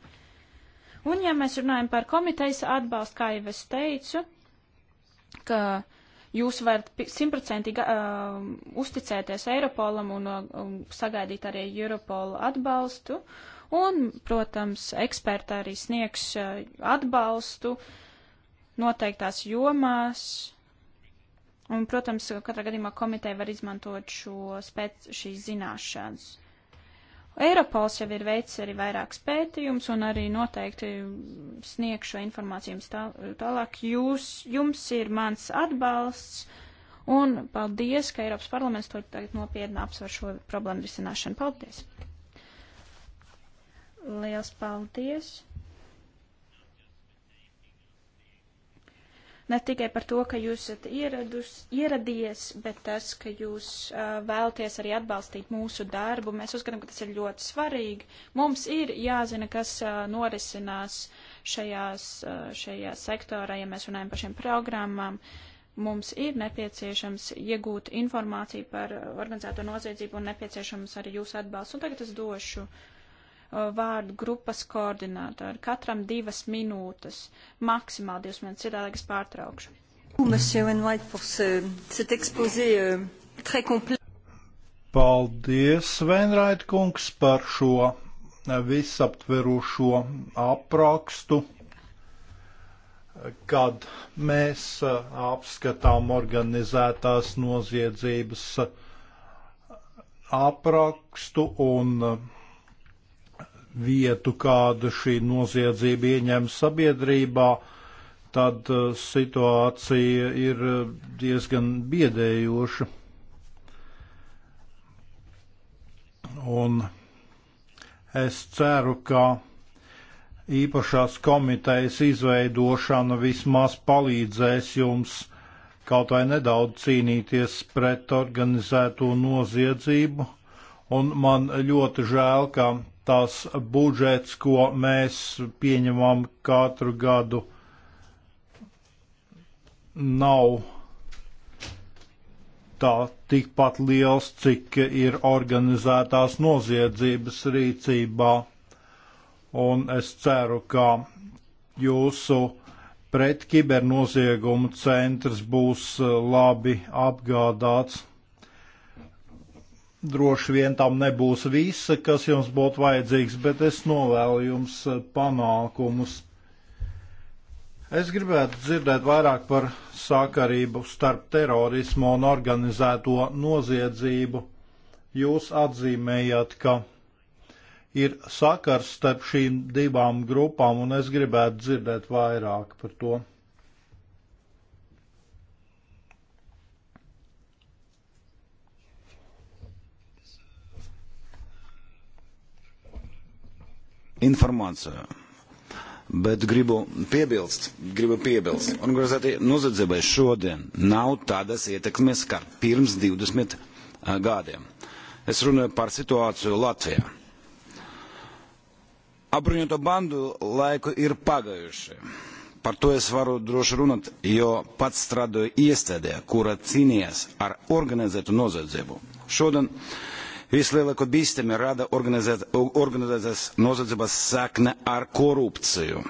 Un ja mēs runājam par komitejas atbalstu, kā jau es teicu, ka jūs varat simtprocentīgi uh, uzticēties Eiropolam un uh, sagaidīt arī Europola atbalstu. Un, protams, eksperti arī sniegs uh, atbalstu noteiktās jomās. Un, protams, katrā gadījumā komiteja var izmantot šo spēc, šīs zināšanas. Uh, Eiropols jau ir veicis arī vairākas pētījumus un arī noteikti sniegšu informāciju jums tā, tālāk. Jūs, jums ir mans atbalsts un paldies, ka Eiropas parlaments to tagad nopietni apsver šo problēmu risināšanu. Paldies! Liels paldies! ne tikai par to, ka jūs esat ieradus, ieradies, bet tas, ka jūs uh, vēlties arī atbalstīt mūsu darbu. Mēs uzskatām, ka tas ir ļoti svarīgi. Mums ir jāzina, kas uh, norisinās šajās, uh, šajā sektorā, ja mēs runājam par šiem programmām. Uh, mums ir nepieciešams iegūt informāciju par organizēto noziedzību un nepieciešams arī jūsu atbalsts. Un tagad es došu Uh, vārdu grupas koordinātori. Katram divas minūtes, maksimāli divas minūtes, citādi es pārtraukšu. Euh, Paldies, Venraid kungs, par šo visaptverušo aprakstu, kad mēs uh, apskatām organizētās noziedzības uh, aprakstu un vietu, kādu šī noziedzība ieņem sabiedrībā, tad uh, situācija ir uh, diezgan biedējoša. Un es ceru, ka īpašās komitejas izveidošana vismaz palīdzēs jums kaut vai nedaudz cīnīties pret organizēto noziedzību, un man ļoti žēl, ka tas budžets, ko mēs pieņemam katru gadu, nav tā tikpat liels, cik ir organizētās noziedzības rīcībā. Un es ceru, ka jūsu pret kibernoziegumu centrs būs labi apgādāts. Droši vien tam nebūs visa, kas jums būtu vajadzīgs, bet es novēlu jums eh, panākumus. Es gribētu dzirdēt vairāk par sakarību starp terorismu un organizēto noziedzību. Jūs atzīmējat, ka ir sakars starp šīm divām grupām, un es gribētu dzirdēt vairāk par to. informāciju. Bet gribu piebilst, gribu piebilst, organizētai nozadzībai šodien nav tādas ietekmes kā pirms 20 gadiem. Es runāju par situāciju Latvijā. Apbruņoto bandu laiku ir pagājuši. Par to es varu droši runāt, jo pats strādāju iestādē, kura cīnījās ar organizētu nozadzību. Šodien uh, vislielāko rada organizētās nozadzības sakne ar korupciju.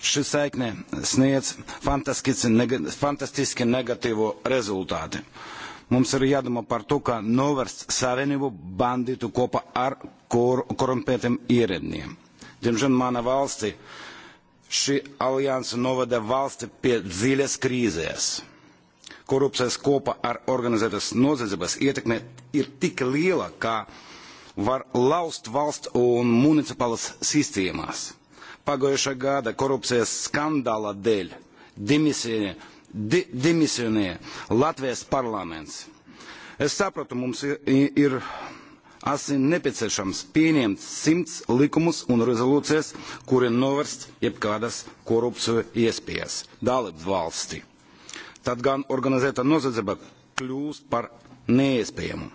Šī saikne sniedz fantastiski, neg fantastiski negatīvu rezultātu. Mums ir jādomā par to, kā novērst savienību bandītu kopā ar kor korumpētiem ierēdniem. Diemžēl mana valsti šī alianse novada valsti pie dziļas krīzes korupcijas kopā ar organizētas nozadzības ietekme ir tik liela, ka var laust valsts un municipālas sistēmās. Pagājušā gada korupcijas skandāla dēļ dimisionē, di, dimisionē Latvijas parlaments. Es sapratu, mums ir, ir asi nepieciešams pieņemt simts likumus un rezolūcijas, kuri novērst jebkādas korupciju iespējas dalību valsti tad gan organizēta noziedzība kļūst par neiespējamu.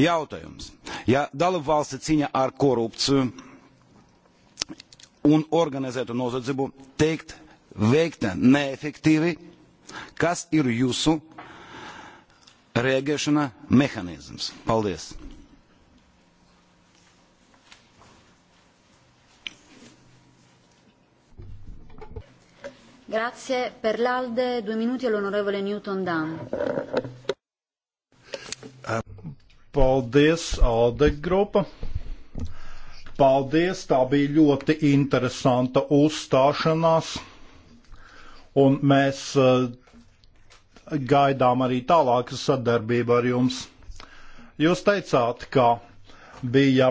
Jautājums. Ja dalība valsts cīņa ar korupciju un organizētu noziedzību teikt veikta neefektīvi, kas ir jūsu rēģēšana mehānisms? Paldies! Grazie. Per l'Alde, due minuti all'onorevole Newton Dunn. Paldies, Alde grupa. Paldies, tā bija ļoti interesanta uzstāšanās. Un mēs eh, gaidām arī tālāku sadarbību ar jums. Jūs teicāt, ka bija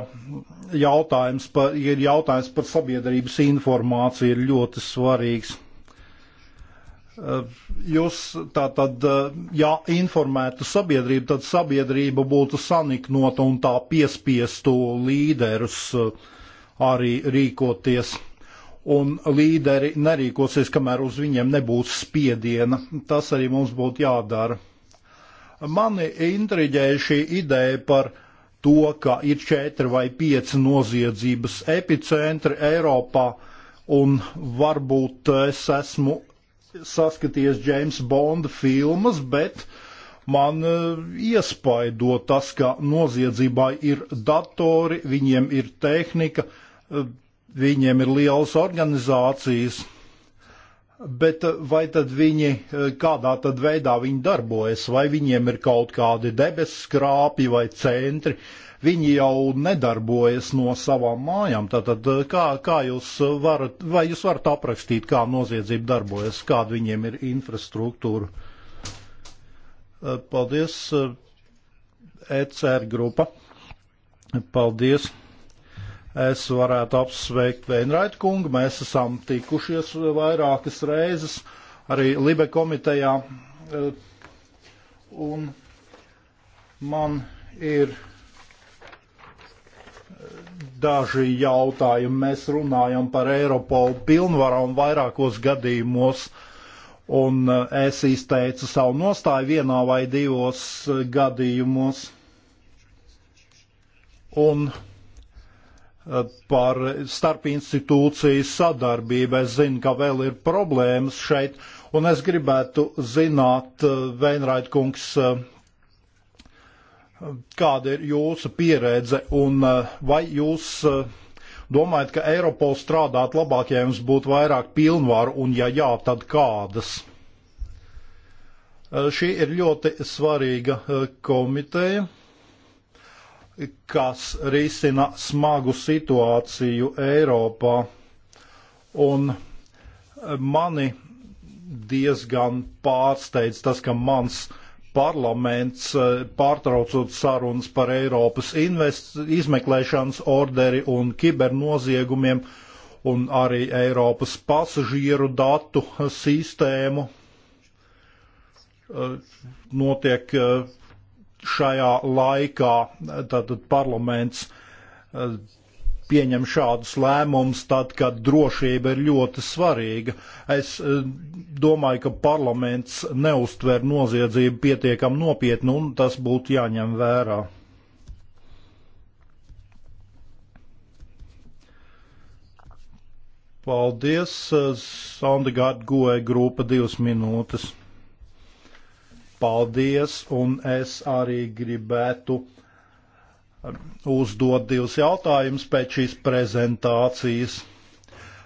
jautājums par, jautājums par sabiedrības informāciju ir ļoti svarīgs Eh, jūs tā tad, eh, ja informētu sabiedrību, tad sabiedrība būtu saniknota un tā piespiestu līderus eh, arī rīkoties. Un līderi nerīkosies, kamēr uz viņiem nebūs spiediena. Tas arī mums būtu jādara. Mani intriģē šī ideja par to, ka ir četri vai pieci noziedzības epicentri Eiropā, un varbūt es esmu saskaties James Bond filmas, bet man e, iespaido tas, ka noziedzībai ir datori, viņiem ir tehnika, e, viņiem ir lielas organizācijas. Bet e, vai tad viņi kādā tad veidā viņi darbojas, vai viņiem ir kaut kādi debes skrāpi vai centri, viņi jau nedarbojas no savām mājām. Tātad, eh, kā, kā jūs varat, vai jūs varat aprakstīt, kā noziedzība darbojas, kāda viņiem ir infrastruktūra? Eh, paldies, ECR eh, e grupa. Paldies. Es varētu apsveikt Veinraitu kungu. Mēs esam tikušies vairākas reizes arī Libe komitejā. Un man ir daži jautājumi. Mēs runājam par Eiropolu pilnvarām vairākos gadījumos, un eh, es izteicu savu nostāju vienā vai divos eh, gadījumos. Un eh, par starpinstitūciju sadarbību. Es zinu, ka vēl ir problēmas šeit, un es gribētu zināt, Veinraid kungs, Kāda ir jūsu pieredze un eh, vai jūs eh, domājat, ka Eiropols strādāt labāk, ja jums būtu vairāk pilnvaru un ja jā, tad kādas? Eh, šī ir ļoti svarīga komiteja, kas risina smagu situāciju Eiropā. Un mani diezgan pārsteidz tas, ka mans uh, parlaments, eh, pārtraucot sarunas par Eiropas invest, izmeklēšanas orderi un kibernoziegumiem un arī Eiropas pasažieru datu eh, sistēmu, eh, notiek šajā laikā. Tātad parlaments pieņem šādus lēmumus tad, kad drošība ir ļoti svarīga. Es eh, domāju, ka parlaments neustver noziedzību pietiekam nopietni, un tas būtu jāņem vērā. Paldies, eh, Sondegārda Goe grupa divas minūtes. Paldies, un es arī gribētu uh, uzdot divus jautājumus pēc šīs prezentācijas.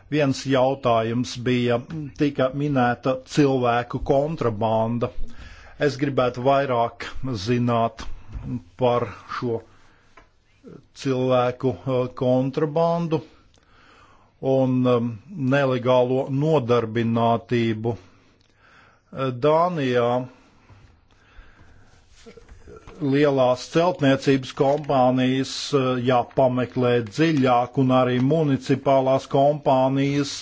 Viens jautājums bija, tika minēta cilvēku kontrabanda. Es gribētu vairāk zināt par šo cilvēku uh, kontrabandu un um, nelegālo nodarbinātību. Dānijā lielās celtniecības kompānijas eh, jāpameklē dziļāk, un arī municipālās kompānijas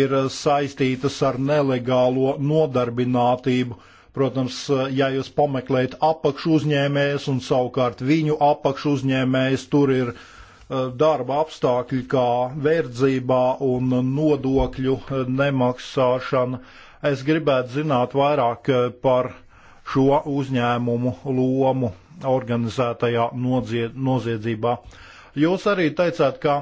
ir eh, saistītas ar nelegālo nodarbinātību. Protams, eh, ja jūs pameklējat apakšu uzņēmējus un savukārt viņu apakšu uzņēmējus, tur ir darba apstākļi kā verdzībā un nodokļu nemaksāšana. Es gribētu zināt vairāk par uh, šo uzņēmumu lomu organizētajā noziedzībā. Jūs arī teicāt, ka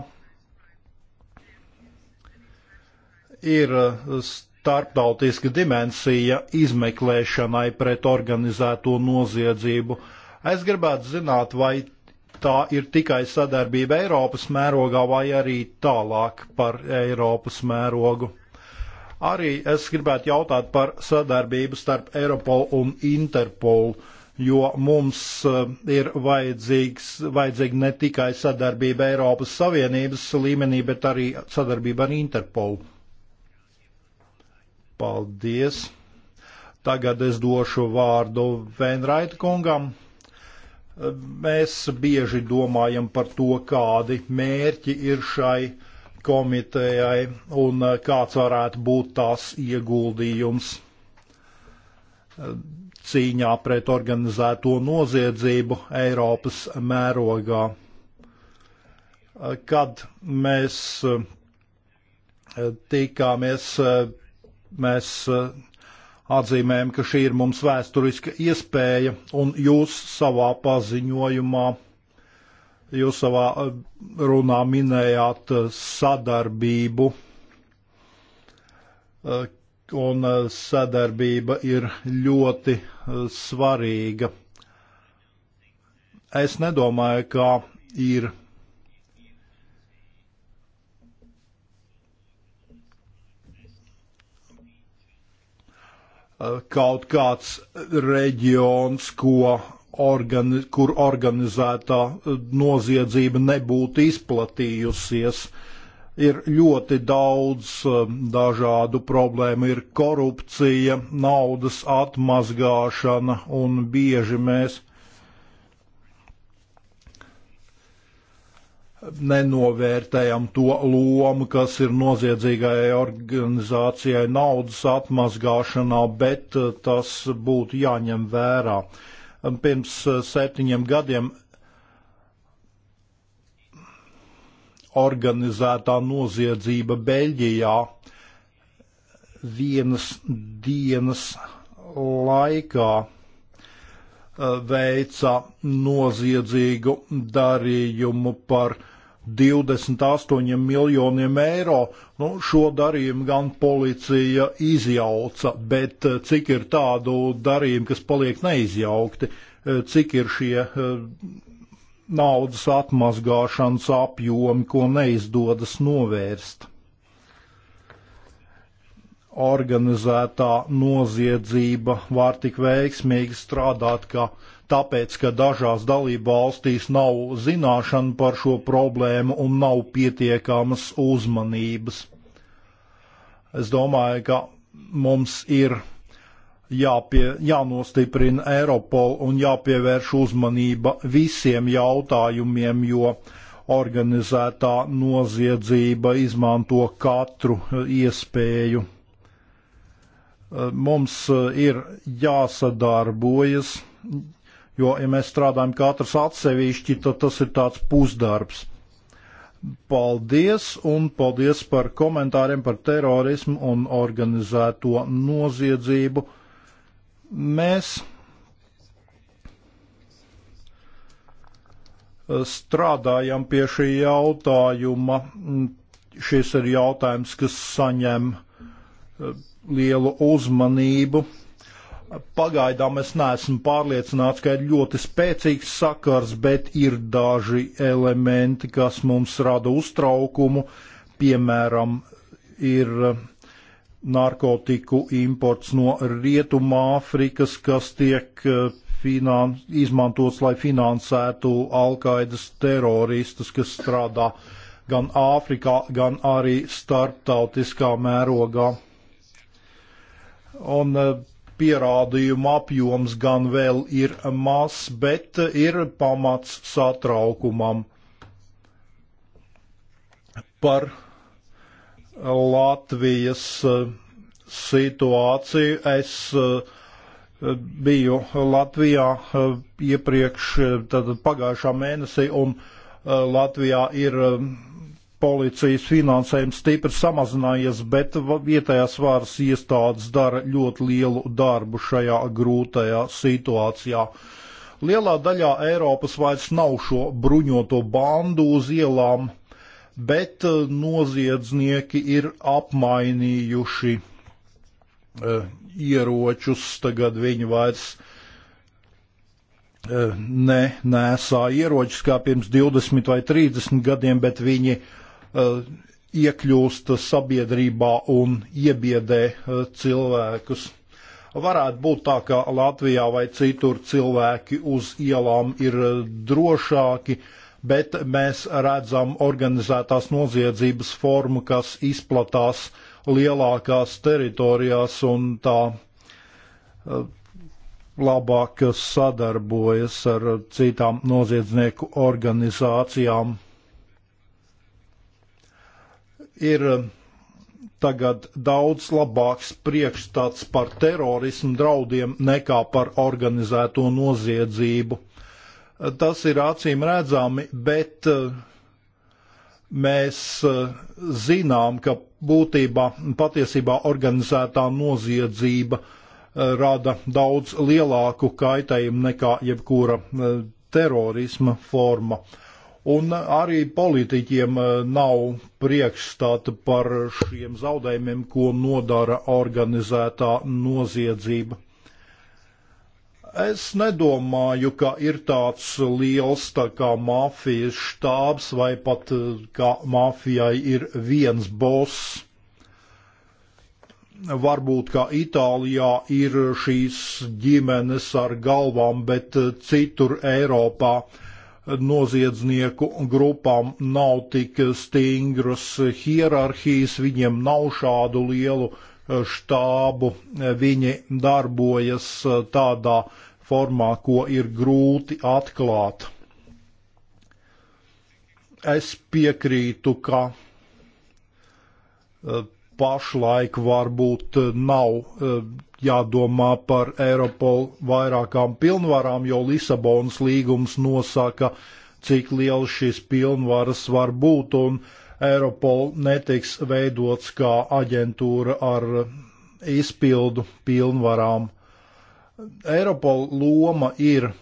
ir starptautiska dimensija izmeklēšanai pret organizēto noziedzību. Es gribētu zināt, vai tā ir tikai sadarbība Eiropas mērogā vai arī tālāk par Eiropas mērogu. Arī es gribētu jautāt par sadarbību starp Eiropolu un Interpolu, jo mums eh, ir vajadzīgs, vajadzīga ne tikai sadarbība Eiropas Savienības līmenī, bet arī sadarbība ar Interpolu. Paldies! Tagad es došu vārdu Venraita kungam. Eh, mēs bieži domājam par to, kādi mērķi ir šai komitejai un eh, kāds varētu būt tās ieguldījums eh, cīņā pret organizēto noziedzību Eiropas mērogā. Eh, kad mēs tikāmies, mēs atzīmējam, ka šī ir mums vēsturiska iespēja, un jūs savā paziņojumā Jūs savā uh, runā minējāt uh, sadarbību, uh, un sadarbība ir ļoti svarīga. Es nedomāju, ka ir kaut kāds reģions, ko organi, kur organizētā eh, noziedzība nebūtu izplatījusies. Ir ļoti daudz eh, dažādu problēmu, ir korupcija, naudas atmazgāšana un bieži mēs nenovērtējam to lomu, kas ir noziedzīgai organizācijai naudas atmazgāšanā, bet eh, tas būtu jāņem vērā. Uh, pirms uh, septiņiem gadiem organizētā noziedzība Beļģijā vienas dienas laikā uh, veica noziedzīgu darījumu par 28 miljoniem eiro. Nu, šo darījumu gan policija izjauca, bet eh, cik ir tādu darījumu, kas paliek neizjaukti, eh, cik ir šie eh, naudas atmazgāšanas apjomi, ko neizdodas novērst. Organizētā noziedzība var tik veiksmīgi strādāt, ka uh, tāpēc, ka dažās dalība valstīs nav zināšana par šo problēmu un nav pietiekamas uzmanības. Es domāju, ka mums ir jāpie, jānostiprina Eiropol un jāpievērš uzmanība visiem jautājumiem, jo organizētā noziedzība izmanto katru iespēju. Mums ir jāsadarbojas, jo, ja mēs strādājam katrs atsevišķi, tad tas ir tāds pusdarbs. Paldies un paldies par komentāriem par terorismu un organizēto noziedzību. Mēs strādājam pie šī jautājuma. Šis ir jautājums, kas saņem lielu uzmanību. Pagaidām es neesmu pārliecināts, ka ir ļoti spēcīgs sakars, bet ir daži elementi, kas mums rada uztraukumu. Piemēram, ir eh, narkotiku imports no Rietumāfrikas, kas tiek eh, finan, izmantots, lai finansētu Alkaidas teroristus, kas strādā gan Āfrikā, gan arī starptautiskā mērogā. Un eh, pierādījuma apjoms gan vēl ir mazs, bet ir pamats satraukumam par Latvijas eh, situāciju. Es eh, biju Latvijā eh, iepriekš, tad pagājušā mēnesī, un Latvijā ir policijas finansējums stipri samazinājies, bet vietējās varas iestādes dara ļoti lielu darbu šajā grūtajā situācijā. Lielā daļā Eiropas vairs nav šo bruņoto bandu uz ielām, bet eh, noziedznieki ir apmainījuši e, ieročus, tagad viņi vairs eh, ne nesā ieročus kā pirms 20 vai 30 gadiem, bet viņi Uh, iekļūst sabiedrībā un iebiedē uh, cilvēkus. Varētu būt tā, ka Latvijā vai citur cilvēki uz ielām ir uh, drošāki, bet mēs redzam organizētās noziedzības formu, kas izplatās lielākās teritorijās un tā labāk sadarbojas ar citām noziedznieku organizācijām ir um, tagad daudz labāks priekšstats par terorismu draudiem nekā par organizēto noziedzību. Uh, tas ir acīm redzami, bet uh, mēs uh, zinām, ka būtībā patiesībā organizētā noziedzība rada daudz lielāku kaitējumu nekā jebkura terorisma forma. Uh, Un arī politiķiem eh, nav priekšstata par šiem zaudējumiem, ko nodara organizētā noziedzība. Es nedomāju, ka ir tāds liels tā kā mafijas štābs vai pat eh, kā mafijai ir viens boss. Varbūt kā Itālijā ir šīs ģimenes ar galvām, bet eh, citur Eiropā uh, noziedznieku grupām nav tik stingras hierarhijas, viņiem nav šādu lielu e, štābu, e, viņi darbojas e, tādā formā, ko ir grūti atklāt. Es piekrītu, ka pašlaik varbūt eh, nav eh, jādomā par Eiropolu vairākām pilnvarām, jo Lisabonas līgums nosaka, cik liels šis pilnvaras var būt, un Eiropol netiks veidots kā aģentūra ar izpildu pilnvarām. Eiropol loma ir eh,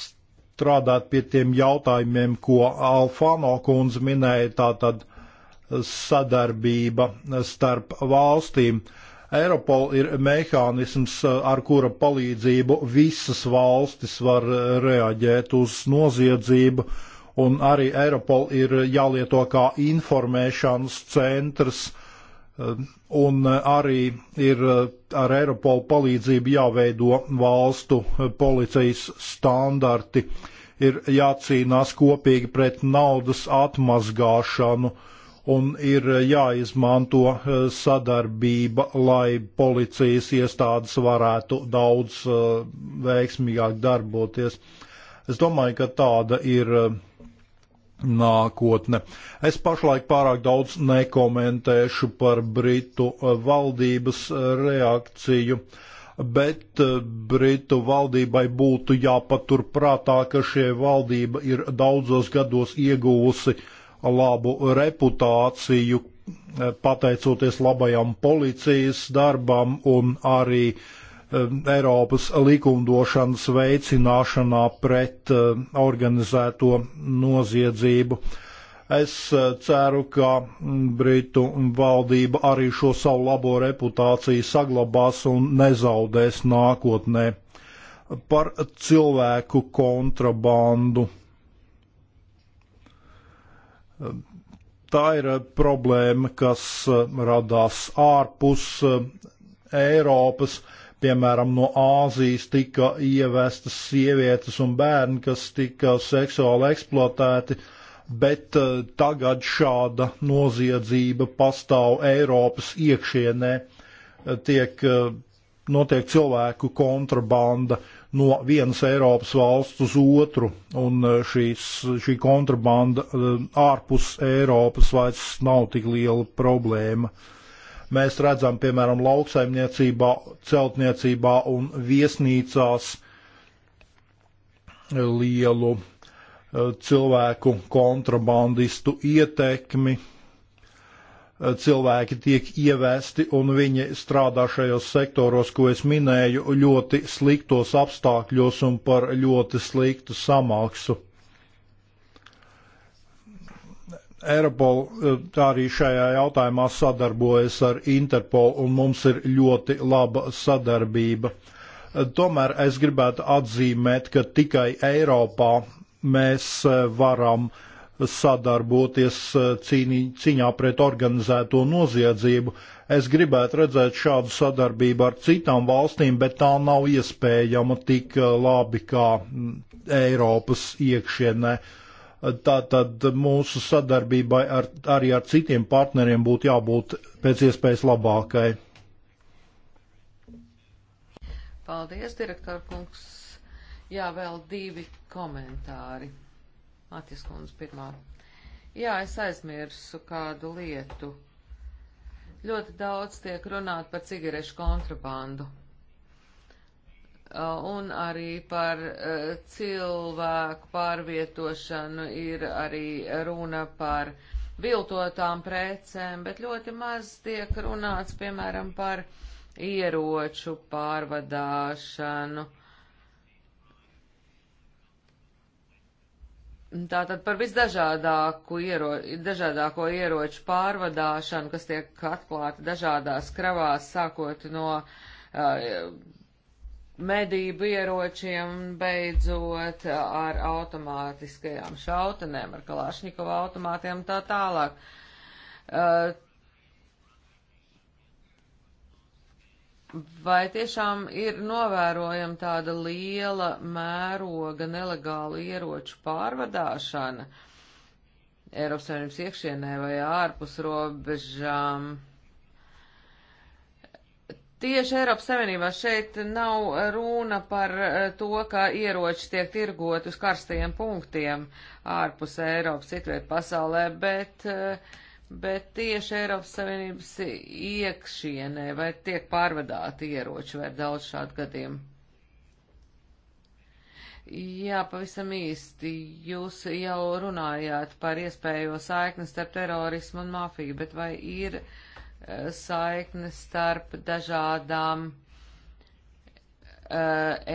strādāt pie tiem jautājumiem, ko Alfano kundze minēja, tātad sadarbība starp valstīm. Eiropol ir mehānisms, ar kura palīdzību visas valstis var reaģēt uz noziedzību, un arī Eiropol ir jālieto kā informēšanas centrs, un arī ir ar Eiropol palīdzību jāveido valstu policijas standarti, ir jācīnās kopīgi pret naudas atmazgāšanu, uh, un ir eh, jāizmanto eh, sadarbība, lai policijas iestādes varētu daudz eh, veiksmīgāk darboties. Es domāju, ka tāda ir nākotne. Es pašlaik pārāk daudz nekomentēšu par Britu valdības reakciju bet Britu valdībai būtu jāpaturprātā, ka šie valdība ir daudzos gados iegūsi labu reputāciju, eh, pateicoties labajam policijas darbam un arī eh, Eiropas likumdošanas veicināšanā pret eh, organizēto noziedzību. Es ceru, ka mm, Britu valdība arī šo savu labo reputāciju saglabās un nezaudēs nākotnē par cilvēku kontrabandu. Tā ir eh, problēma, kas eh, radās ārpus eh, Eiropas. Piemēram, no Āzijas tika ievestas sievietes un bērni, kas tika seksuāli eksploatēti, bet tagad šāda noziedzība pastāv Eiropas iekšienē. Tiek notiek cilvēku kontrabanda, no vienas Eiropas valsts uz otru, un e, šīs, šī kontrabanda e, ārpus Eiropas vairs nav tik liela problēma. Mēs redzam, piemēram, lauksaimniecībā, celtniecībā un viesnīcās e, lielu cilvēku kontrabandistu ietekmi Eh, cilvēki tiek ievesti un viņi strādā šajos sektoros, ko es minēju, ļoti sliktos apstākļos un par ļoti sliktu samaksu. Eiropol eh, arī šajā jautājumā sadarbojas ar Interpol un mums ir ļoti laba sadarbība. Eh, tomēr es gribētu atzīmēt, ka tikai Eiropā mēs varam uh, sadarboties eh, cīnī, cīņā pret organizēto noziedzību. Es gribētu redzēt šādu sadarbību ar citām valstīm, bet tā nav iespējama tik eh, labi kā mm, Eiropas iekšienē. Tātad mūsu sadarbībai ar, arī ar citiem partneriem būtu jābūt pēc iespējas labākai. Paldies, direktor kungs. Jā, vēl divi komentāri. Matijas kundze pirmā. Jā, es aizmirsu kādu lietu. Ļoti daudz tiek runāt par cigarešu kontrabandu. Uh, un arī par uh, cilvēku pārvietošanu ir arī runa par viltotām precēm, bet ļoti maz tiek runāts, piemēram, par ieroču pārvadāšanu Tātad par visdažādāko iero, dažādāko ieroču pārvadāšanu, kas tiek atklāti dažādās kravās, sākot no uh, medību ieročiem, beidzot uh, ar automātiskajām šautenēm, ar kalāšņikova automātiem tā tālāk. Uh, Vai tiešām ir novērojama tāda liela mēroga nelegāla ieroču pārvadāšana Eiropas Savienības iekšienē vai ārpus robežām? Tieši Eiropas Savienībā šeit nav runa par eh, to, ka ieroči tiek tirgot uz karstajiem punktiem ārpus Eiropas citviet pasaulē, bet uh, bet tieši Eiropas Savienības iekšienē vai tiek pārvadāti ieroči vai daudz šādu gadījumu? Jā, pavisam īsti. Jūs jau runājāt par iespējo saikni starp terorismu un mafiju, bet vai ir eh, saikne starp dažādām uh,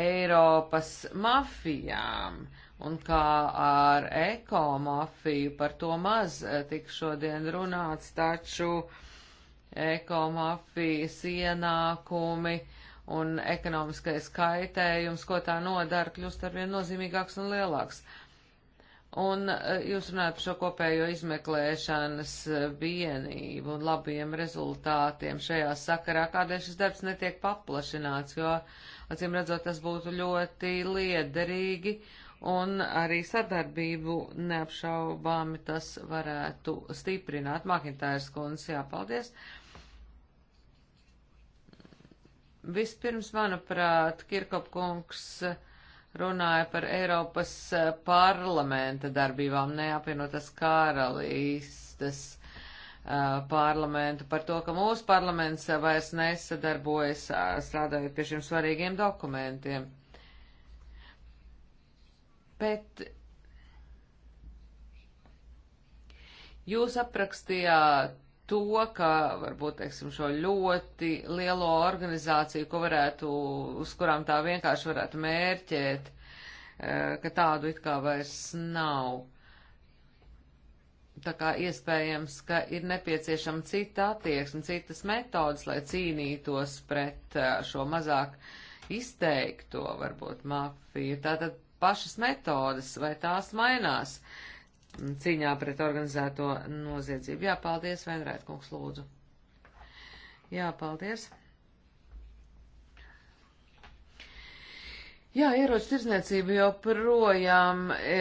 Eiropas mafijām? Uh, Un kā ar ekomafiju, par to maz eh, tik šodien runāts, taču ekomafijas ienākumi un ekonomiskais kaitējums, ko tā nodara, kļūst arvien nozīmīgāks un lielāks. Un eh, jūs runājat par šo kopējo izmeklēšanas eh, vienību un labiem rezultātiem šajā sakarā. Kādēļ šis darbs netiek paplašināts, jo, acīm redzot, tas būtu ļoti liederīgi. Uh, un arī sadarbību neapšaubāmi tas varētu stiprināt. Makintājas kundze, jāpaldies. Vispirms, manuprāt, Kirkopkungs runāja par Eiropas parlamenta darbībām, neapvienotas karalīstas parlamentu par to, ka mūsu parlaments vairs nesadarbojas strādājot pie šiem svarīgiem dokumentiem. Bet jūs aprakstījāt to, ka varbūt, teiksim, šo ļoti lielo organizāciju, ko varētu, uz kurām tā vienkārši varētu mērķēt, eh, ka tādu it kā vairs nav. Tā kā iespējams, ka ir nepieciešama cita attieksme, citas metodas, lai cīnītos pret eh, šo mazāk izteikto, varbūt, mafiju. Tātad pašas metodas, vai tās mainās cīņā pret organizēto noziedzību. Jā, paldies, Venrēt kungs, lūdzu. Jā, paldies. Jā, ieroču tirdzniecība joprojām e,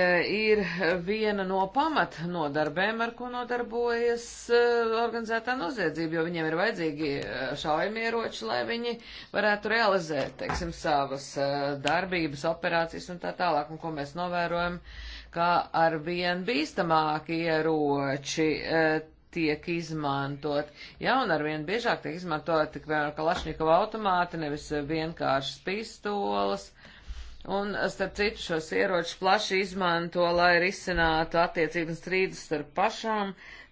ir viena no pamat nodarbēm, ar ko nodarbojas e, organizētā noziedzība, jo viņiem ir vajadzīgi e, šaujamieroči, lai viņi varētu realizēt, teiksim, savas e, darbības, operācijas un tā tālāk, un ko mēs novērojam, kā ar vien bīstamāki ieroči e, tiek izmantot. Jā, un arvien biežāk tiek izmantot, tik vienkārši kalašņikava automāti, nevis vienkāršas pistolas Un, starp citu, šos ieročus plaši izmanto, lai risinātu attiecības strīdus starp pašām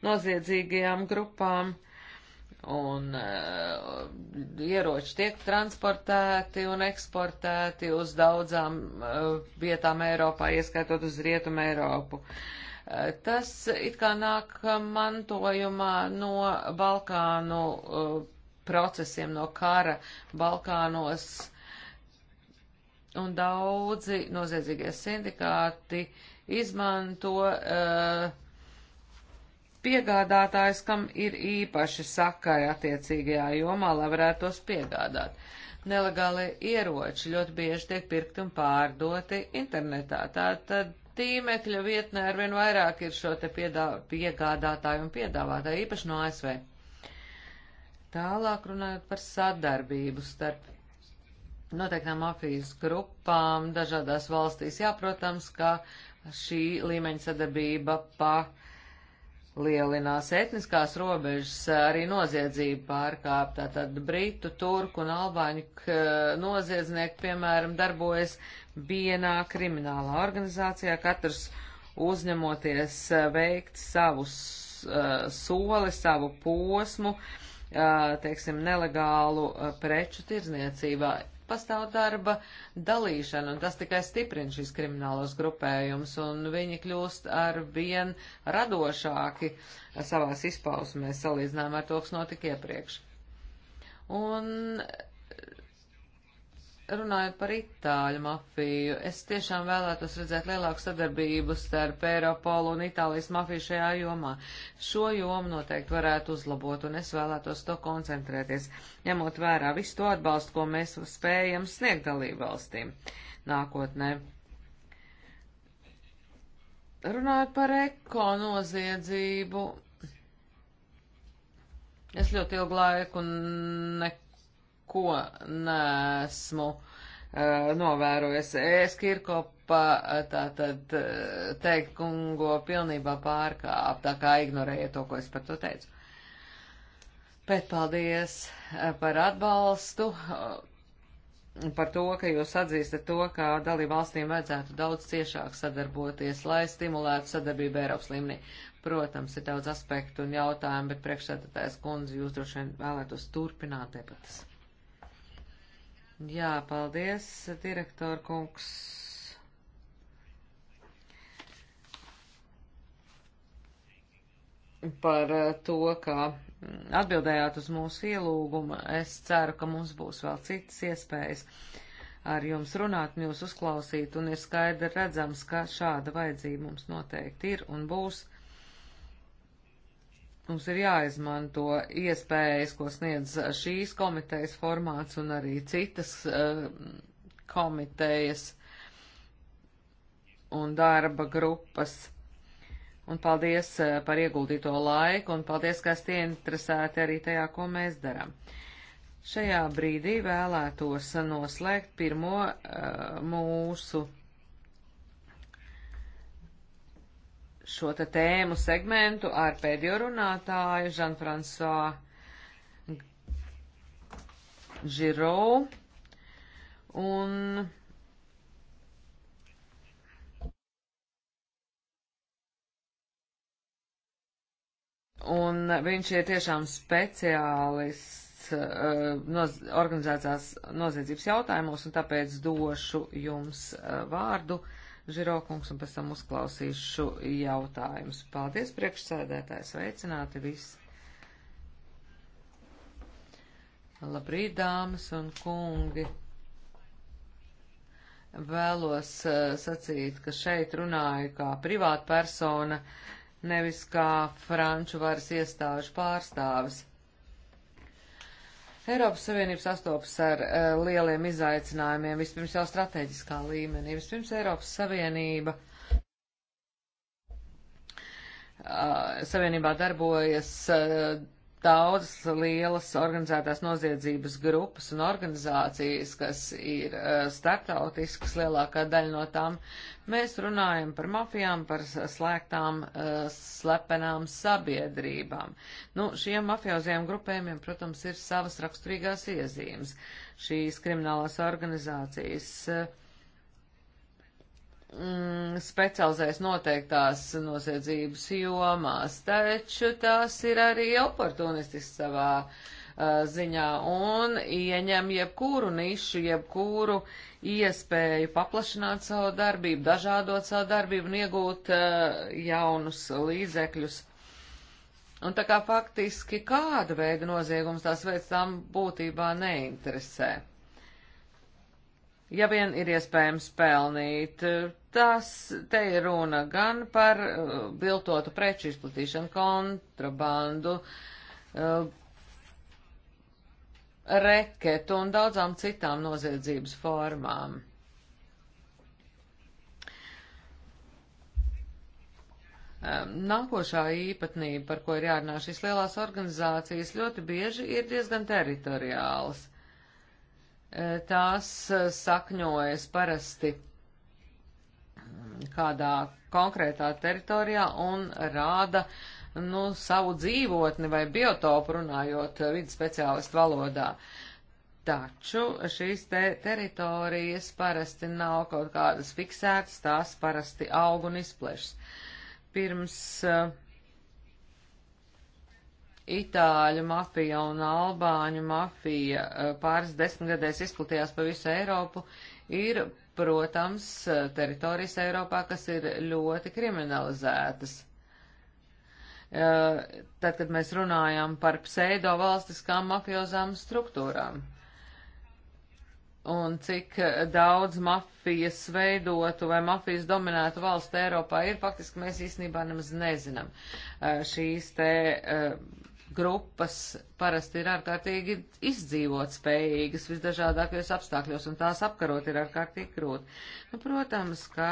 noziedzīgajām grupām. Un uh, ieroči tiek transportēti un eksportēti uz daudzām uh, vietām Eiropā, ieskaitot uz Rietumu Eiropu. Uh, tas it kā nāk mantojumā no Balkānu uh, procesiem, no kara Balkānos un daudzi noziedzīgie sindikāti izmanto uh, piegādātājs, kam ir īpaši sakari attiecīgajā jomā, lai varētu tos piegādāt. Nelegāli ieroči ļoti bieži tiek pirkti un pārdoti internetā. Tātad tīmekļa vietnē arvien vairāk ir šo te piedā, piegādātāju un piedāvātāju, īpaši no ASV. Tālāk runājot par sadarbību starp noteiktām mafijas grupām dažādās valstīs. Jā, protams, ka šī līmeņa sadarbība palielinās etniskās robežas, arī noziedzība pārkāp. Tātad Britu, Turku un Albāņu noziedznieki, piemēram, darbojas vienā kriminālā organizācijā, katrs uzņemoties eh, veikt savus uh, soli, savu posmu, uh, teiksim, nelegālu uh, preču tirzniecībā pastāv darba dalīšana, un tas tikai stiprina šīs kriminālos grupējumus, un viņi kļūst ar vien radošāki savās izpausmēs, salīdzinājumā ar to, kas notika iepriekš. Un Runājot par itāļu mafiju, es tiešām vēlētos redzēt lielāku sadarbību starp Eiropolu un Itālijas mafiju šajā jomā. Šo jomu noteikti varētu uzlabot, un es vēlētos to koncentrēties, ņemot vērā visu to atbalstu, ko mēs spējam sniegt dalību valstīm nākotnē. Runājot par eko noziedzību, es ļoti ilgu laiku neko ko nesmu uh, novērojis. Es Kirkopa eh, tātad eh, teikt kungo pilnībā pārkāp, tā kā ignorēja to, ko es par to teicu. Bet paldies par atbalstu, par to, ka jūs atzīstat to, ka dalību valstīm vajadzētu daudz ciešāk sadarboties, lai stimulētu sadarbību Eiropas līmenī. Protams, ir daudz aspektu un jautājumu, bet priekšsēdētājs kundze, jūs droši vien vēlētos turpināt debatas. Jā, paldies, direktor kungs. Par eh, to, ka mm, atbildējāt uz mūsu ielūgumu. Es ceru, ka mums būs vēl citas iespējas ar jums runāt un jūs uzklausīt, un ir skaidri redzams, ka šāda vajadzība mums noteikti ir un būs. Mums ir jāizmanto iespējas, ko sniedz šīs komitejas formāts un arī citas uh, komitejas un darba grupas. Un paldies uh, par ieguldīto laiku, un paldies, ka esat ieinteresēti arī tajā, ko mēs darām. Šajā brīdī vēlētos noslēgt pirmo uh, mūsu šo te tēmu segmentu ar pēdējo runātāju Žanfransā Žirou. Un Un viņš ir tiešām speciālists uh, noz organizētās noziedzības jautājumos, un tāpēc došu jums uh, vārdu uh, Žirokungs, un pēc tam uzklausīšu jautājumus. Paldies, priekšsēdētājs, veicināti visi! Labrīt, dāmas un kungi! Vēlos uh, sacīt, ka šeit runāju kā privāta persona, nevis kā franču varas iestāžu pārstāvis. Eiropas Savienība sastopas ar uh, lieliem izaicinājumiem, vispirms jau strateģiskā līmenī. Vispirms Eiropas Savienība. Uh, savienībā darbojas uh, daudzas lielas organizētās noziedzības grupas un organizācijas, kas ir e, startautiskas, lielākā daļa no tām, mēs runājam par mafijām, par slēgtām, e, slepenām sabiedrībām. Nu, šiem mafioziem grupējumiem, protams, ir savas raksturīgās iezīmes. Šīs kriminālās organizācijas e, mm, specializējas noteiktās noziedzības jomās, taču tās ir arī oportunistisks savā uh, ziņā un ieņem jebkuru nišu, jebkuru iespēju paplašināt savu darbību, dažādot savu darbību un iegūt uh, jaunus līdzekļus. Un tā kā faktiski kāda veida noziegums tās veids tam būtībā neinteresē. Ja vien ir iespējams pelnīt tas te ir runa gan par uh, viltotu preču izplatīšanu, kontrabandu, uh, reketu un daudzām citām noziedzības formām. Um, nākošā īpatnība, par ko ir jārunā šīs lielās organizācijas, ļoti bieži ir diezgan teritoriāls. Uh, tās uh, sakņojas parasti kādā konkrētā teritorijā un rāda nu, savu dzīvotni vai biotopu runājot vidus speciālistu valodā. Taču šīs te teritorijas parasti nav kaut kādas fiksētas, tās parasti aug un izplešas. Pirms uh, Itāļu mafija un Albāņu mafija eh, pāris desmitgadēs izplatījās pa visu Eiropu, ir protams, teritorijas Eiropā, kas ir ļoti kriminalizētas. Tad, kad mēs runājam par pseido valstiskām mafiozām struktūrām un cik daudz mafijas veidotu vai mafijas dominētu valsts Eiropā ir, faktiski mēs īstenībā nemaz nezinām. Eh, šīs te uh, grupas parasti ir ārkārtīgi izdzīvot spējīgas visdažādākajos apstākļos, un tās apkarot ir ārkārtīgi grūti. Nu, protams, ka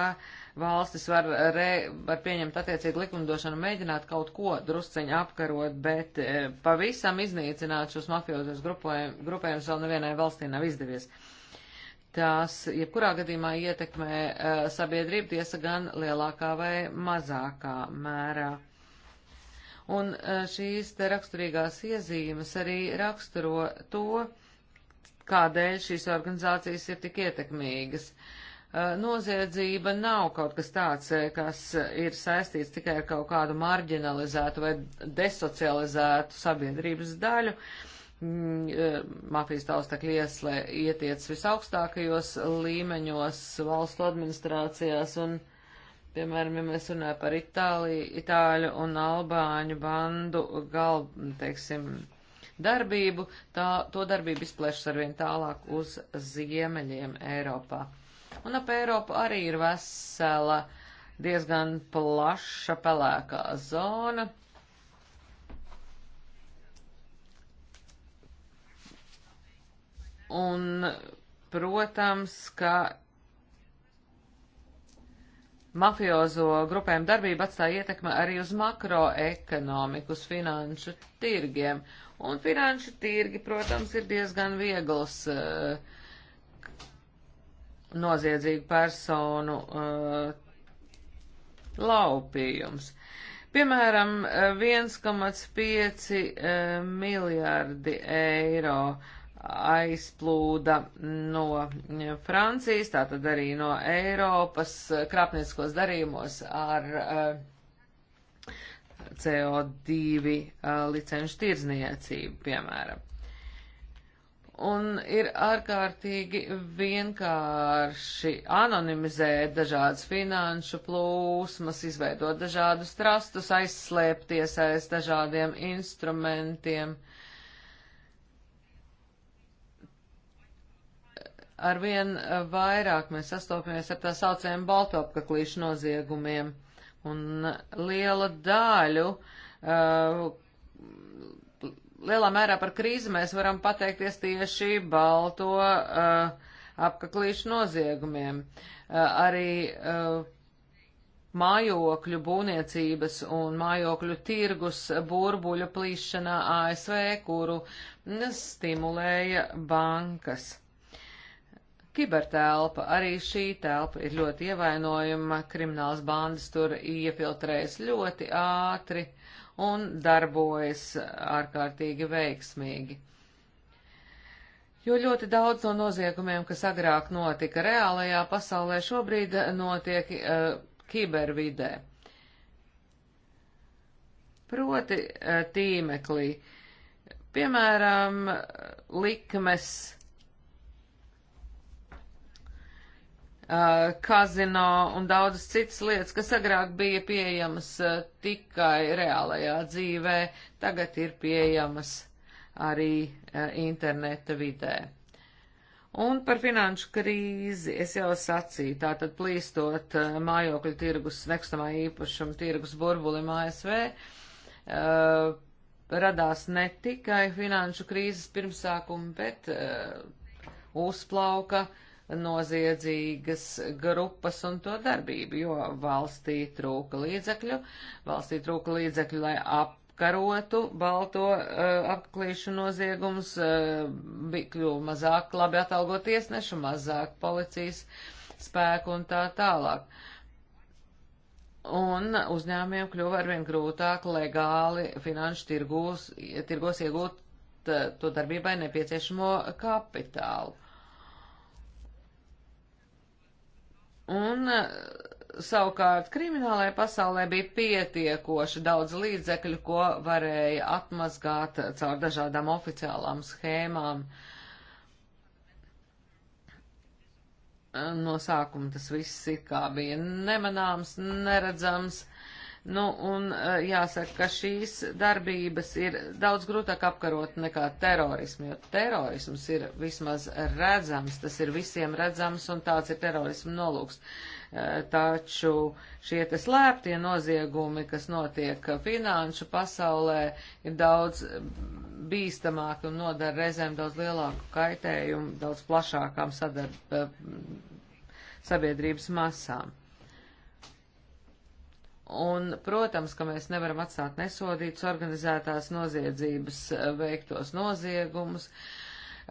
valstis var, re, var pieņemt attiecīgu likumdošanu, mēģināt kaut ko drusceņu apkarot, bet e, pavisam iznīcināt šos mafiozos grupējumus vēl nevienai valstī nav izdevies. Tās, jebkurā gadījumā, ietekmē e, sabiedrību tiesa gan lielākā vai mazākā mērā. Un eh, šīs te raksturīgās iezīmes arī raksturo to, kādēļ šīs organizācijas ir tik ietekmīgas. Eh, noziedzība nav kaut kas tāds, eh, kas ir saistīts tikai ar kaut kādu marginalizētu vai desocializētu sabiedrības daļu. Mm, mafijas taustekļi ieslē ietiec visaugstākajos līmeņos valstu administrācijās un uh, Piemēram, ja mēs runājam par Itāliju, Itāļu un Albāņu bandu galvu, teiksim, darbību, tā, to darbību izplēšas arvien tālāk uz ziemeļiem Eiropā. Un ap Eiropu arī ir vesela diezgan plaša pelēkā zona. Un, protams, ka Mafiozo grupēm darbība atstāja ietekme arī uz makroekonomiku, uz finanšu tirgiem. Un finanšu tirgi, protams, ir diezgan viegls uh, noziedzīgu personu uh, laupījums. Piemēram, 1,5 uh, eh, miljardi eiro aizplūda no Francijas, tātad arī no Eiropas krāpnieciskos darījumos ar uh, eh, CO2 uh, licenšu tirzniecību, piemēram. Un ir ārkārtīgi vienkārši anonimizēt dažādas finanšu plūsmas, izveidot dažādus trastus, aizslēpties aiz dažādiem instrumentiem. Uh, arvien eh, vairāk mēs sastopamies ar tā saucējiem baltopkaklīšu noziegumiem, un eh, liela daļu, uh, lielā mērā par krīzi mēs varam pateikties tieši balto uh, apkaklīšu noziegumiem. Uh, arī mājokļu būvniecības un mājokļu tirgus burbuļu plīšanā ASV, kuru stimulēja bankas. Kibertelpa, arī šī telpa ir ļoti ievainojama, krimināls bandas tur iefiltrējas ļoti ātri un darbojas ārkārtīgi veiksmīgi. Jo ļoti daudz no noziegumiem, kas agrāk notika reālajā pasaulē, šobrīd notiek uh, kibervidē. Proti uh, tīmeklī, piemēram, likmes Eh, kazino un daudzas citas lietas, kas agrāk bija pieejamas eh, tikai reālajā dzīvē, tagad ir pieejamas arī eh, interneta vidē. Un par finanšu krīzi es jau sacīju, tātad plīstot mājokļu tirgus, nekustamā īpašuma tirgus burbulim ASV, uh, radās ne tikai finanšu krīzes pirmsākumi, bet uh, uzplauka uh, noziedzīgas grupas un to darbību, jo valstī trūka līdzekļu, valstī trūka līdzekļu, lai apkarotu balto uh, apklīšu noziegumus, uh, eh, bija kļuva mazāk labi atalgot tiesnešu, mazāk policijas spēku un tā tālāk. Un uzņēmiem kļuva arvien grūtāk legāli finanšu tirgos, tirgos iegūt eh, to darbībai nepieciešamo kapitālu. Un eh, savukārt kriminālajai pasaulē bija pietiekoši daudz līdzekļu, ko varēja atmazgāt eh, caur dažādām oficiālām schēmām. Eh, no sākuma tas viss ir kā bija nemanāms, neredzams Nu, un eh, jāsaka, ka šīs darbības ir daudz grūtāk apkarot nekā terorismu, jo terorisms ir vismaz redzams, tas ir visiem redzams un tāds ir terorismu nolūks. Eh, taču šie te slēptie noziegumi, kas notiek eh, finanšu pasaulē, ir daudz bīstamāki un nodara reizēm daudz lielāku kaitējumu, daudz plašākām sadar, sabiedrības masām. Un, protams, ka mēs nevaram atstāt nesodīts organizētās noziedzības eh, veiktos noziegumus.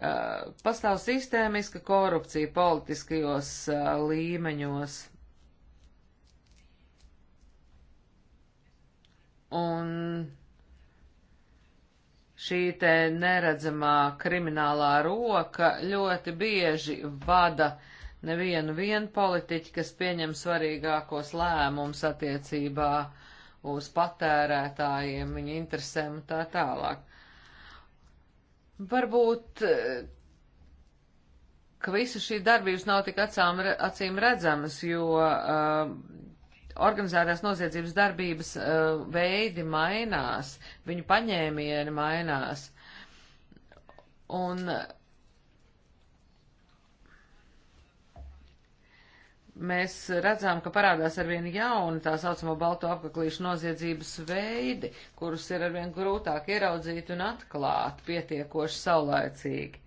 Uh, pastāv sistēmiska korupcija politiskajos uh, līmeņos. Un šī te neredzamā kriminālā roka ļoti bieži vada uh, nevienu vienu politiķi, kas pieņem svarīgākos lēmumus attiecībā uz patērētājiem, viņu interesēm un tā tālāk. Varbūt, eh, ka visa šī darbības nav tik acām, acīm redzamas, jo uh, organizētās noziedzības darbības uh, veidi mainās, viņu paņēmieni mainās. Un uh, mēs redzam, ka parādās arvien jauni tā saucamo balto apaklīšu noziedzības veidi, kurus ir arvien grūtāk ieraudzīt un atklāt pietiekoši saulaicīgi.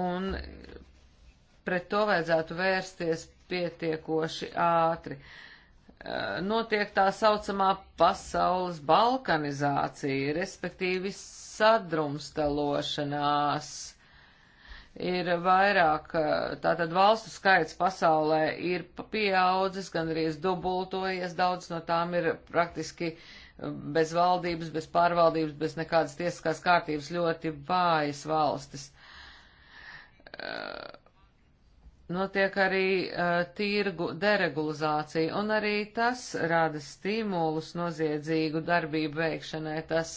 Un pret to vajadzētu vērsties pietiekoši ātri. E, notiek tā saucamā pasaules balkanizācija, respektīvi sadrumstalošanās ir vairāk, tātad valstu skaits pasaulē ir pieaudzis, gan arī dubultojies, daudz no tām ir praktiski bez valdības, bez pārvaldības, bez nekādas tiesiskās kārtības ļoti vājas valstis. Notiek arī tirgu deregulizācija, un arī tas rada stimulus noziedzīgu darbību veikšanai, tas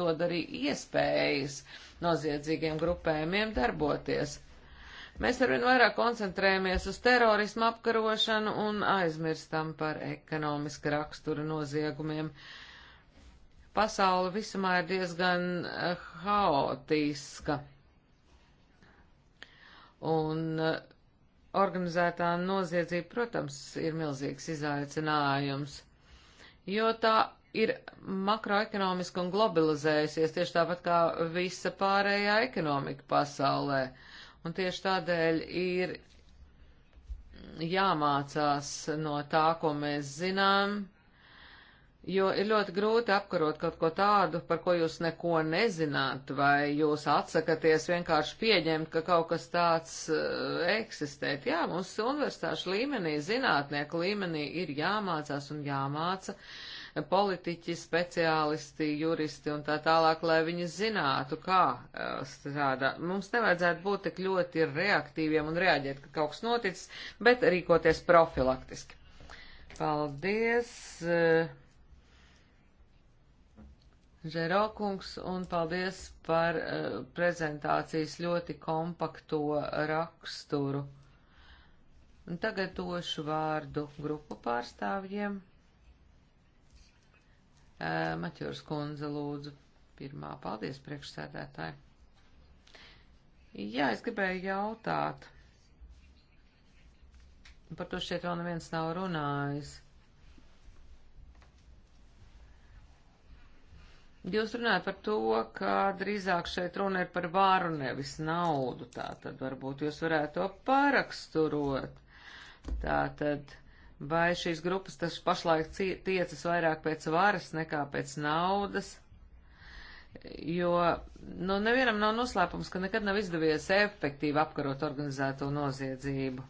dod arī iespējas uh, noziedzīgiem grupējumiem darboties. Mēs arvien vairāk koncentrējamies uz terorismu apkarošanu un aizmirstam par ekonomiska rakstura noziegumiem. Pasaula visumā ir diezgan eh, haotiska. Un eh, organizētā noziedzība, protams, ir milzīgs izaicinājums, jo tā ir makroekonomiski un globalizējusies tieši tāpat kā visa pārējā ekonomika pasaulē. Un tieši tādēļ ir jāmācās no tā, ko mēs zinām, jo ir ļoti grūti apkarot kaut ko tādu, par ko jūs neko nezināt, vai jūs atsakaties vienkārši pieņemt, ka kaut kas tāds uh, eksistē. Jā, mums universitāšu līmenī, zinātnieku līmenī ir jāmācās un jāmāca. Uh, politiķi, speciālisti, juristi un tā tālāk, lai viņi zinātu, kā uh, strādā. Mums nevajadzētu būt tik ļoti reaktīviem un reaģēt, ka kaut kas noticis, bet rīkoties profilaktiski. Paldies, uh, Žerokungs, un paldies par uh, prezentācijas ļoti kompakto raksturu. Un tagad došu vārdu grupu pārstāvjiem. Uh, Maķors kundze lūdzu pirmā. Paldies, priekšsēdētāji. Jā, es gribēju jautāt. Par to šķiet vēl neviens nav runājis. Jūs runājat par to, ka drīzāk šeit runa ir par vāru nevis naudu, tā tad varbūt jūs varētu to paraksturot. Tā tad Vai šīs grupas tas pašlaik tiecas vairāk pēc varas nekā pēc naudas? Jo, nu, nevienam nav noslēpums, ka nekad nav izdevies efektīvi apkarot organizēto noziedzību.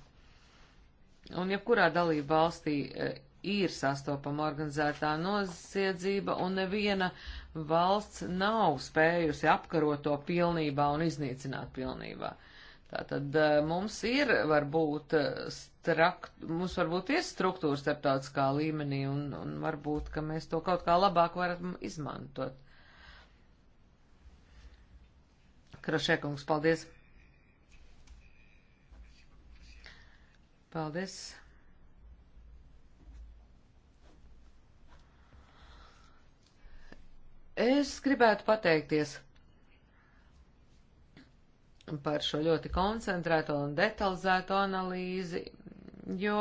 Un jebkurā dalība valstī e, ir sastopama organizētā noziedzība, un neviena valsts nav spējusi apkarot to pilnībā un iznīcināt pilnībā. Tātad e, mums ir varbūt trakt, mums varbūt ir struktūra starptautiskā līmenī un, un varbūt, ka mēs to kaut kā labāk varam izmantot. Krašēkungs, paldies! Paldies! Es gribētu pateikties par šo ļoti koncentrēto un detalizēto analīzi jo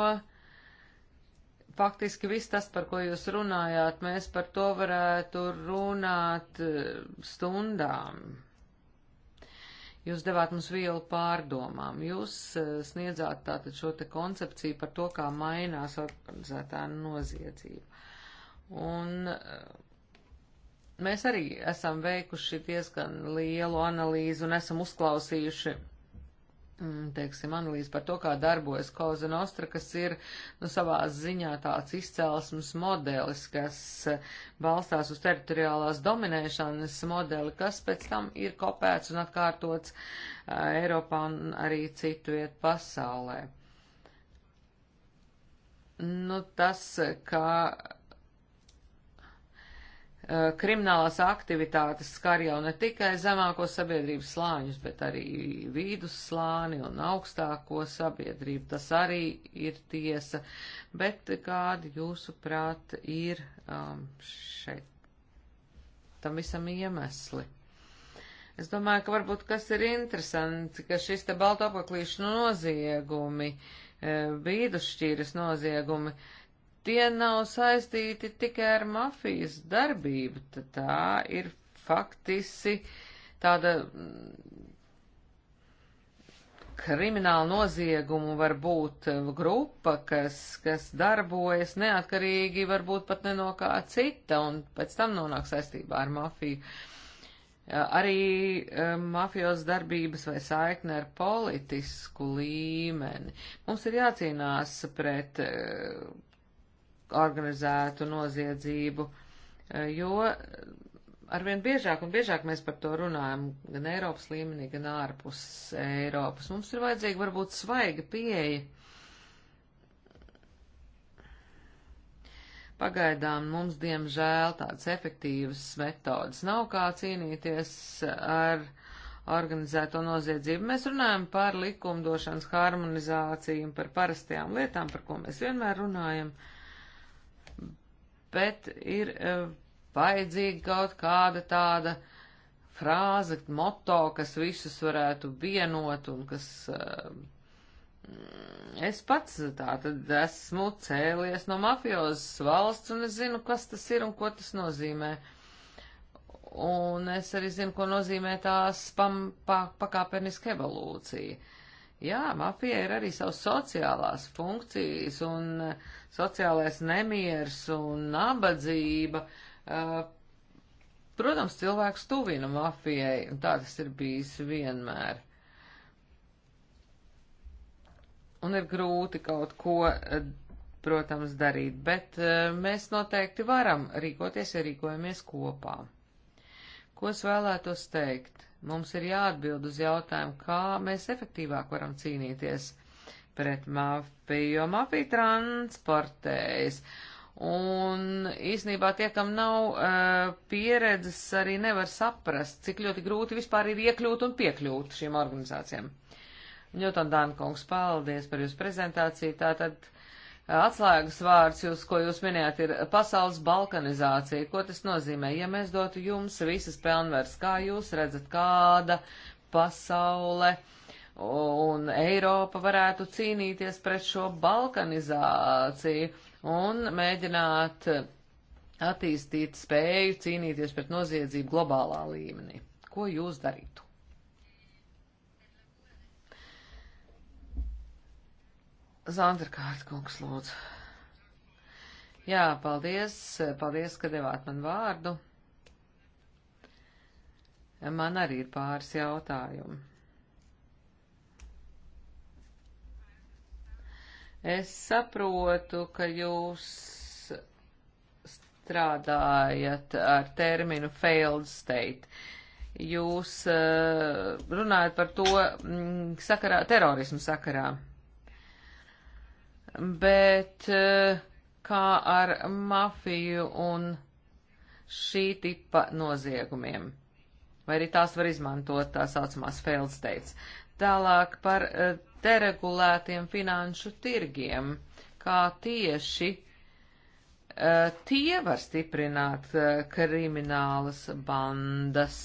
faktiski viss tas, par ko jūs runājāt, mēs par to varētu runāt eh, stundām. Jūs devāt mums vielu pārdomām, jūs eh, sniedzāt tātad šo te koncepciju par to, kā mainās organizētā noziedzība. Un eh, mēs arī esam veikuši diezgan lielu analīzi un esam uzklausījuši Mm, teiksim, analīze par to, kā darbojas Koza Nostra, kas ir nu, savā ziņā tāds izcelsmes modelis, kas eh, balstās uz teritoriālās dominēšanas modeli, kas pēc tam ir kopēts un atkārtots uh, Eiropā un arī cituiet pasaulē. Nu, tas, kā Eh, kriminālās aktivitātes skar jau ne tikai zemākos sabiedrības slāņus, bet arī vidusslāni un augstāko sabiedrību. Tas arī ir tiesa. Bet kādi jūsuprāt ir um, šeit tam visam iemesli? Es domāju, ka varbūt kas ir interesanti, ka šis te balto apaklīšu noziegumi, eh, vīdušķīras noziegumi, uh, tie nav saistīti tikai ar mafijas darbību, tad tā ir faktiski tāda mm, krimināla noziegumu var būt grupa, kas, kas darbojas neatkarīgi, varbūt pat ne no kā cita, un pēc tam nonāk saistībā ar mafiju. Arī eh, mafijos darbības vai saikne ar politisku līmeni. Mums ir jācīnās pret eh, organizētu noziedzību, e, jo arvien biežāk un biežāk mēs par to runājam, gan Eiropas līmenī, gan ārpus Eiropas. Mums ir vajadzīga varbūt svaiga pieeja. Pagaidām mums, diemžēl, tādas efektīvas metodas nav kā cīnīties ar organizēto noziedzību. Mēs runājam par likumdošanas harmonizāciju un par parastajām lietām, par ko mēs vienmēr runājam. Uh, bet ir e, vajadzīga kaut kāda tāda frāze, moto, kas visus varētu vienot un kas. E, es pats tā tad esmu cēlies no mafiozas valsts un es zinu, kas tas ir un ko tas nozīmē. Un es arī zinu, ko nozīmē tās pam, pa, pakāpeniska evolūcija. Uh, Jā, mafija ir arī savas sociālās funkcijas un eh, sociālais nemiers un nabadzība. Eh, protams, cilvēks tuvina mafijai, un tā tas ir bijis vienmēr. Un ir grūti kaut ko, eh, protams, darīt, bet mēs noteikti varam rīkoties, ja rīkojamies kopā. Ko es vēlētos teikt? Mums ir jāatbild uz jautājumu, kā mēs efektīvāk varam cīnīties pret mafiju, jo mafija transportējas. Un īsnībā tie, kam nav uh, pieredzes, arī nevar saprast, cik ļoti grūti vispār ir iekļūt un piekļūt šīm organizācijām. Ņūton Dānkungs, paldies par jūsu prezentāciju. Tātad Atslēgas vārds, jūs, ko jūs minējāt, ir pasaules balkanizācija. Ko tas nozīmē? Ja mēs dotu jums visas pelnvers, kā jūs redzat, kāda pasaule un Eiropa varētu cīnīties pret šo balkanizāciju un mēģināt attīstīt spēju cīnīties pret noziedzību globālā līmenī? Ko jūs darītu? Zandrakārt, kungs, lūdzu. Jā, paldies, paldies, ka devāt man vārdu. Man arī ir pāris jautājumi. Es saprotu, ka jūs strādājat ar terminu failed state. Jūs eh, runājat par to mm, sakarā, terorismu sakarā bet eh, kā ar mafiju un šī tipa noziegumiem. Vai arī tās var izmantot tā saucamās failed states. Tālāk par eh, deregulētiem finanšu tirgiem, kā tieši eh, tie var stiprināt kriminālas bandas.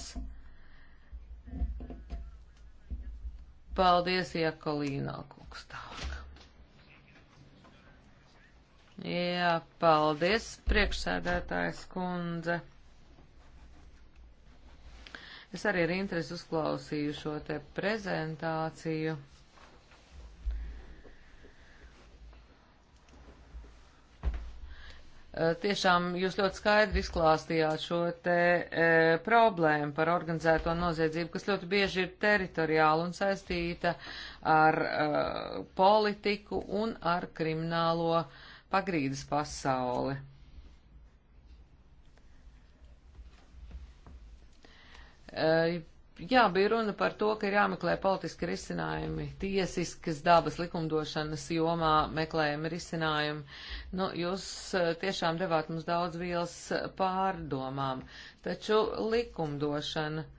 Paldies, Jakolīna Kukstāvā. Jā, paldies, priekšsēdētājs kundze. Es arī ar interesi uzklausīju šo te prezentāciju. Tiešām jūs ļoti skaidri izklāstījāt šo te e, problēmu par organizēto noziedzību, kas ļoti bieži ir teritoriāli un saistīta ar e, politiku un ar kriminālo e, pagrīdes pasauli. Eh, jā, bija runa par to, ka ir jāmeklē politiski risinājumi, tiesiskas dabas likumdošanas jomā meklējami risinājumi. Nu, jūs eh, tiešām devāt mums daudz vielas pārdomām, taču likumdošana. Uh,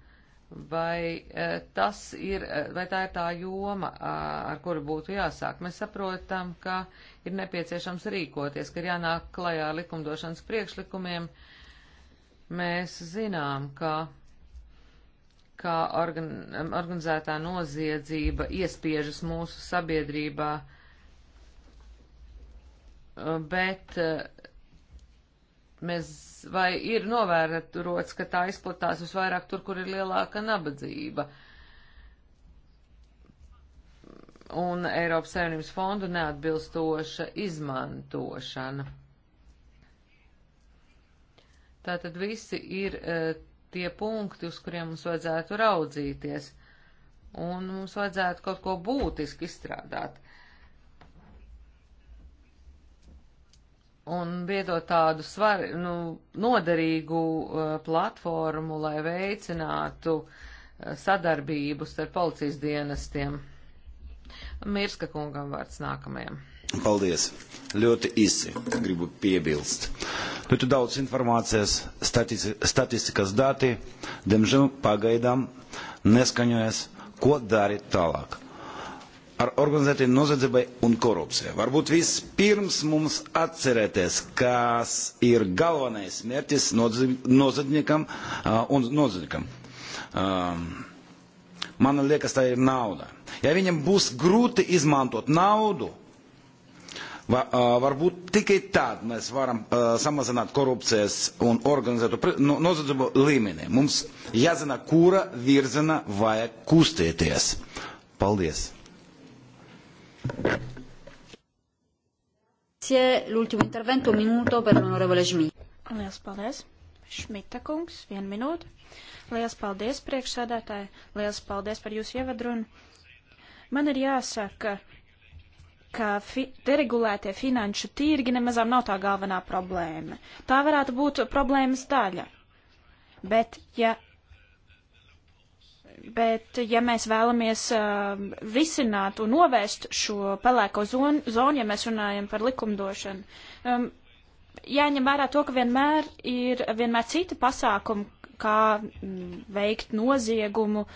vai e, tas ir, e, vai tā ir tā joma, ar kuru būtu jāsāk. Mēs saprotam, ka ir nepieciešams rīkoties, ka ir jānāk klajā ar likumdošanas priekšlikumiem. Mēs zinām, ka kā organ, organizētā noziedzība iespiežas mūsu sabiedrībā, bet e, Mēs vai ir novērtēts, ka tā izplatās visvairāk tur, kur ir lielāka nabadzība. Un Eiropas Savienības fondu neatbilstoša izmantošana. Tātad visi ir e, tie punkti, uz kuriem mums vajadzētu raudzīties, un mums vajadzētu kaut ko būtiski izstrādāt. un viedot tādu svar, nu, noderīgu uh, platformu, lai veicinātu uh, sadarbību starp policijas dienestiem. Mirska kungam vārds nākamajam. Paldies. Ļoti īsi gribu piebilst. Ļoti nu, daudz informācijas, statistikas dati, diemžēl pagaidām neskaņojas, ko darīt tālāk ar organizētiem noziedzībai un korupcijai. Varbūt vispirms mums atcerēties, kas ir galvenais mērķis noziedzniekam uh, un noziedzniekam. Um, man liekas, tā ir nauda. Ja viņam būs grūti izmantot naudu, va, uh, varbūt tikai tad mēs varam uh, samazināt korupcijas un organizētu no, noziedzību līmeni. Mums jāzina, kura virziena vajag kustēties. Paldies! L'ultimo intervento minūto par honorevole Šmita. Lielas paldies. Šmita kungs, vienu minūtu. Lielas paldies priekšsēdētāji. Lielas paldies par jūsu ievadrunu. Man ir jāsaka, ka fi deregulētie finanšu tirgi nemazām nav tā galvenā problēma. Tā varētu būt problēmas daļa. Bet, ja Bet, ja mēs vēlamies uh, risināt un novērst šo pelēko zonu, zonu ja mēs runājam par likumdošanu, um, jāņem vērā to, ka vienmēr ir vienmēr citi pasākumi, kā m, mm, veikt noziegumu,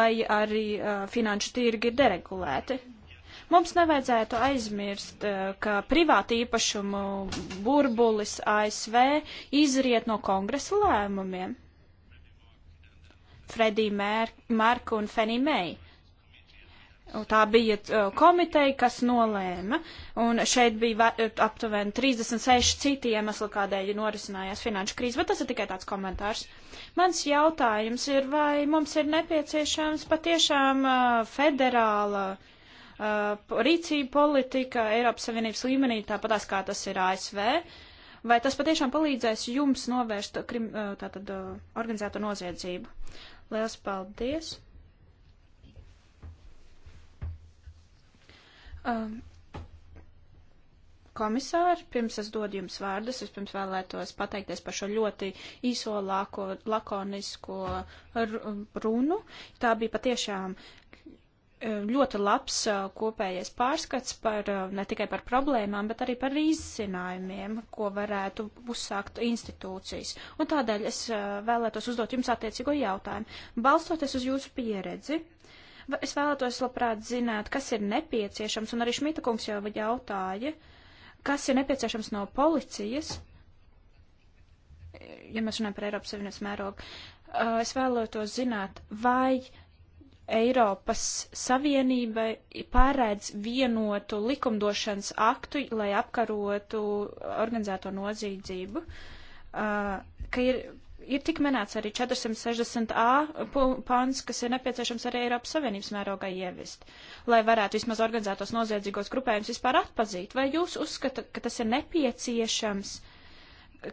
lai arī uh, finanšu tirgi ir deregulēti. Mums nevajadzētu aizmirst, uh, ka privāti īpašumu burbulis ASV izriet no kongresa lēmumiem. Fredija Marka un Fenī Meija. Tā bija uh, komiteja, kas nolēma, un šeit bija uh, aptuveni 36 citi iemesli, kādēļ norisinājās finanšu krīze, bet tas ir tikai tāds komentārs. Mans jautājums ir, vai mums ir nepieciešams patiešām uh, federāla rīcība politika Eiropas Savienības līmenī, tāpatās kā tas ir ASV, vai tas patiešām palīdzēs jums novērst krim, tātad, organizēto noziedzību. Liels paldies! Um, komisāri, pirms es dodu jums vārdus, es pirms vēlētos pateikties par šo ļoti īso lako, lakonisko runu. Tā bija patiešām ļoti labs kopējais pārskats par ne tikai par problēmām, bet arī par risinājumiem, ko varētu uzsākt institūcijas. Un tādēļ es vēlētos uzdot jums attiecīgo jautājumu. Balstoties uz jūsu pieredzi, es vēlētos labprāt zināt, kas ir nepieciešams, un arī Šmita kungs jau jautāja, kas ir nepieciešams no policijas, ja mēs runājam par Eiropas Savienības mērogu. Es vēlētos zināt, vai Eiropas Savienība pārēdz vienotu likumdošanas aktu, lai apkarotu organizēto nozīdzību, uh, ka ir, ir tik minēts arī 460a pants, kas ir nepieciešams arī Eiropas Savienības mērogā ievist, lai varētu vismaz organizētos noziedzīgos grupējumus vispār atpazīt. Vai jūs uzskatāt, ka tas ir nepieciešams?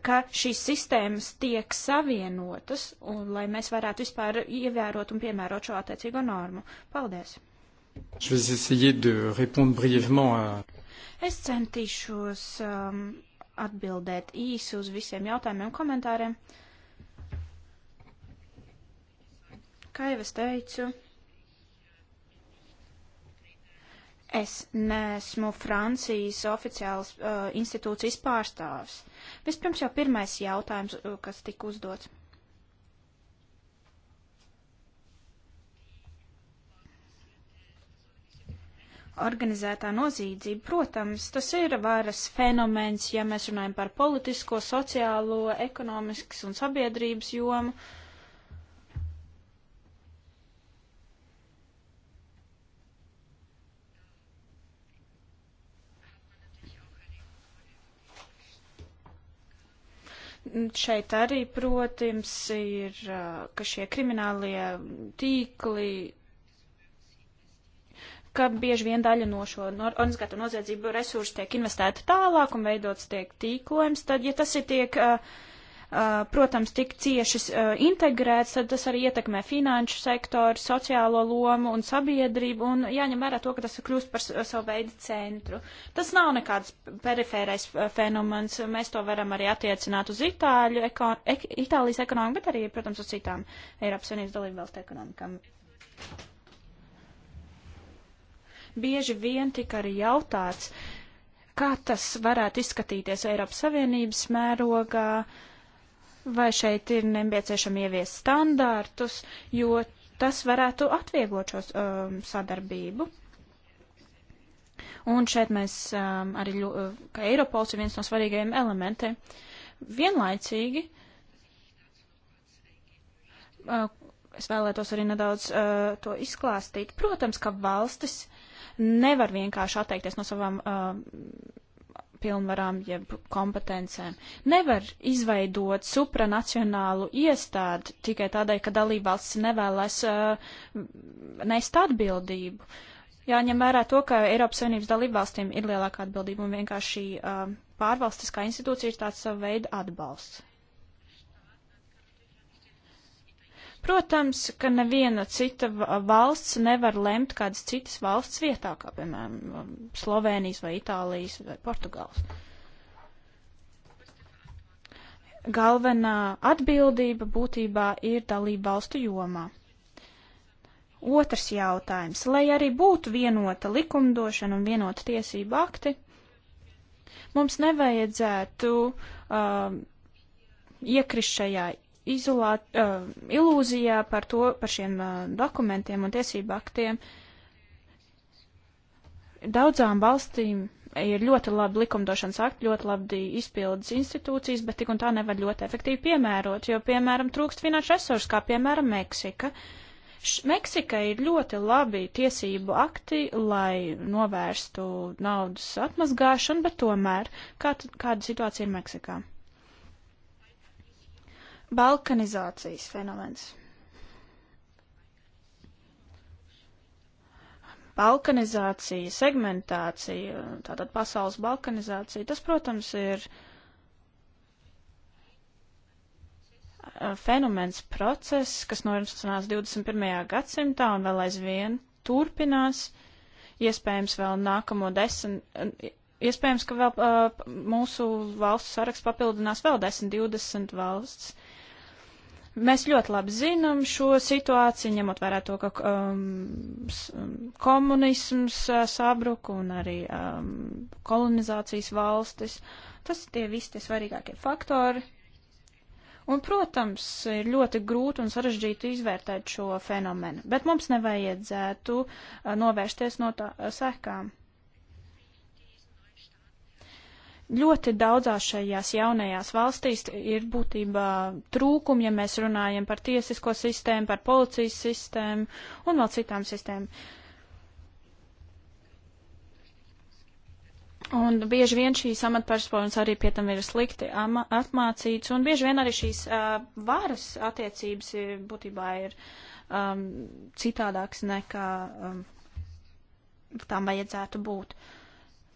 ka šīs sistēmas tiek savienotas, un lai mēs varētu vispār ievērot un piemērot šo attiecīgo normu. Paldies! Es centīšos um, atbildēt īsi uz visiem jautājumiem un komentāriem. Kā jau es teicu, es neesmu Francijas oficiāls uh, institūcijas pārstāvs. Uh, Vispirms jau pirmais jautājums, uh, kas tika uzdots. organizētā noziedzība, protams, tas ir varas fenomens, ja mēs runājam par politisko, sociālo, ekonomikas un sabiedrības jomu. Uh, Šeit arī, protams, ir, ka šie kriminālie tīkli, ka bieži vien daļa no šo organizēto noziedzību resursu tiek investēta tālāk un veidots tiek tīklojums, tad, ja tas ir tiek uh, Eh, protams, tik cieši eh, integrēts, tad tas arī ietekmē finanšu sektoru, sociālo lomu un sabiedrību, un jāņem vērā to, ka tas kļūst par savu veidu centru. Tas nav nekāds perifērais eh, fenomens, mēs to varam arī attiecināt uz Itāļu, eko, ek, Itālijas ekonomiku, bet arī, protams, uz citām Eiropas Savienības dalību valstu ekonomikām. Bieži vien tika arī jautāts, kā tas varētu izskatīties Eiropas Savienības mērogā, uh, vai šeit ir nepieciešami ievies standārtus, jo tas varētu atvieglot šo um, sadarbību. Un šeit mēs um, arī, ļu, uh, ka Eiropols ir viens no svarīgajiem elementiem. Vienlaicīgi uh, es vēlētos arī nedaudz uh, to izklāstīt. Protams, ka valstis nevar vienkārši atteikties no savām. Uh, pilnvarām jeb kompetencēm. Nevar izveidot supranacionālu iestādi tikai tādēļ, ka dalībvalsts nevēlas uh, nest atbildību. Jāņem vērā to, ka Eiropas Savienības dalībvalstīm ir lielāka atbildība un vienkārši uh, pārvalstiskā institūcija ir tāds sava veida atbalsts. Protams, ka neviena cita valsts nevar lemt kādas citas valsts vietā, kā piemēram Slovēnijas vai Itālijas vai Portugāls. Galvenā atbildība būtībā ir dalība valstu jomā. Otrs jautājums. Lai arī būtu vienota likumdošana un vienota tiesība akti, mums nevajadzētu uh, iekrist šajā izolāt, uh, ilūzijā par, to, par šiem uh, dokumentiem un tiesību aktiem. Daudzām valstīm ir ļoti labi likumdošanas akti, ļoti labi izpildes institūcijas, bet tik un tā nevar ļoti efektīvi piemērot, jo, piemēram, trūkst finanšu resursu, kā piemēram Meksika. Š Meksika ir ļoti labi tiesību akti, lai novērstu naudas atmazgāšanu, bet tomēr kā, kāda situācija ir Meksikā? Balkanizācijas fenomens. Balkanizācija, segmentācija, tātad pasaules balkanizācija, tas, protams, ir eh, fenomens, process, kas norisinās 21. gadsimtā un vēl aizvien turpinās, iespējams, vēl nākamo desmit, eh, iespējams, ka vēl uh, mūsu valstu saraksts papildinās vēl 10, 20 valsts. Mēs ļoti labi zinām šo situāciju, ņemot vērā to, ka um, um komunisms uh, sabruka un arī um, kolonizācijas valstis. Tas tie visi tie svarīgākie faktori. Un, protams, ir ļoti grūti un sarežģīti izvērtēt šo fenomenu, bet mums nevajadzētu uh, novērsties no tā uh, sekām. Uh, Ļoti daudzās šajās jaunajās valstīs ir būtībā trūkumi, ja mēs runājam par tiesisko sistēmu, par policijas sistēmu un vēl citām sistēmām. Un bieži vien šīs amatpersonas arī pie tam ir slikti apmācīts, un bieži vien arī šīs uh, varas attiecības ir, būtībā ir um, citādāks nekā um, tām vajadzētu būt. Uh,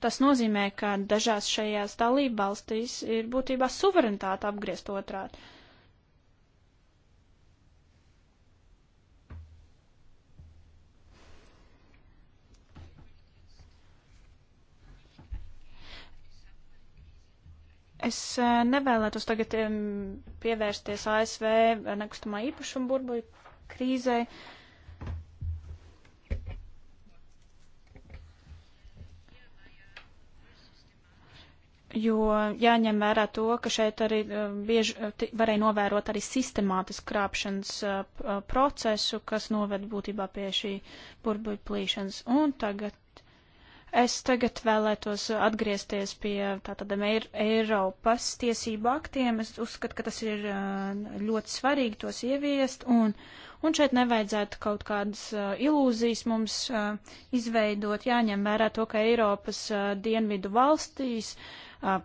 Tas nozīmē, ka dažās šajās dalība valstīs ir būtībā suverenitāte apgriezt otrādi. Es eh, nevēlētos tagad pievērsties ASV nekustamā īpašuma burbuļu krīzei. Uh, jo jāņem vērā to, ka šeit arī eh, bieži eh, varēja novērot arī sistemātisku krāpšanas uh, procesu, kas noved būtībā pie šī burbuļu plīšanas. Un tagad es tagad vēlētos atgriezties pie tātadam Eir Eiropas tiesību aktiem. Es uzskatu, ka tas ir uh, ļoti svarīgi tos ieviest, un, un šeit nevajadzētu kaut kādas uh, ilūzijas mums izveidot. Jāņem vērā to, ka Eiropas dienvidu valstīs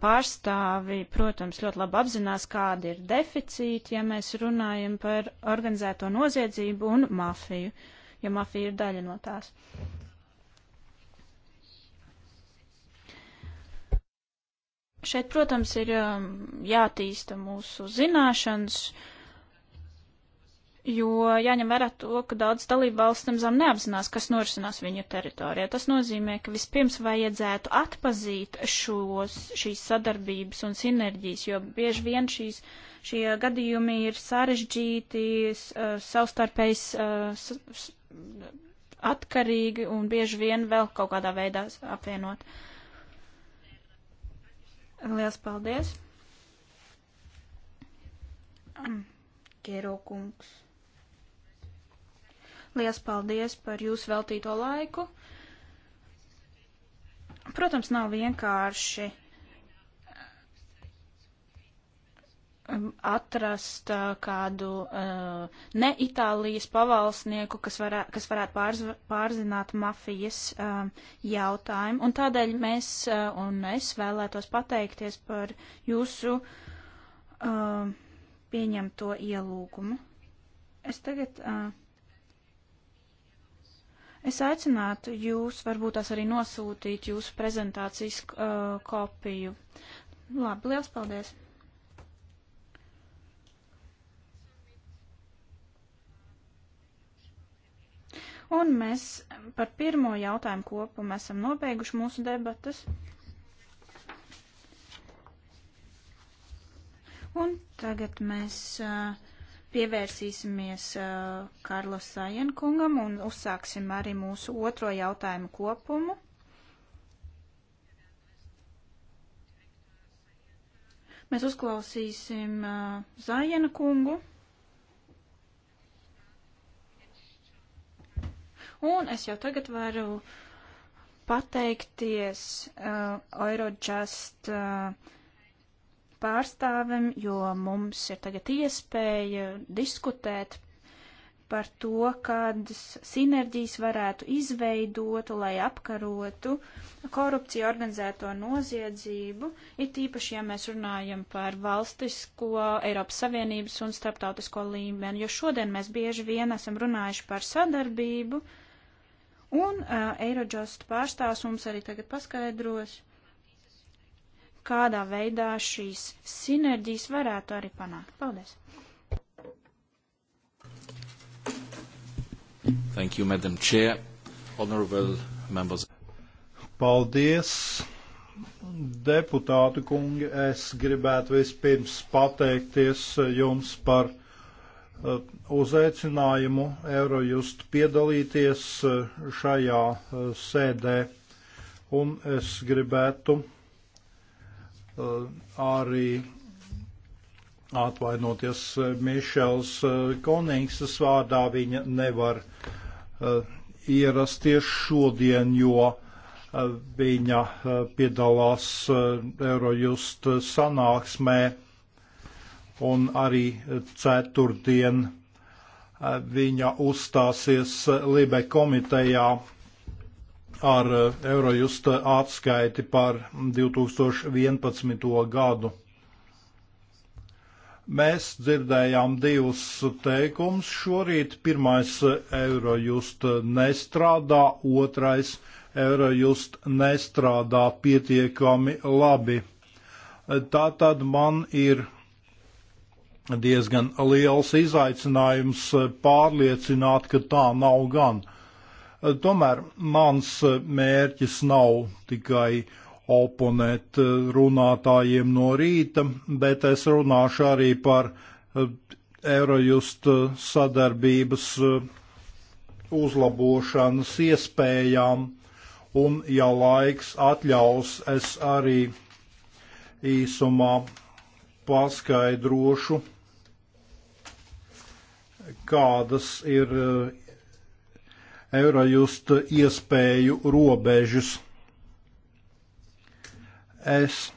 pārstāvi, protams, ļoti labi apzinās, kādi ir deficīti, ja mēs runājam par organizēto noziedzību un mafiju, jo mafija ir daļa no tās. Šeit, protams, ir jātīsta mūsu zināšanas, uh, jo jāņem vērā to, ka daudz dalību valsts nemazām neapzinās, kas norisinās viņu teritorijā. Tas nozīmē, ka vispirms vajadzētu atpazīt šos, šīs sadarbības un sinerģijas, jo bieži vien šīs, šie gadījumi ir sarežģīti, uh, savstarpējs uh, atkarīgi un bieži vien vēl kaut kādā veidā apvienot. Liels paldies! Kero kungs. Lielas paldies par jūsu veltīto laiku. Protams, nav vienkārši um, atrast uh, kādu uh, ne Itālijas pavalsnieku, kas, varē, kas varētu pārz, pārzināt mafijas uh, jautājumu. Un tādēļ mēs uh, un es vēlētos pateikties par jūsu um, pieņemto ielūgumu. Es tagad. Uh, Es aicinātu jūs, varbūt tās arī nosūtīt jūsu prezentācijas uh, kopiju. Labi, liels paldies! Un mēs par pirmo jautājumu kopumu esam nobeiguši mūsu debatas. Un tagad mēs uh, Pievērsīsimies uh, Karlos Sajenkungam un uzsāksim arī mūsu otro jautājumu kopumu. Mēs uzklausīsim uh, Zājena kungu. Un es jau tagad varu pateikties uh, Eurojust uh, pārstāvim, jo mums ir tagad iespēja diskutēt par to, kādas sinerģijas varētu izveidot, lai apkarotu korupciju, organizēto noziedzību, ir tīpaši, ja mēs runājam par valstisko, Eiropas Savienības un starptautisko līmeni, jo šodien mēs bieži vien esam runājuši par sadarbību, un uh, Eirodžost pārstāvs mums arī tagad paskaidros, kādā veidā šīs sinerģijas varētu arī panākt. Paldies! Thank you, Madam Chair. Honorable members. Paldies, deputāti kungi. Es gribētu vispirms pateikties jums par uh, uzaicinājumu Eurojust piedalīties uh, šajā uh, sēdē. Un es gribētu Eh, arī atvainoties eh, Mišels eh, Konings vārdā, viņa nevar ierasties šodien, jo viņa piedalās Eurojust sanāksmē un arī ceturtdien viņa uzstāsies Libe komitejā ar eh, Eurojust atskaiti par 2011. gadu. Mēs dzirdējām divus teikumus šorīt. Pirmais eh, - Eurojust nestrādā, otrais - Eurojust nestrādā pietiekami labi. Eh, tā tad man ir diezgan liels izaicinājums pārliecināt, ka tā nav gan. Tomēr mans eh, mērķis nav tikai oponēt eh, runātājiem no rīta, bet es runāšu arī par eh, Eurojust sadarbības uzlabošanas iespējām, un, ja laiks atļaus, es arī īsumā paskaidrošu, kādas ir Eurojust iespēju robežas. Es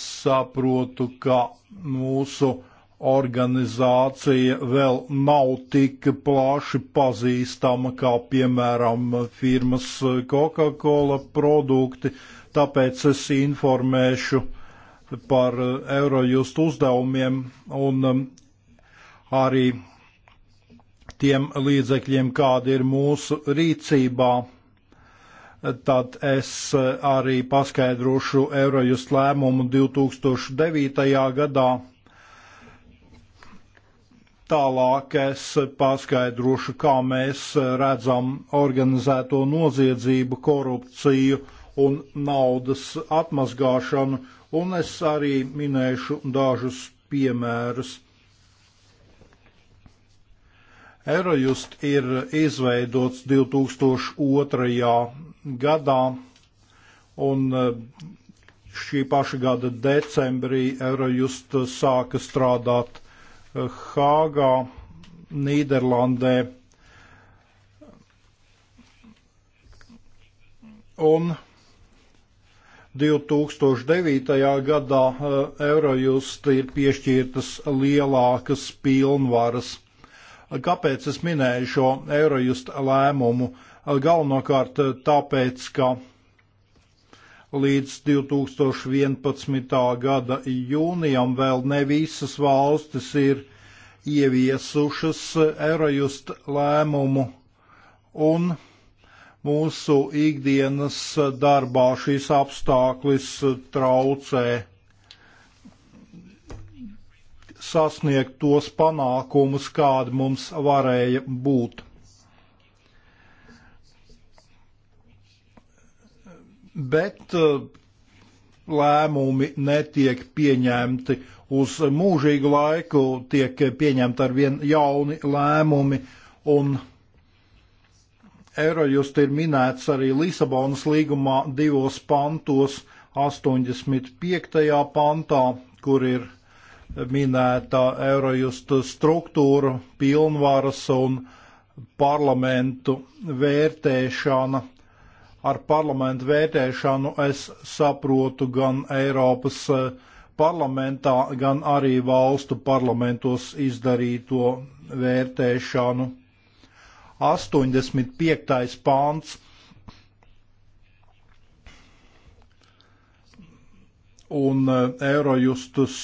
saprotu, ka mūsu organizācija vēl nav tik plaši pazīstama kā, piemēram, firmas Coca-Cola produkti, tāpēc es informēšu par Eurojust uzdevumiem un um, arī tiem līdzekļiem, kādi ir mūsu rīcībā, tad es arī paskaidrošu Eurojust lēmumu 2009. gadā. Tālāk es paskaidrošu, kā mēs redzam organizēto noziedzību, korupciju un naudas atmazgāšanu, un es arī minēšu dažus piemērus Eurojust ir izveidots 2002. gadā, un eh, šī paša gada decembrī Eurojust sāka strādāt eh, Hāgā, Nīderlandē. Un 2009. gadā eh, Eurojust ir piešķirtas lielākas pilnvaras Kāpēc es minēju šo Eurojust lēmumu? Galvenokārt tāpēc, ka līdz 2011. gada jūnijam vēl ne visas valstis ir ieviesušas Eurojust lēmumu un mūsu ikdienas darbā šīs apstākļis traucē sasniegt tos panākumus, kādi mums varēja būt. Bet uh, lēmumi netiek pieņemti uz mūžīgu laiku, tiek pieņemti ar vien jauni lēmumi, un Eurojust ir minēts arī Lisabonas līgumā divos pantos, 85. pantā, kur ir minēta Eurojustu struktūru, pilnvaras un parlamentu vērtēšana. Ar parlamentu vērtēšanu es saprotu gan Eiropas e, parlamentā, gan arī valstu parlamentos izdarīto vērtēšanu. 85. pāns. un e, Eurojustus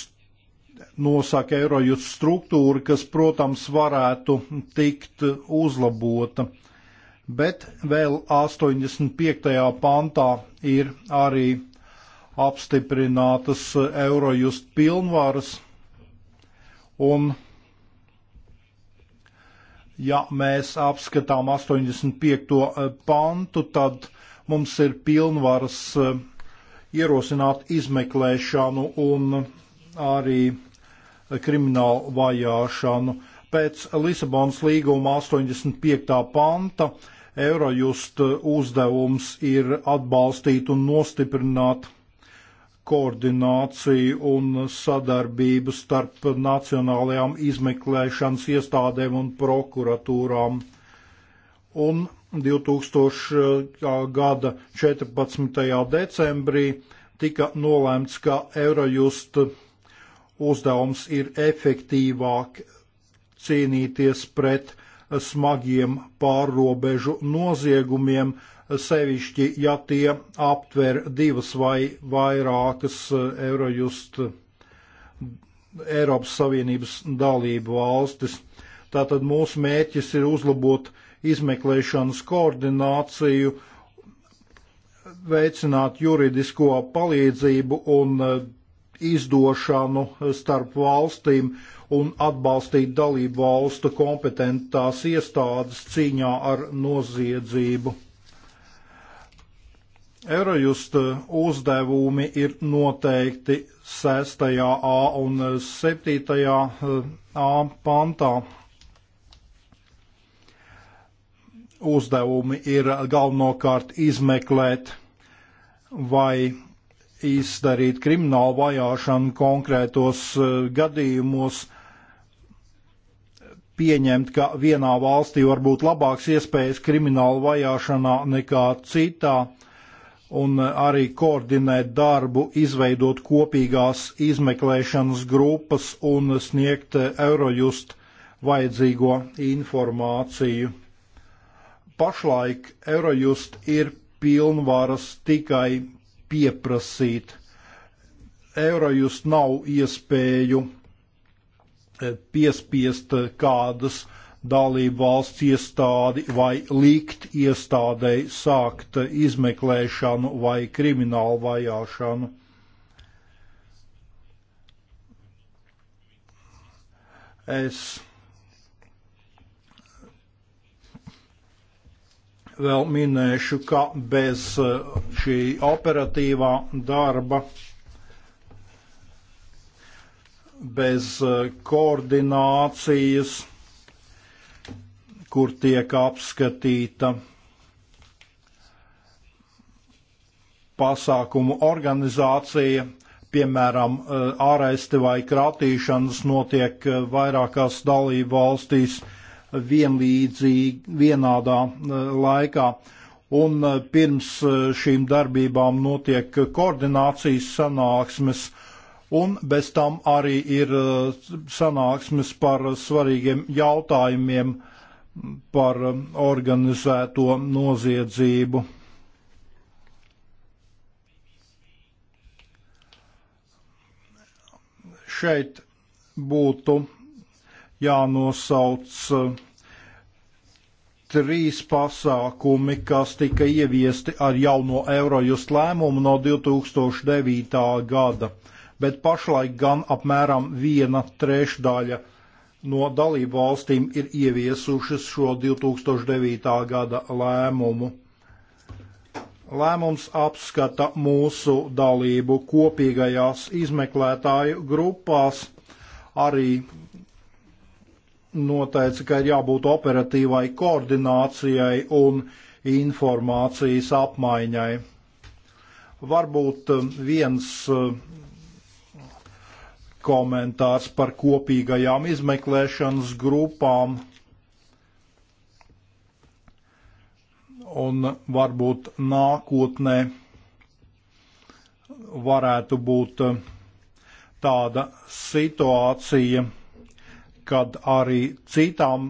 nosaka Eirojus struktūra, kas, protams, varētu tikt uzlabota. Bet vēl 85. pantā ir arī apstiprinātas Eurojust pilnvaras, un ja mēs apskatām 85. Eh, pantu, tad mums ir pilnvaras eh, ierosināt izmeklēšanu un arī kriminālu vajāšanu. Pēc Lisabonas līguma 85. panta Eurojust uzdevums ir atbalstīt un nostiprināt koordināciju un sadarbību starp nacionālajām izmeklēšanas iestādēm un prokuratūrām. Un 2000. Eh, gada 14. decembrī tika nolēmts, ka Eurojust uzdevums ir efektīvāk cīnīties pret smagiem pārrobežu noziegumiem, sevišķi, ja tie aptver divas vai vairākas eh, Eurojust Eiropas Savienības dalību valstis. Tātad mūsu mērķis ir uzlabot izmeklēšanas koordināciju, veicināt juridisko palīdzību un eh, izdošanu starp valstīm un atbalstīt dalību valstu kompetentās iestādes cīņā ar noziedzību. Eurojust uzdevumi ir noteikti 6. A un 7. Eh, A pantā. Uzdevumi ir galvenokārt izmeklēt, vai izdarīt kriminālu vajāšanu konkrētos e, gadījumos, pieņemt, ka vienā valstī var būt labāks iespējas kriminālu vajāšanā nekā citā, un e, arī koordinēt darbu, izveidot kopīgās izmeklēšanas grupas un sniegt Eurojust vajadzīgo informāciju. Pašlaik Eurojust ir pilnvaras tikai pieprasīt. Eurojust nav iespēju eh, piespiest kādas dalību valsts iestādi vai likt iestādēji sākt izmeklēšanu vai kriminālu vajāšanu. Es vēl minēšu, ka bez uh, šī operatīvā darba, bez uh, koordinācijas, kur tiek apskatīta pasākumu organizācija, piemēram, uh, āraisti vai kratīšanas notiek vairākās dalību valstīs, vienlīdzīgi vienādā eh, laikā. Un eh, pirms eh, šīm darbībām notiek koordinācijas sanāksmes, un bez tam arī ir sanāksmes par svarīgiem jautājumiem par organizēto noziedzību. Šeit būtu jānosauc eh, trīs pasākumi, kas tika ieviesti ar jauno Eurojust lēmumu no 2009. gada, bet pašlaik gan apmēram viena trešdaļa no dalību valstīm ir ieviesušas šo 2009. gada lēmumu. Lēmums apskata mūsu dalību kopīgajās izmeklētāju grupās, arī noteica, ka ir jābūt operatīvai koordinācijai un informācijas apmaiņai. Varbūt um, viens um, komentārs par kopīgajām izmeklēšanas grupām un varbūt nākotnē varētu būt um, tāda situācija, kad arī citām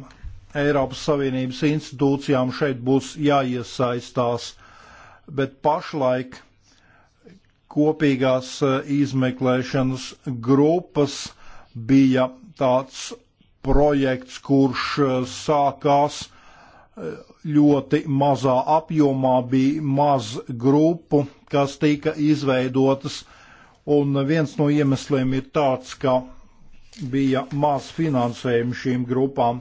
Eiropas Savienības institūcijām šeit būs jāiesaistās, bet pašlaik kopīgās e, izmeklēšanas grupas bija tāds projekts, kurš e, sākās e, ļoti mazā apjomā, bija maz grupu, kas tika izveidotas, un viens no iemesliem ir tāds, ka bija maz finansējumu šīm grupām.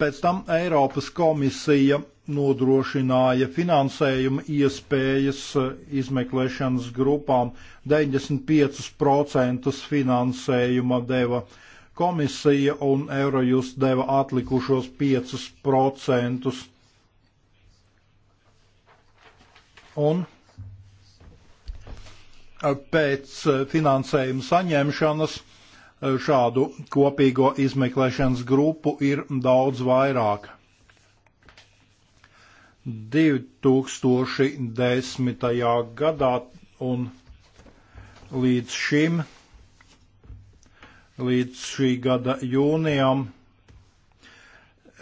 Pēc tam Eiropas komisija nodrošināja finansējuma iespējas izmeklēšanas grupām 95% finansējuma deva komisija un Eurojust deva atlikušos 5%. Un pēc finansējuma saņemšanas šādu kopīgo izmeklēšanas grupu ir daudz vairāk. 2010. gadā un līdz šim, līdz šī gada jūnijam,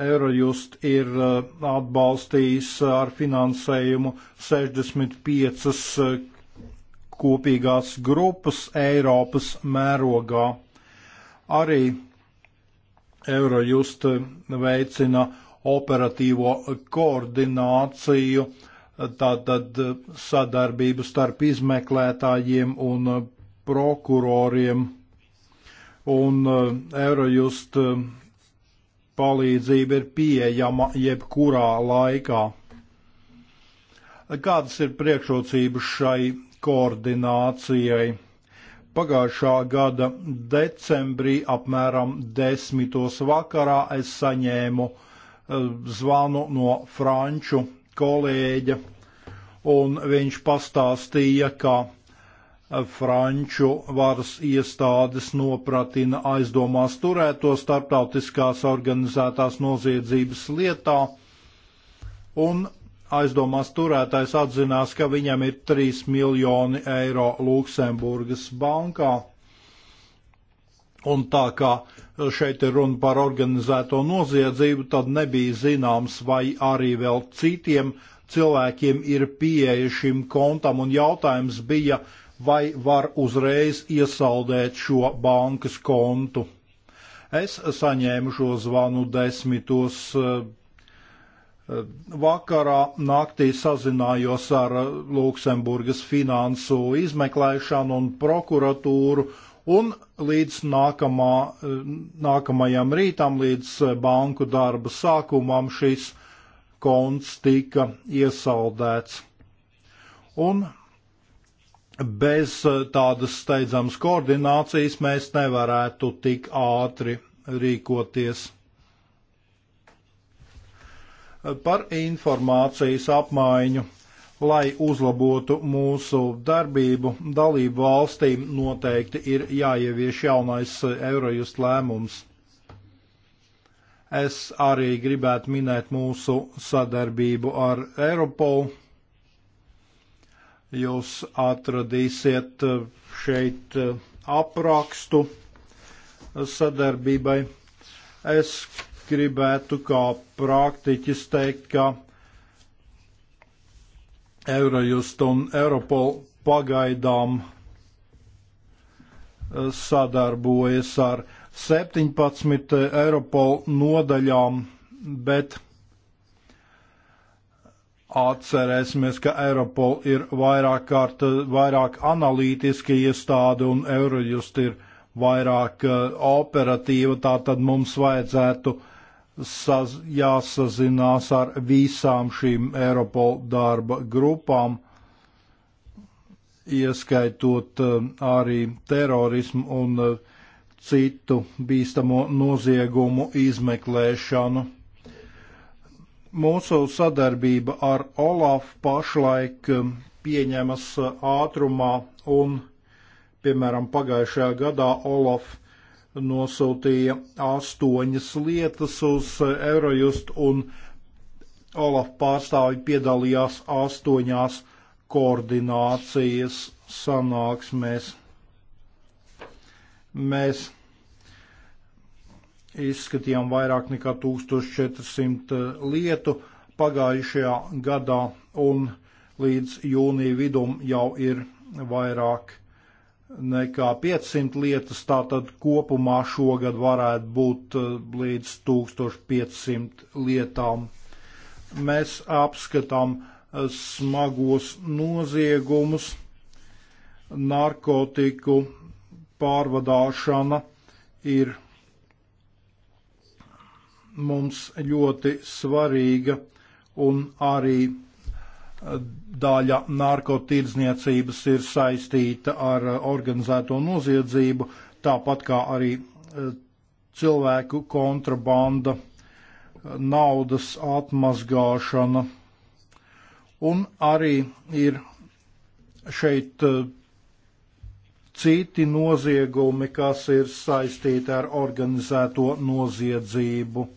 Eurojust ir uh, atbalstījis ar finansējumu 65 uh, kopīgās grupas Eiropas mērogā Arī Eurojust veicina operatīvo koordināciju, tātad sadarbību starp izmeklētājiem un prokuroriem. Un eh, Eurojust eh, palīdzība ir pieejama jebkurā laikā. Kādas ir priekšrocības šai koordinācijai? Pagājušā gada decembrī apmēram desmitos vakarā es saņēmu eh, zvanu no franču kolēģa, un viņš pastāstīja, ka eh, franču varas iestādes nopratina aizdomās turēto starptautiskās organizētās noziedzības lietā, un aizdomās turētājs atzinās, ka viņam ir 3 miljoni eiro Luksemburgas bankā. Un tā kā šeit ir runa par organizēto noziedzību, tad nebija zināms, vai arī vēl citiem cilvēkiem ir pieeja šim kontam, un jautājums bija, vai var uzreiz iesaldēt šo bankas kontu. Es saņēmu šo zvanu desmitos Eh, vakarā naktī sazinājos ar eh, Luksemburgas finansu izmeklēšanu un prokuratūru, un līdz nākamā, eh, nākamajam rītam, līdz banku darba sākumam, šis konts tika iesaldēts. Un bez tādas steidzamas koordinācijas mēs nevarētu tik ātri rīkoties par informācijas apmaiņu, lai uzlabotu mūsu darbību. Dalību valstīm noteikti ir jāievieš jaunais Eurojust lēmums. Es arī gribētu minēt mūsu sadarbību ar Eiropolu. Jūs atradīsiet šeit aprakstu sadarbībai. Es gribētu kā praktiķis teikt, ka Eurojust un Europol pagaidām e, sadarbojas ar 17 Europol nodaļām, bet Atcerēsimies, ka Eiropol ir vairāk kārt, e, vairāk analītiski iestāde un Eurojust ir vairāk e, operatīva, tā tad mums vajadzētu uh, saz, jāsazinās ar visām šīm Eiropol darba grupām, ieskaitot eh, arī terorismu un eh, citu bīstamo noziegumu izmeklēšanu. Mūsu sadarbība ar Olaf pašlaik eh, pieņemas ātrumā un, piemēram, pagājušajā gadā Olaf nosūtīja astoņas lietas uz Eurojust un Olaf pārstāvi piedalījās astoņās koordinācijas sanāksmēs. Mēs izskatījām vairāk nekā 1400 lietu pagājušajā gadā un līdz jūnija vidum jau ir vairāk nekā 500 lietas, tātad kopumā šogad varētu būt eh, līdz 1500 lietām. Mēs apskatām eh, smagos noziegumus, narkotiku pārvadāšana ir mums ļoti svarīga un arī daļa narkotirdzniecības ir saistīta ar organizēto noziedzību, tāpat kā arī e, cilvēku kontrabanda, naudas atmazgāšana. Un arī ir šeit e, citi noziegumi, kas ir saistīti ar organizēto noziedzību.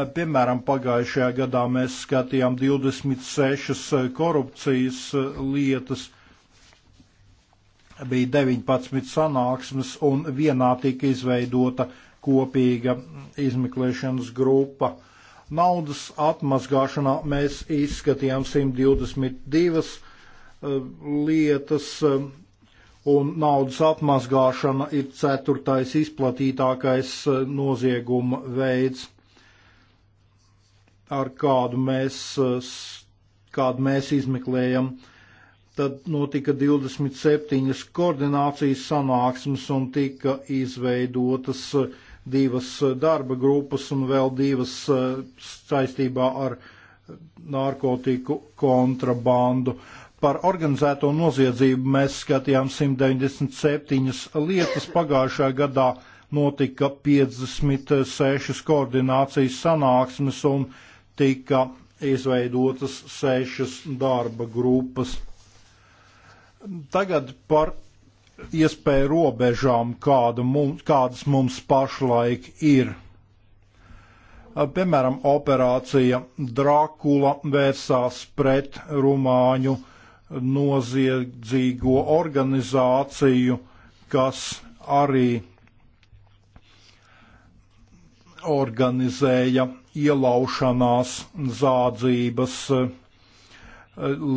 Eh, piemēram, pagājušajā gadā mēs skatījām 26 eh, korupcijas eh, lietas, bija 19 sanāksmes un vienā tika izveidota kopīga mm, izmeklēšanas grupa. Naudas atmazgāšanā mēs izskatījām 122 lietas, un naudas apmazgāšana ir ceturtais izplatītākais nozieguma veids ar kādu mēs, kādu mēs izmeklējam. Tad notika 27 koordinācijas sanāksmes un tika izveidotas divas darba grupas un vēl divas saistībā ar narkotiku kontrabandu. Par organizēto noziedzību mēs skatījām 197 lietas pagājušā gadā notika 56 koordinācijas sanāksmes un tika izveidotas sešas darba grupas. Tagad par iespēju robežām, kāda mums, kādas mums pašlaik ir. Piemēram, operācija Drakula vērsās pret Rumāņu noziedzīgo organizāciju, kas arī organizēja ielaušanās, zādzības eh,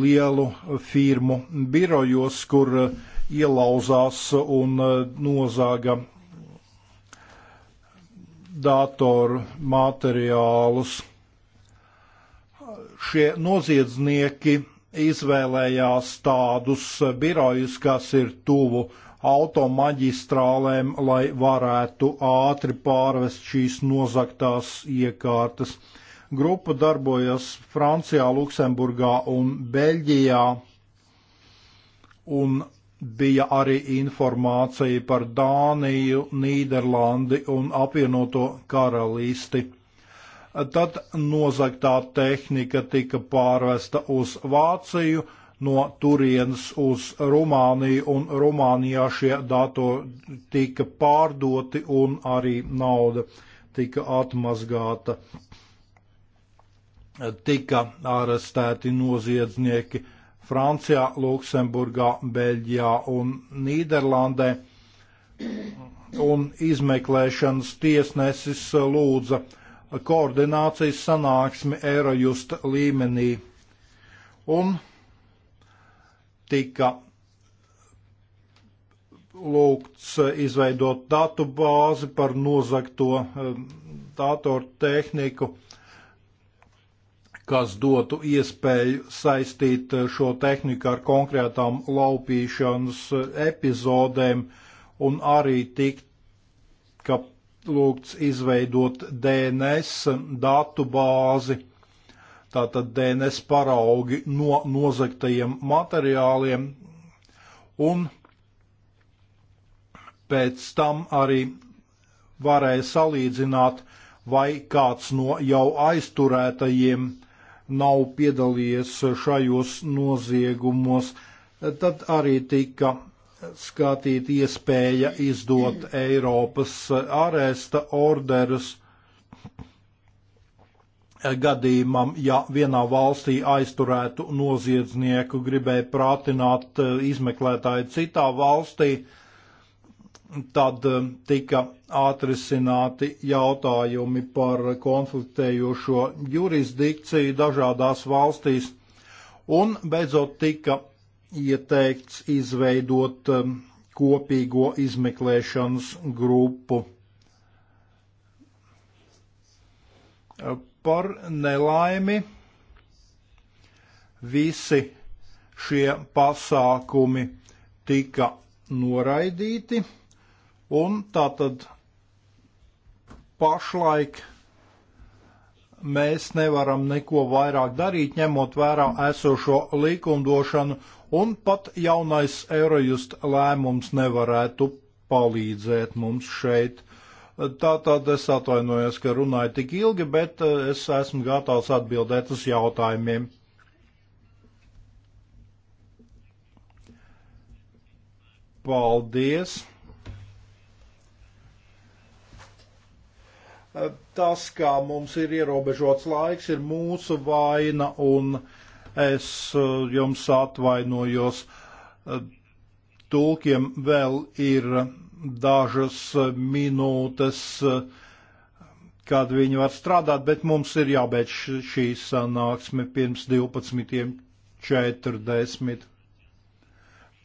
lielu firmu birojos, kur eh, ielauzās un eh, nozāga datoru materiālus. Šie noziedznieki izvēlējās tādus birojus, kas ir tuvu uh, automaģistrālēm, lai varētu ātri pārvest šīs nozaktās iekārtas. Grupa darbojas Francijā, Luksemburgā un Beļģijā, un bija arī informācija par Dāniju, Nīderlandi un apvienoto karalisti tad nozagtā tehnika tika pārvesta uz Vāciju, no turienes uz Rumāniju, un Rumānijā šie datori tika pārdoti un arī nauda tika atmazgāta. Tika arestēti noziedznieki Francijā, Luksemburgā, Beļģijā un Nīderlandē, un izmeklēšanas tiesnesis lūdza koordinācijas sanāksmi Eirojusta līmenī. Un tika lūgts izveidot datu bāzi par nozagto um, datoru tehniku, kas dotu iespēju saistīt uh, šo tehniku ar konkrētām laupīšanas uh, epizodēm un arī tika lūgts izveidot DNS datu bāzi tātad DNS paraugi no nozagtajiem materiāliem, un pēc tam arī varēja salīdzināt, vai kāds no jau aizturētajiem nav piedalījies šajos noziegumos. Tad arī tika skatīta iespēja izdot Eiropas arēsta orderus gadījumam, ja vienā valstī aizturētu noziedznieku, gribēja prātināt eh, izmeklētāju citā valstī, tad eh, tika atrisināti jautājumi par konfliktējošo jurisdikciju dažādās valstīs, un beidzot tika ieteikts izveidot eh, kopīgo izmeklēšanas grupu par nelaimi visi šie pasākumi tika noraidīti, un tātad pašlaik mēs nevaram neko vairāk darīt, ņemot vērā esošo likumdošanu, un pat jaunais Eurojust lēmums nevarētu palīdzēt mums šeit. Tātad es atvainojos, ka runāju tik ilgi, bet eh, es esmu gatavs atbildēt uz jautājumiem. Paldies! Eh, tas, kā mums ir ierobežots laiks, ir mūsu vaina, un es eh, jums atvainojos. Tulkiem vēl ir dažas minūtes, kad viņi var strādāt, bet mums ir jābeidz šī sanāksme pirms 12.40.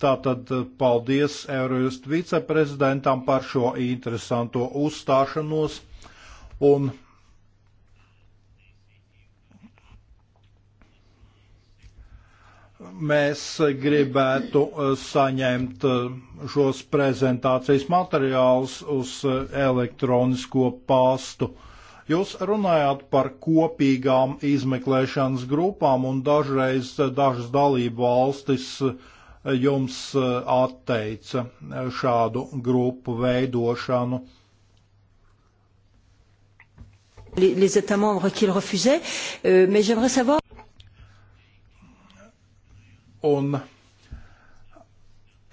Tātad eh, paldies Eurojust viceprezidentam par šo interesanto uzstāšanos un mēs gribētu eh, saņemt eh, šos prezentācijas materiālus uz eh, elektronisko pastu. Jūs runājāt par kopīgām izmeklēšanas grupām un dažreiz dažas dalību valstis jums atteica šādu grupu veidošanu. Les, les États membres qui le refusaient, euh, mais j'aimerais savoir. Un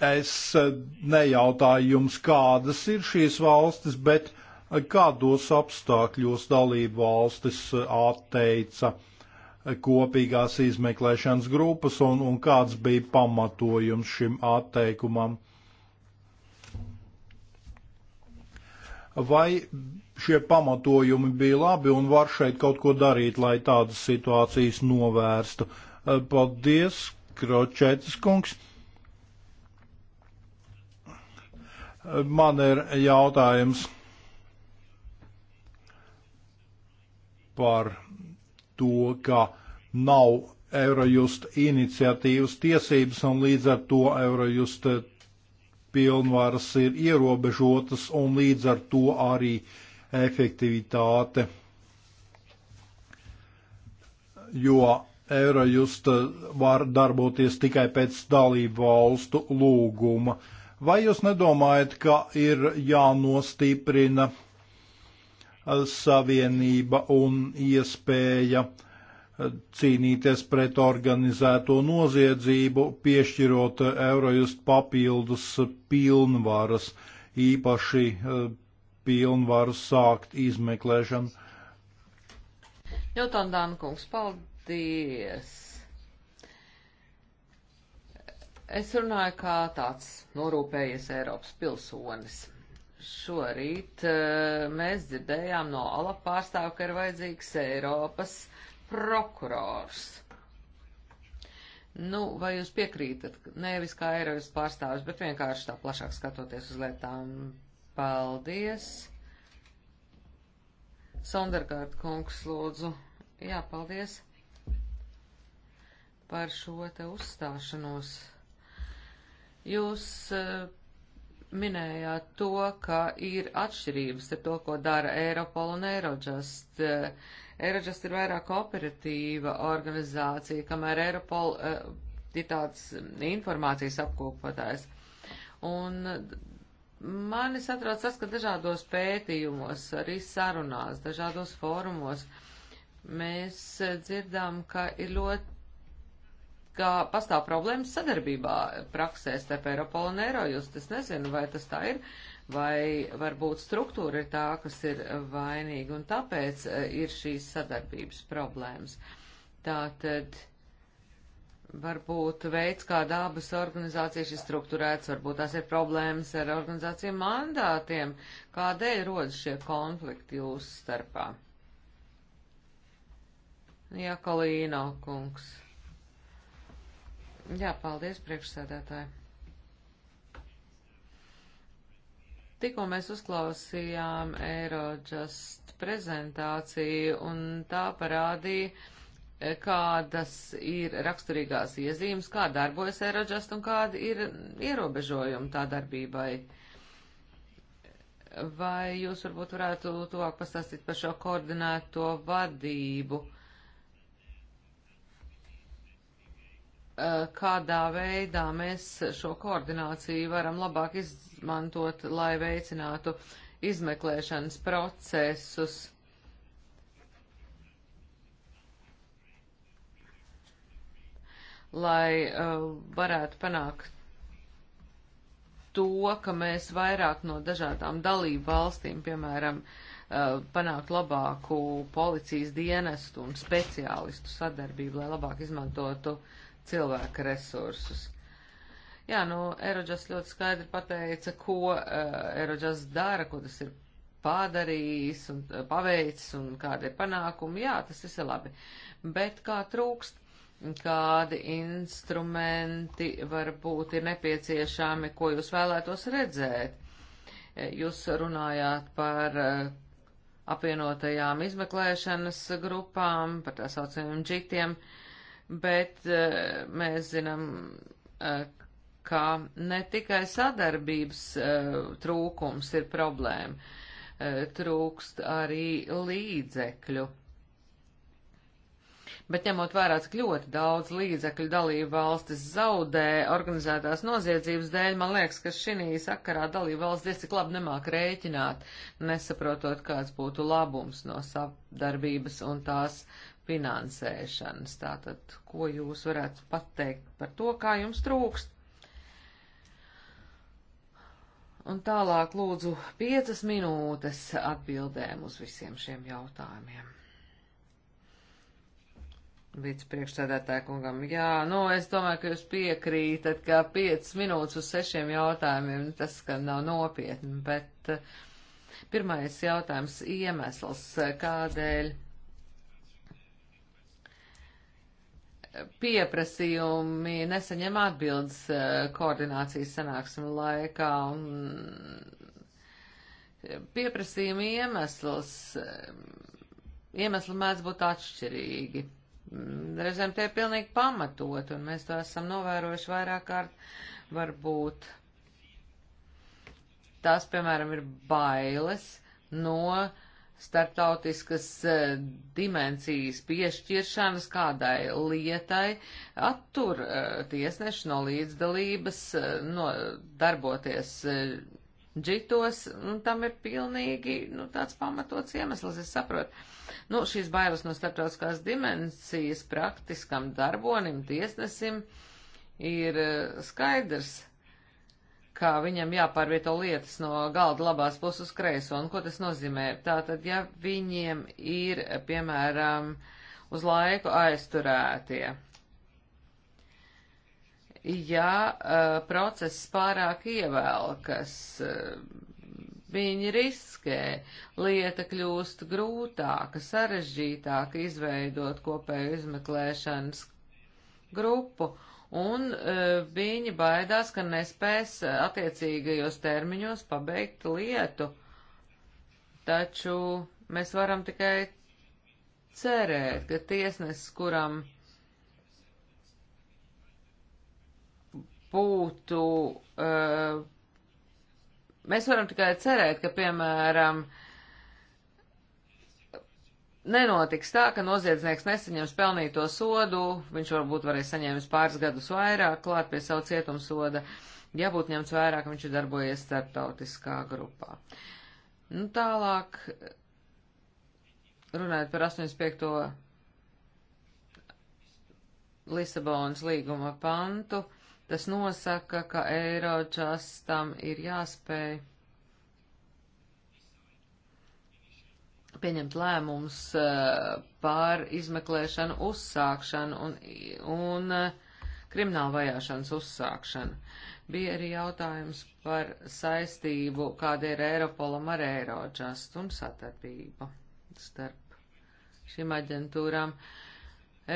es eh, nejautāju jums, kādas ir šīs valstis, bet eh, kādos apstākļos dalību valstis eh, atteica kopīgās izmeklēšanas grupas un, un kāds bija pamatojums šim atteikumam. Vai šie pamatojumi bija labi un var šeit kaut ko darīt, lai tādas situācijas novērstu? Paldies, Kročētas kungs. Man ir jautājums par to, ka nav Eurojust iniciatīvas tiesības un līdz ar to Eurojust pilnvaras ir ierobežotas un līdz ar to arī efektivitāte. Jo Eurojust var darboties tikai pēc dalību valstu lūguma. Vai jūs nedomājat, ka ir jānostiprina eh, savienība un iespēja eh, cīnīties pret organizēto noziedzību, piešķirot Eurojust papildus pilnvaras, īpaši eh, pilnvaru sākt izmeklēšanu? Jotan Dankungs, paldies! Paldies! Es runāju kā tāds norūpējies Eiropas pilsonis. Šorīt eh, mēs dzirdējām no ala pārstāvu, ka ir vajadzīgs Eiropas prokurors. Nu, vai jūs piekrītat, nevis kā Eiropas pārstāvis, bet vienkārši tā plašāk skatoties uz lietām? Paldies! Sondergaard kungs, lūdzu. Jā, paldies par šo te uzstāšanos. Jūs e, minējāt to, ka ir atšķirības ar to, ko dara Eiropola un Eirojust. Eirojust ir vairāk kooperatīva organizācija, kamēr Eiropola e, ir tāds informācijas apkopotājs. Un mani satrauc tas, ka dažādos pētījumos, arī sarunās, dažādos fórumos mēs dzirdām, ka ir ļoti ka pastāv problēmas sadarbībā praksē starp Eiropolu un Eirojust. Es nezinu, vai tas tā ir, vai varbūt struktūra ir tā, kas ir vainīga, un tāpēc e, ir šīs sadarbības problēmas. Tātad varbūt veids, kā dabas organizācijas ir struktūrētas, varbūt tās ir problēmas ar organizāciju mandātiem, kādēļ rodas šie konflikti jūsu starpā. Jā, Kalīno kungs. Jā, paldies, priekšsēdētāji. Tikko mēs uzklausījām Eirodžast prezentāciju, un tā parādīja, kādas ir raksturīgās iezīmes, kā darbojas Eirodžast un kādi ir ierobežojumi tā darbībai. Vai jūs varbūt varētu tuvāk pastāstīt par šo koordinēto vadību? Eh, kādā veidā mēs šo koordināciju varam labāk izmantot, lai veicinātu izmeklēšanas procesus. lai uh, varētu panākt to, ka mēs vairāk no dažādām dalību valstīm, piemēram, uh, eh, panākt labāku policijas dienestu un speciālistu sadarbību, lai labāk izmantotu uh, cilvēka resursus. Jā, nu, Eroģas ļoti skaidri pateica, ko uh, eh, Eroģas dara, ko tas ir padarījis un uh, paveicis un kādi ir panākumi. Jā, tas viss ir labi. Bet kā trūkst, kādi instrumenti varbūt ir nepieciešami, ko jūs vēlētos redzēt? Eh, jūs runājāt par uh, apvienotajām izmeklēšanas grupām, par tā saucamiem džitiem. Uh, bet eh, mēs zinām, eh, ka ne tikai sadarbības eh, trūkums ir problēma, trūkst arī līdzekļu. Bet ņemot vērā, cik ļoti daudz līdzekļu dalību valstis zaudē organizētās noziedzības dēļ, man liekas, ka šī sakarā dalību valstis cik labi nemāk rēķināt, nesaprotot, kāds būtu labums no sadarbības un tās finansēšanas. Tātad, ko jūs varētu pateikt par to, kā jums trūkst? Un tālāk lūdzu piecas minūtes atbildēm uz visiem šiem jautājumiem. Vicepriekšsēdētāja kungam, jā, nu es domāju, ka jūs piekrītat, ka piecas minūtes uz sešiem jautājumiem tas, ka nav nopietni, bet eh, pirmais jautājums iemesls, kādēļ pieprasījumi nesaņem atbildes eh, koordinācijas sanāksmu laikā. Pieprasījumi iemesls, eh, iemesli mēdz būt atšķirīgi. Mm, reizēm tie ir pilnīgi pamatot, un mēs to esam novērojuši vairāk kārt. Varbūt tās, piemēram, ir bailes no uh, starptautiskas eh, dimensijas piešķiršanas kādai lietai attur eh, tiesneši no līdzdalības, eh, no darboties džitos, un nu, tam ir pilnīgi nu, tāds pamatots iemesls, es saprotu. Nu, šīs bailes no starptautiskās dimensijas praktiskam darbonim, tiesnesim ir skaidrs ka viņam jāpārvieto lietas no galda labās puses uz kreiso. Un ko tas nozīmē? Tātad, ja viņiem ir, piemēram, uz laiku aizturētie, ja uh, process pārāk ievēlkas, uh, eh, viņi riskē, lieta kļūst grūtāka, sarežģītāka izveidot kopēju izmeklēšanas grupu un e, viņi baidās, ka nespēs e, attiecīgajos termiņos pabeigt lietu. Taču mēs varam tikai cerēt, ka tiesnesis, kuram būtu, e, mēs varam tikai cerēt, ka, piemēram, uh, nenotiks tā, ka noziedznieks nesaņems pelnīto sodu, viņš varbūt varēs saņēmis pāris gadus vairāk klāt pie savu cietumsoda, ja būtu ņemts vairāk, viņš ir darbojies starptautiskā grupā. Nu, tālāk, runājot par 85. Lisabonas līguma pantu, tas nosaka, ka Eiročas tam ir jāspēj pieņemt lēmums eh, pār izmeklēšanu uzsākšanu un, un eh, kriminālu vajāšanas uzsākšanu. Bija arī jautājums par saistību, kāda ir Eiropolam ar Eirodžast un satarbību starp šīm aģentūrām.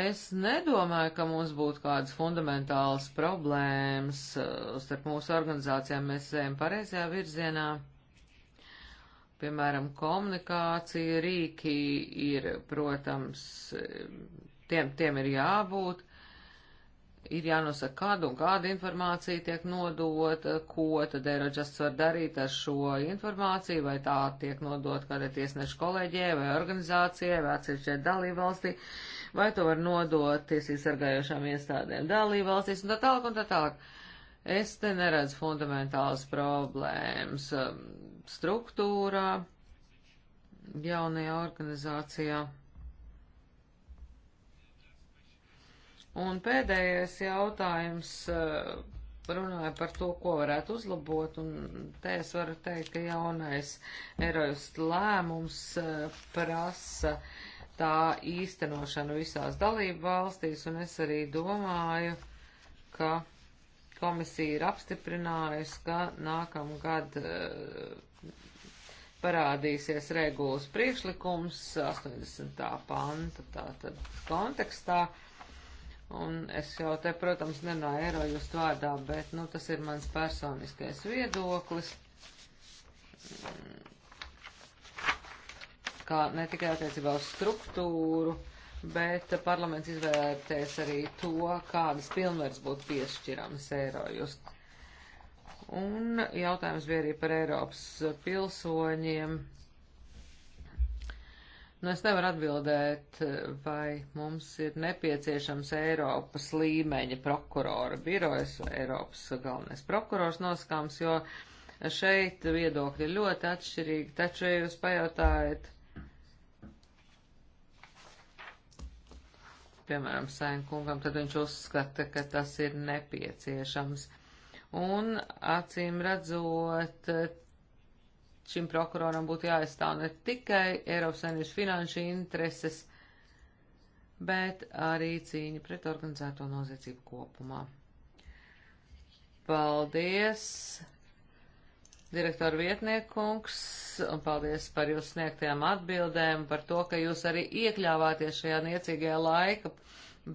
Es nedomāju, ka mums būtu kādas fundamentālas problēmas eh, starp mūsu organizācijām. Mēs ejam pareizajā virzienā Piemēram, komunikācija rīki ir, protams, tiem, tiem ir jābūt, ir jānosaka, kāda un kāda informācija tiek nodota, ko tad Eirodžasts var darīt ar šo informāciju, vai tā tiek nodota kādai tiesnešu kolēģijai vai organizācijai vai atsevišķai dalībvalstī, vai to var nodot tiesību sargājošām iestādēm dalībvalstīs un tā tālāk un tā tālāk. Es te neredzu fundamentālas problēmas struktūrā, jaunajā organizācijā. Un pēdējais jautājums eh, runāja par to, ko varētu uzlabot, un te es varu teikt, ka jaunais Eiropas lēmums eh, prasa tā īstenošanu visās dalību valstīs, un es arī domāju, ka komisija ir apstiprinājusi, ka nākamgad eh, parādīsies regulas priekšlikums 80. panta tātad kontekstā. Un es jau te, protams, nerunāju eiro jūs vārdā, bet, nu, tas ir mans personiskais viedoklis. Kā ne tikai attiecībā uz struktūru, bet parlaments izvērtēs arī to, kādas pilnvaras būtu piešķiramas Eirojust. Un jautājums bija arī par Eiropas pilsoņiem. Nu, es nevaru atbildēt, vai mums ir nepieciešams Eiropas līmeņa prokurora birojas, Eiropas galvenais prokurors noskams, jo šeit viedokļi ļoti atšķirīgi, taču, ja jūs pajautājat, piemēram, Sēnkungam, tad viņš uzskata, ka tas ir nepieciešams. Un acīm redzot, šim prokuroram būtu jāaizstāv ne tikai Eiropas Savienības finanšu intereses, bet arī cīņa pret organizēto noziedzību kopumā. Paldies! direktora vietniekungs, un paldies par jūsu sniegtajām atbildēm, par to, ka jūs arī iekļāvāties šajā niecīgajā laika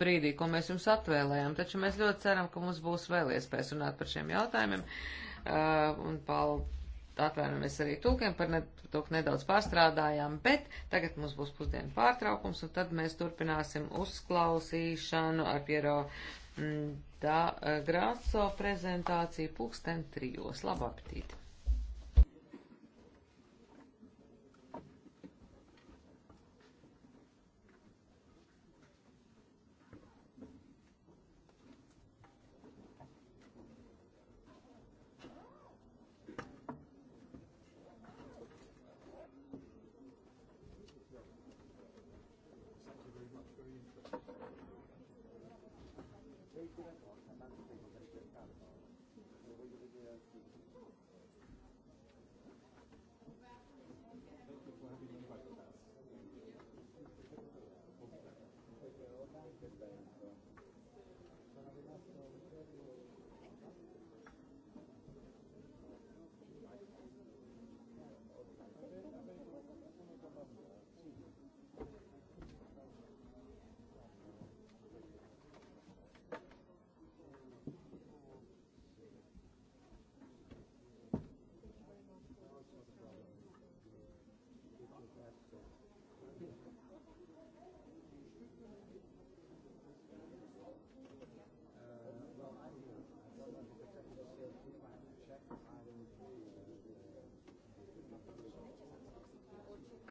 brīdī, ko mēs jums atvēlējām. Taču mēs ļoti ceram, ka mums būs vēl iespējas runāt par šiem jautājumiem, uh, un atvainojamies arī tūkiem par ne, to, ka nedaudz pārstrādājām, bet tagad mums būs pusdienu pārtraukums, un tad mēs turpināsim uzklausīšanu ar Piero mm, Da eh, Graso prezentāciju pulksten trijos. Labu apetīti!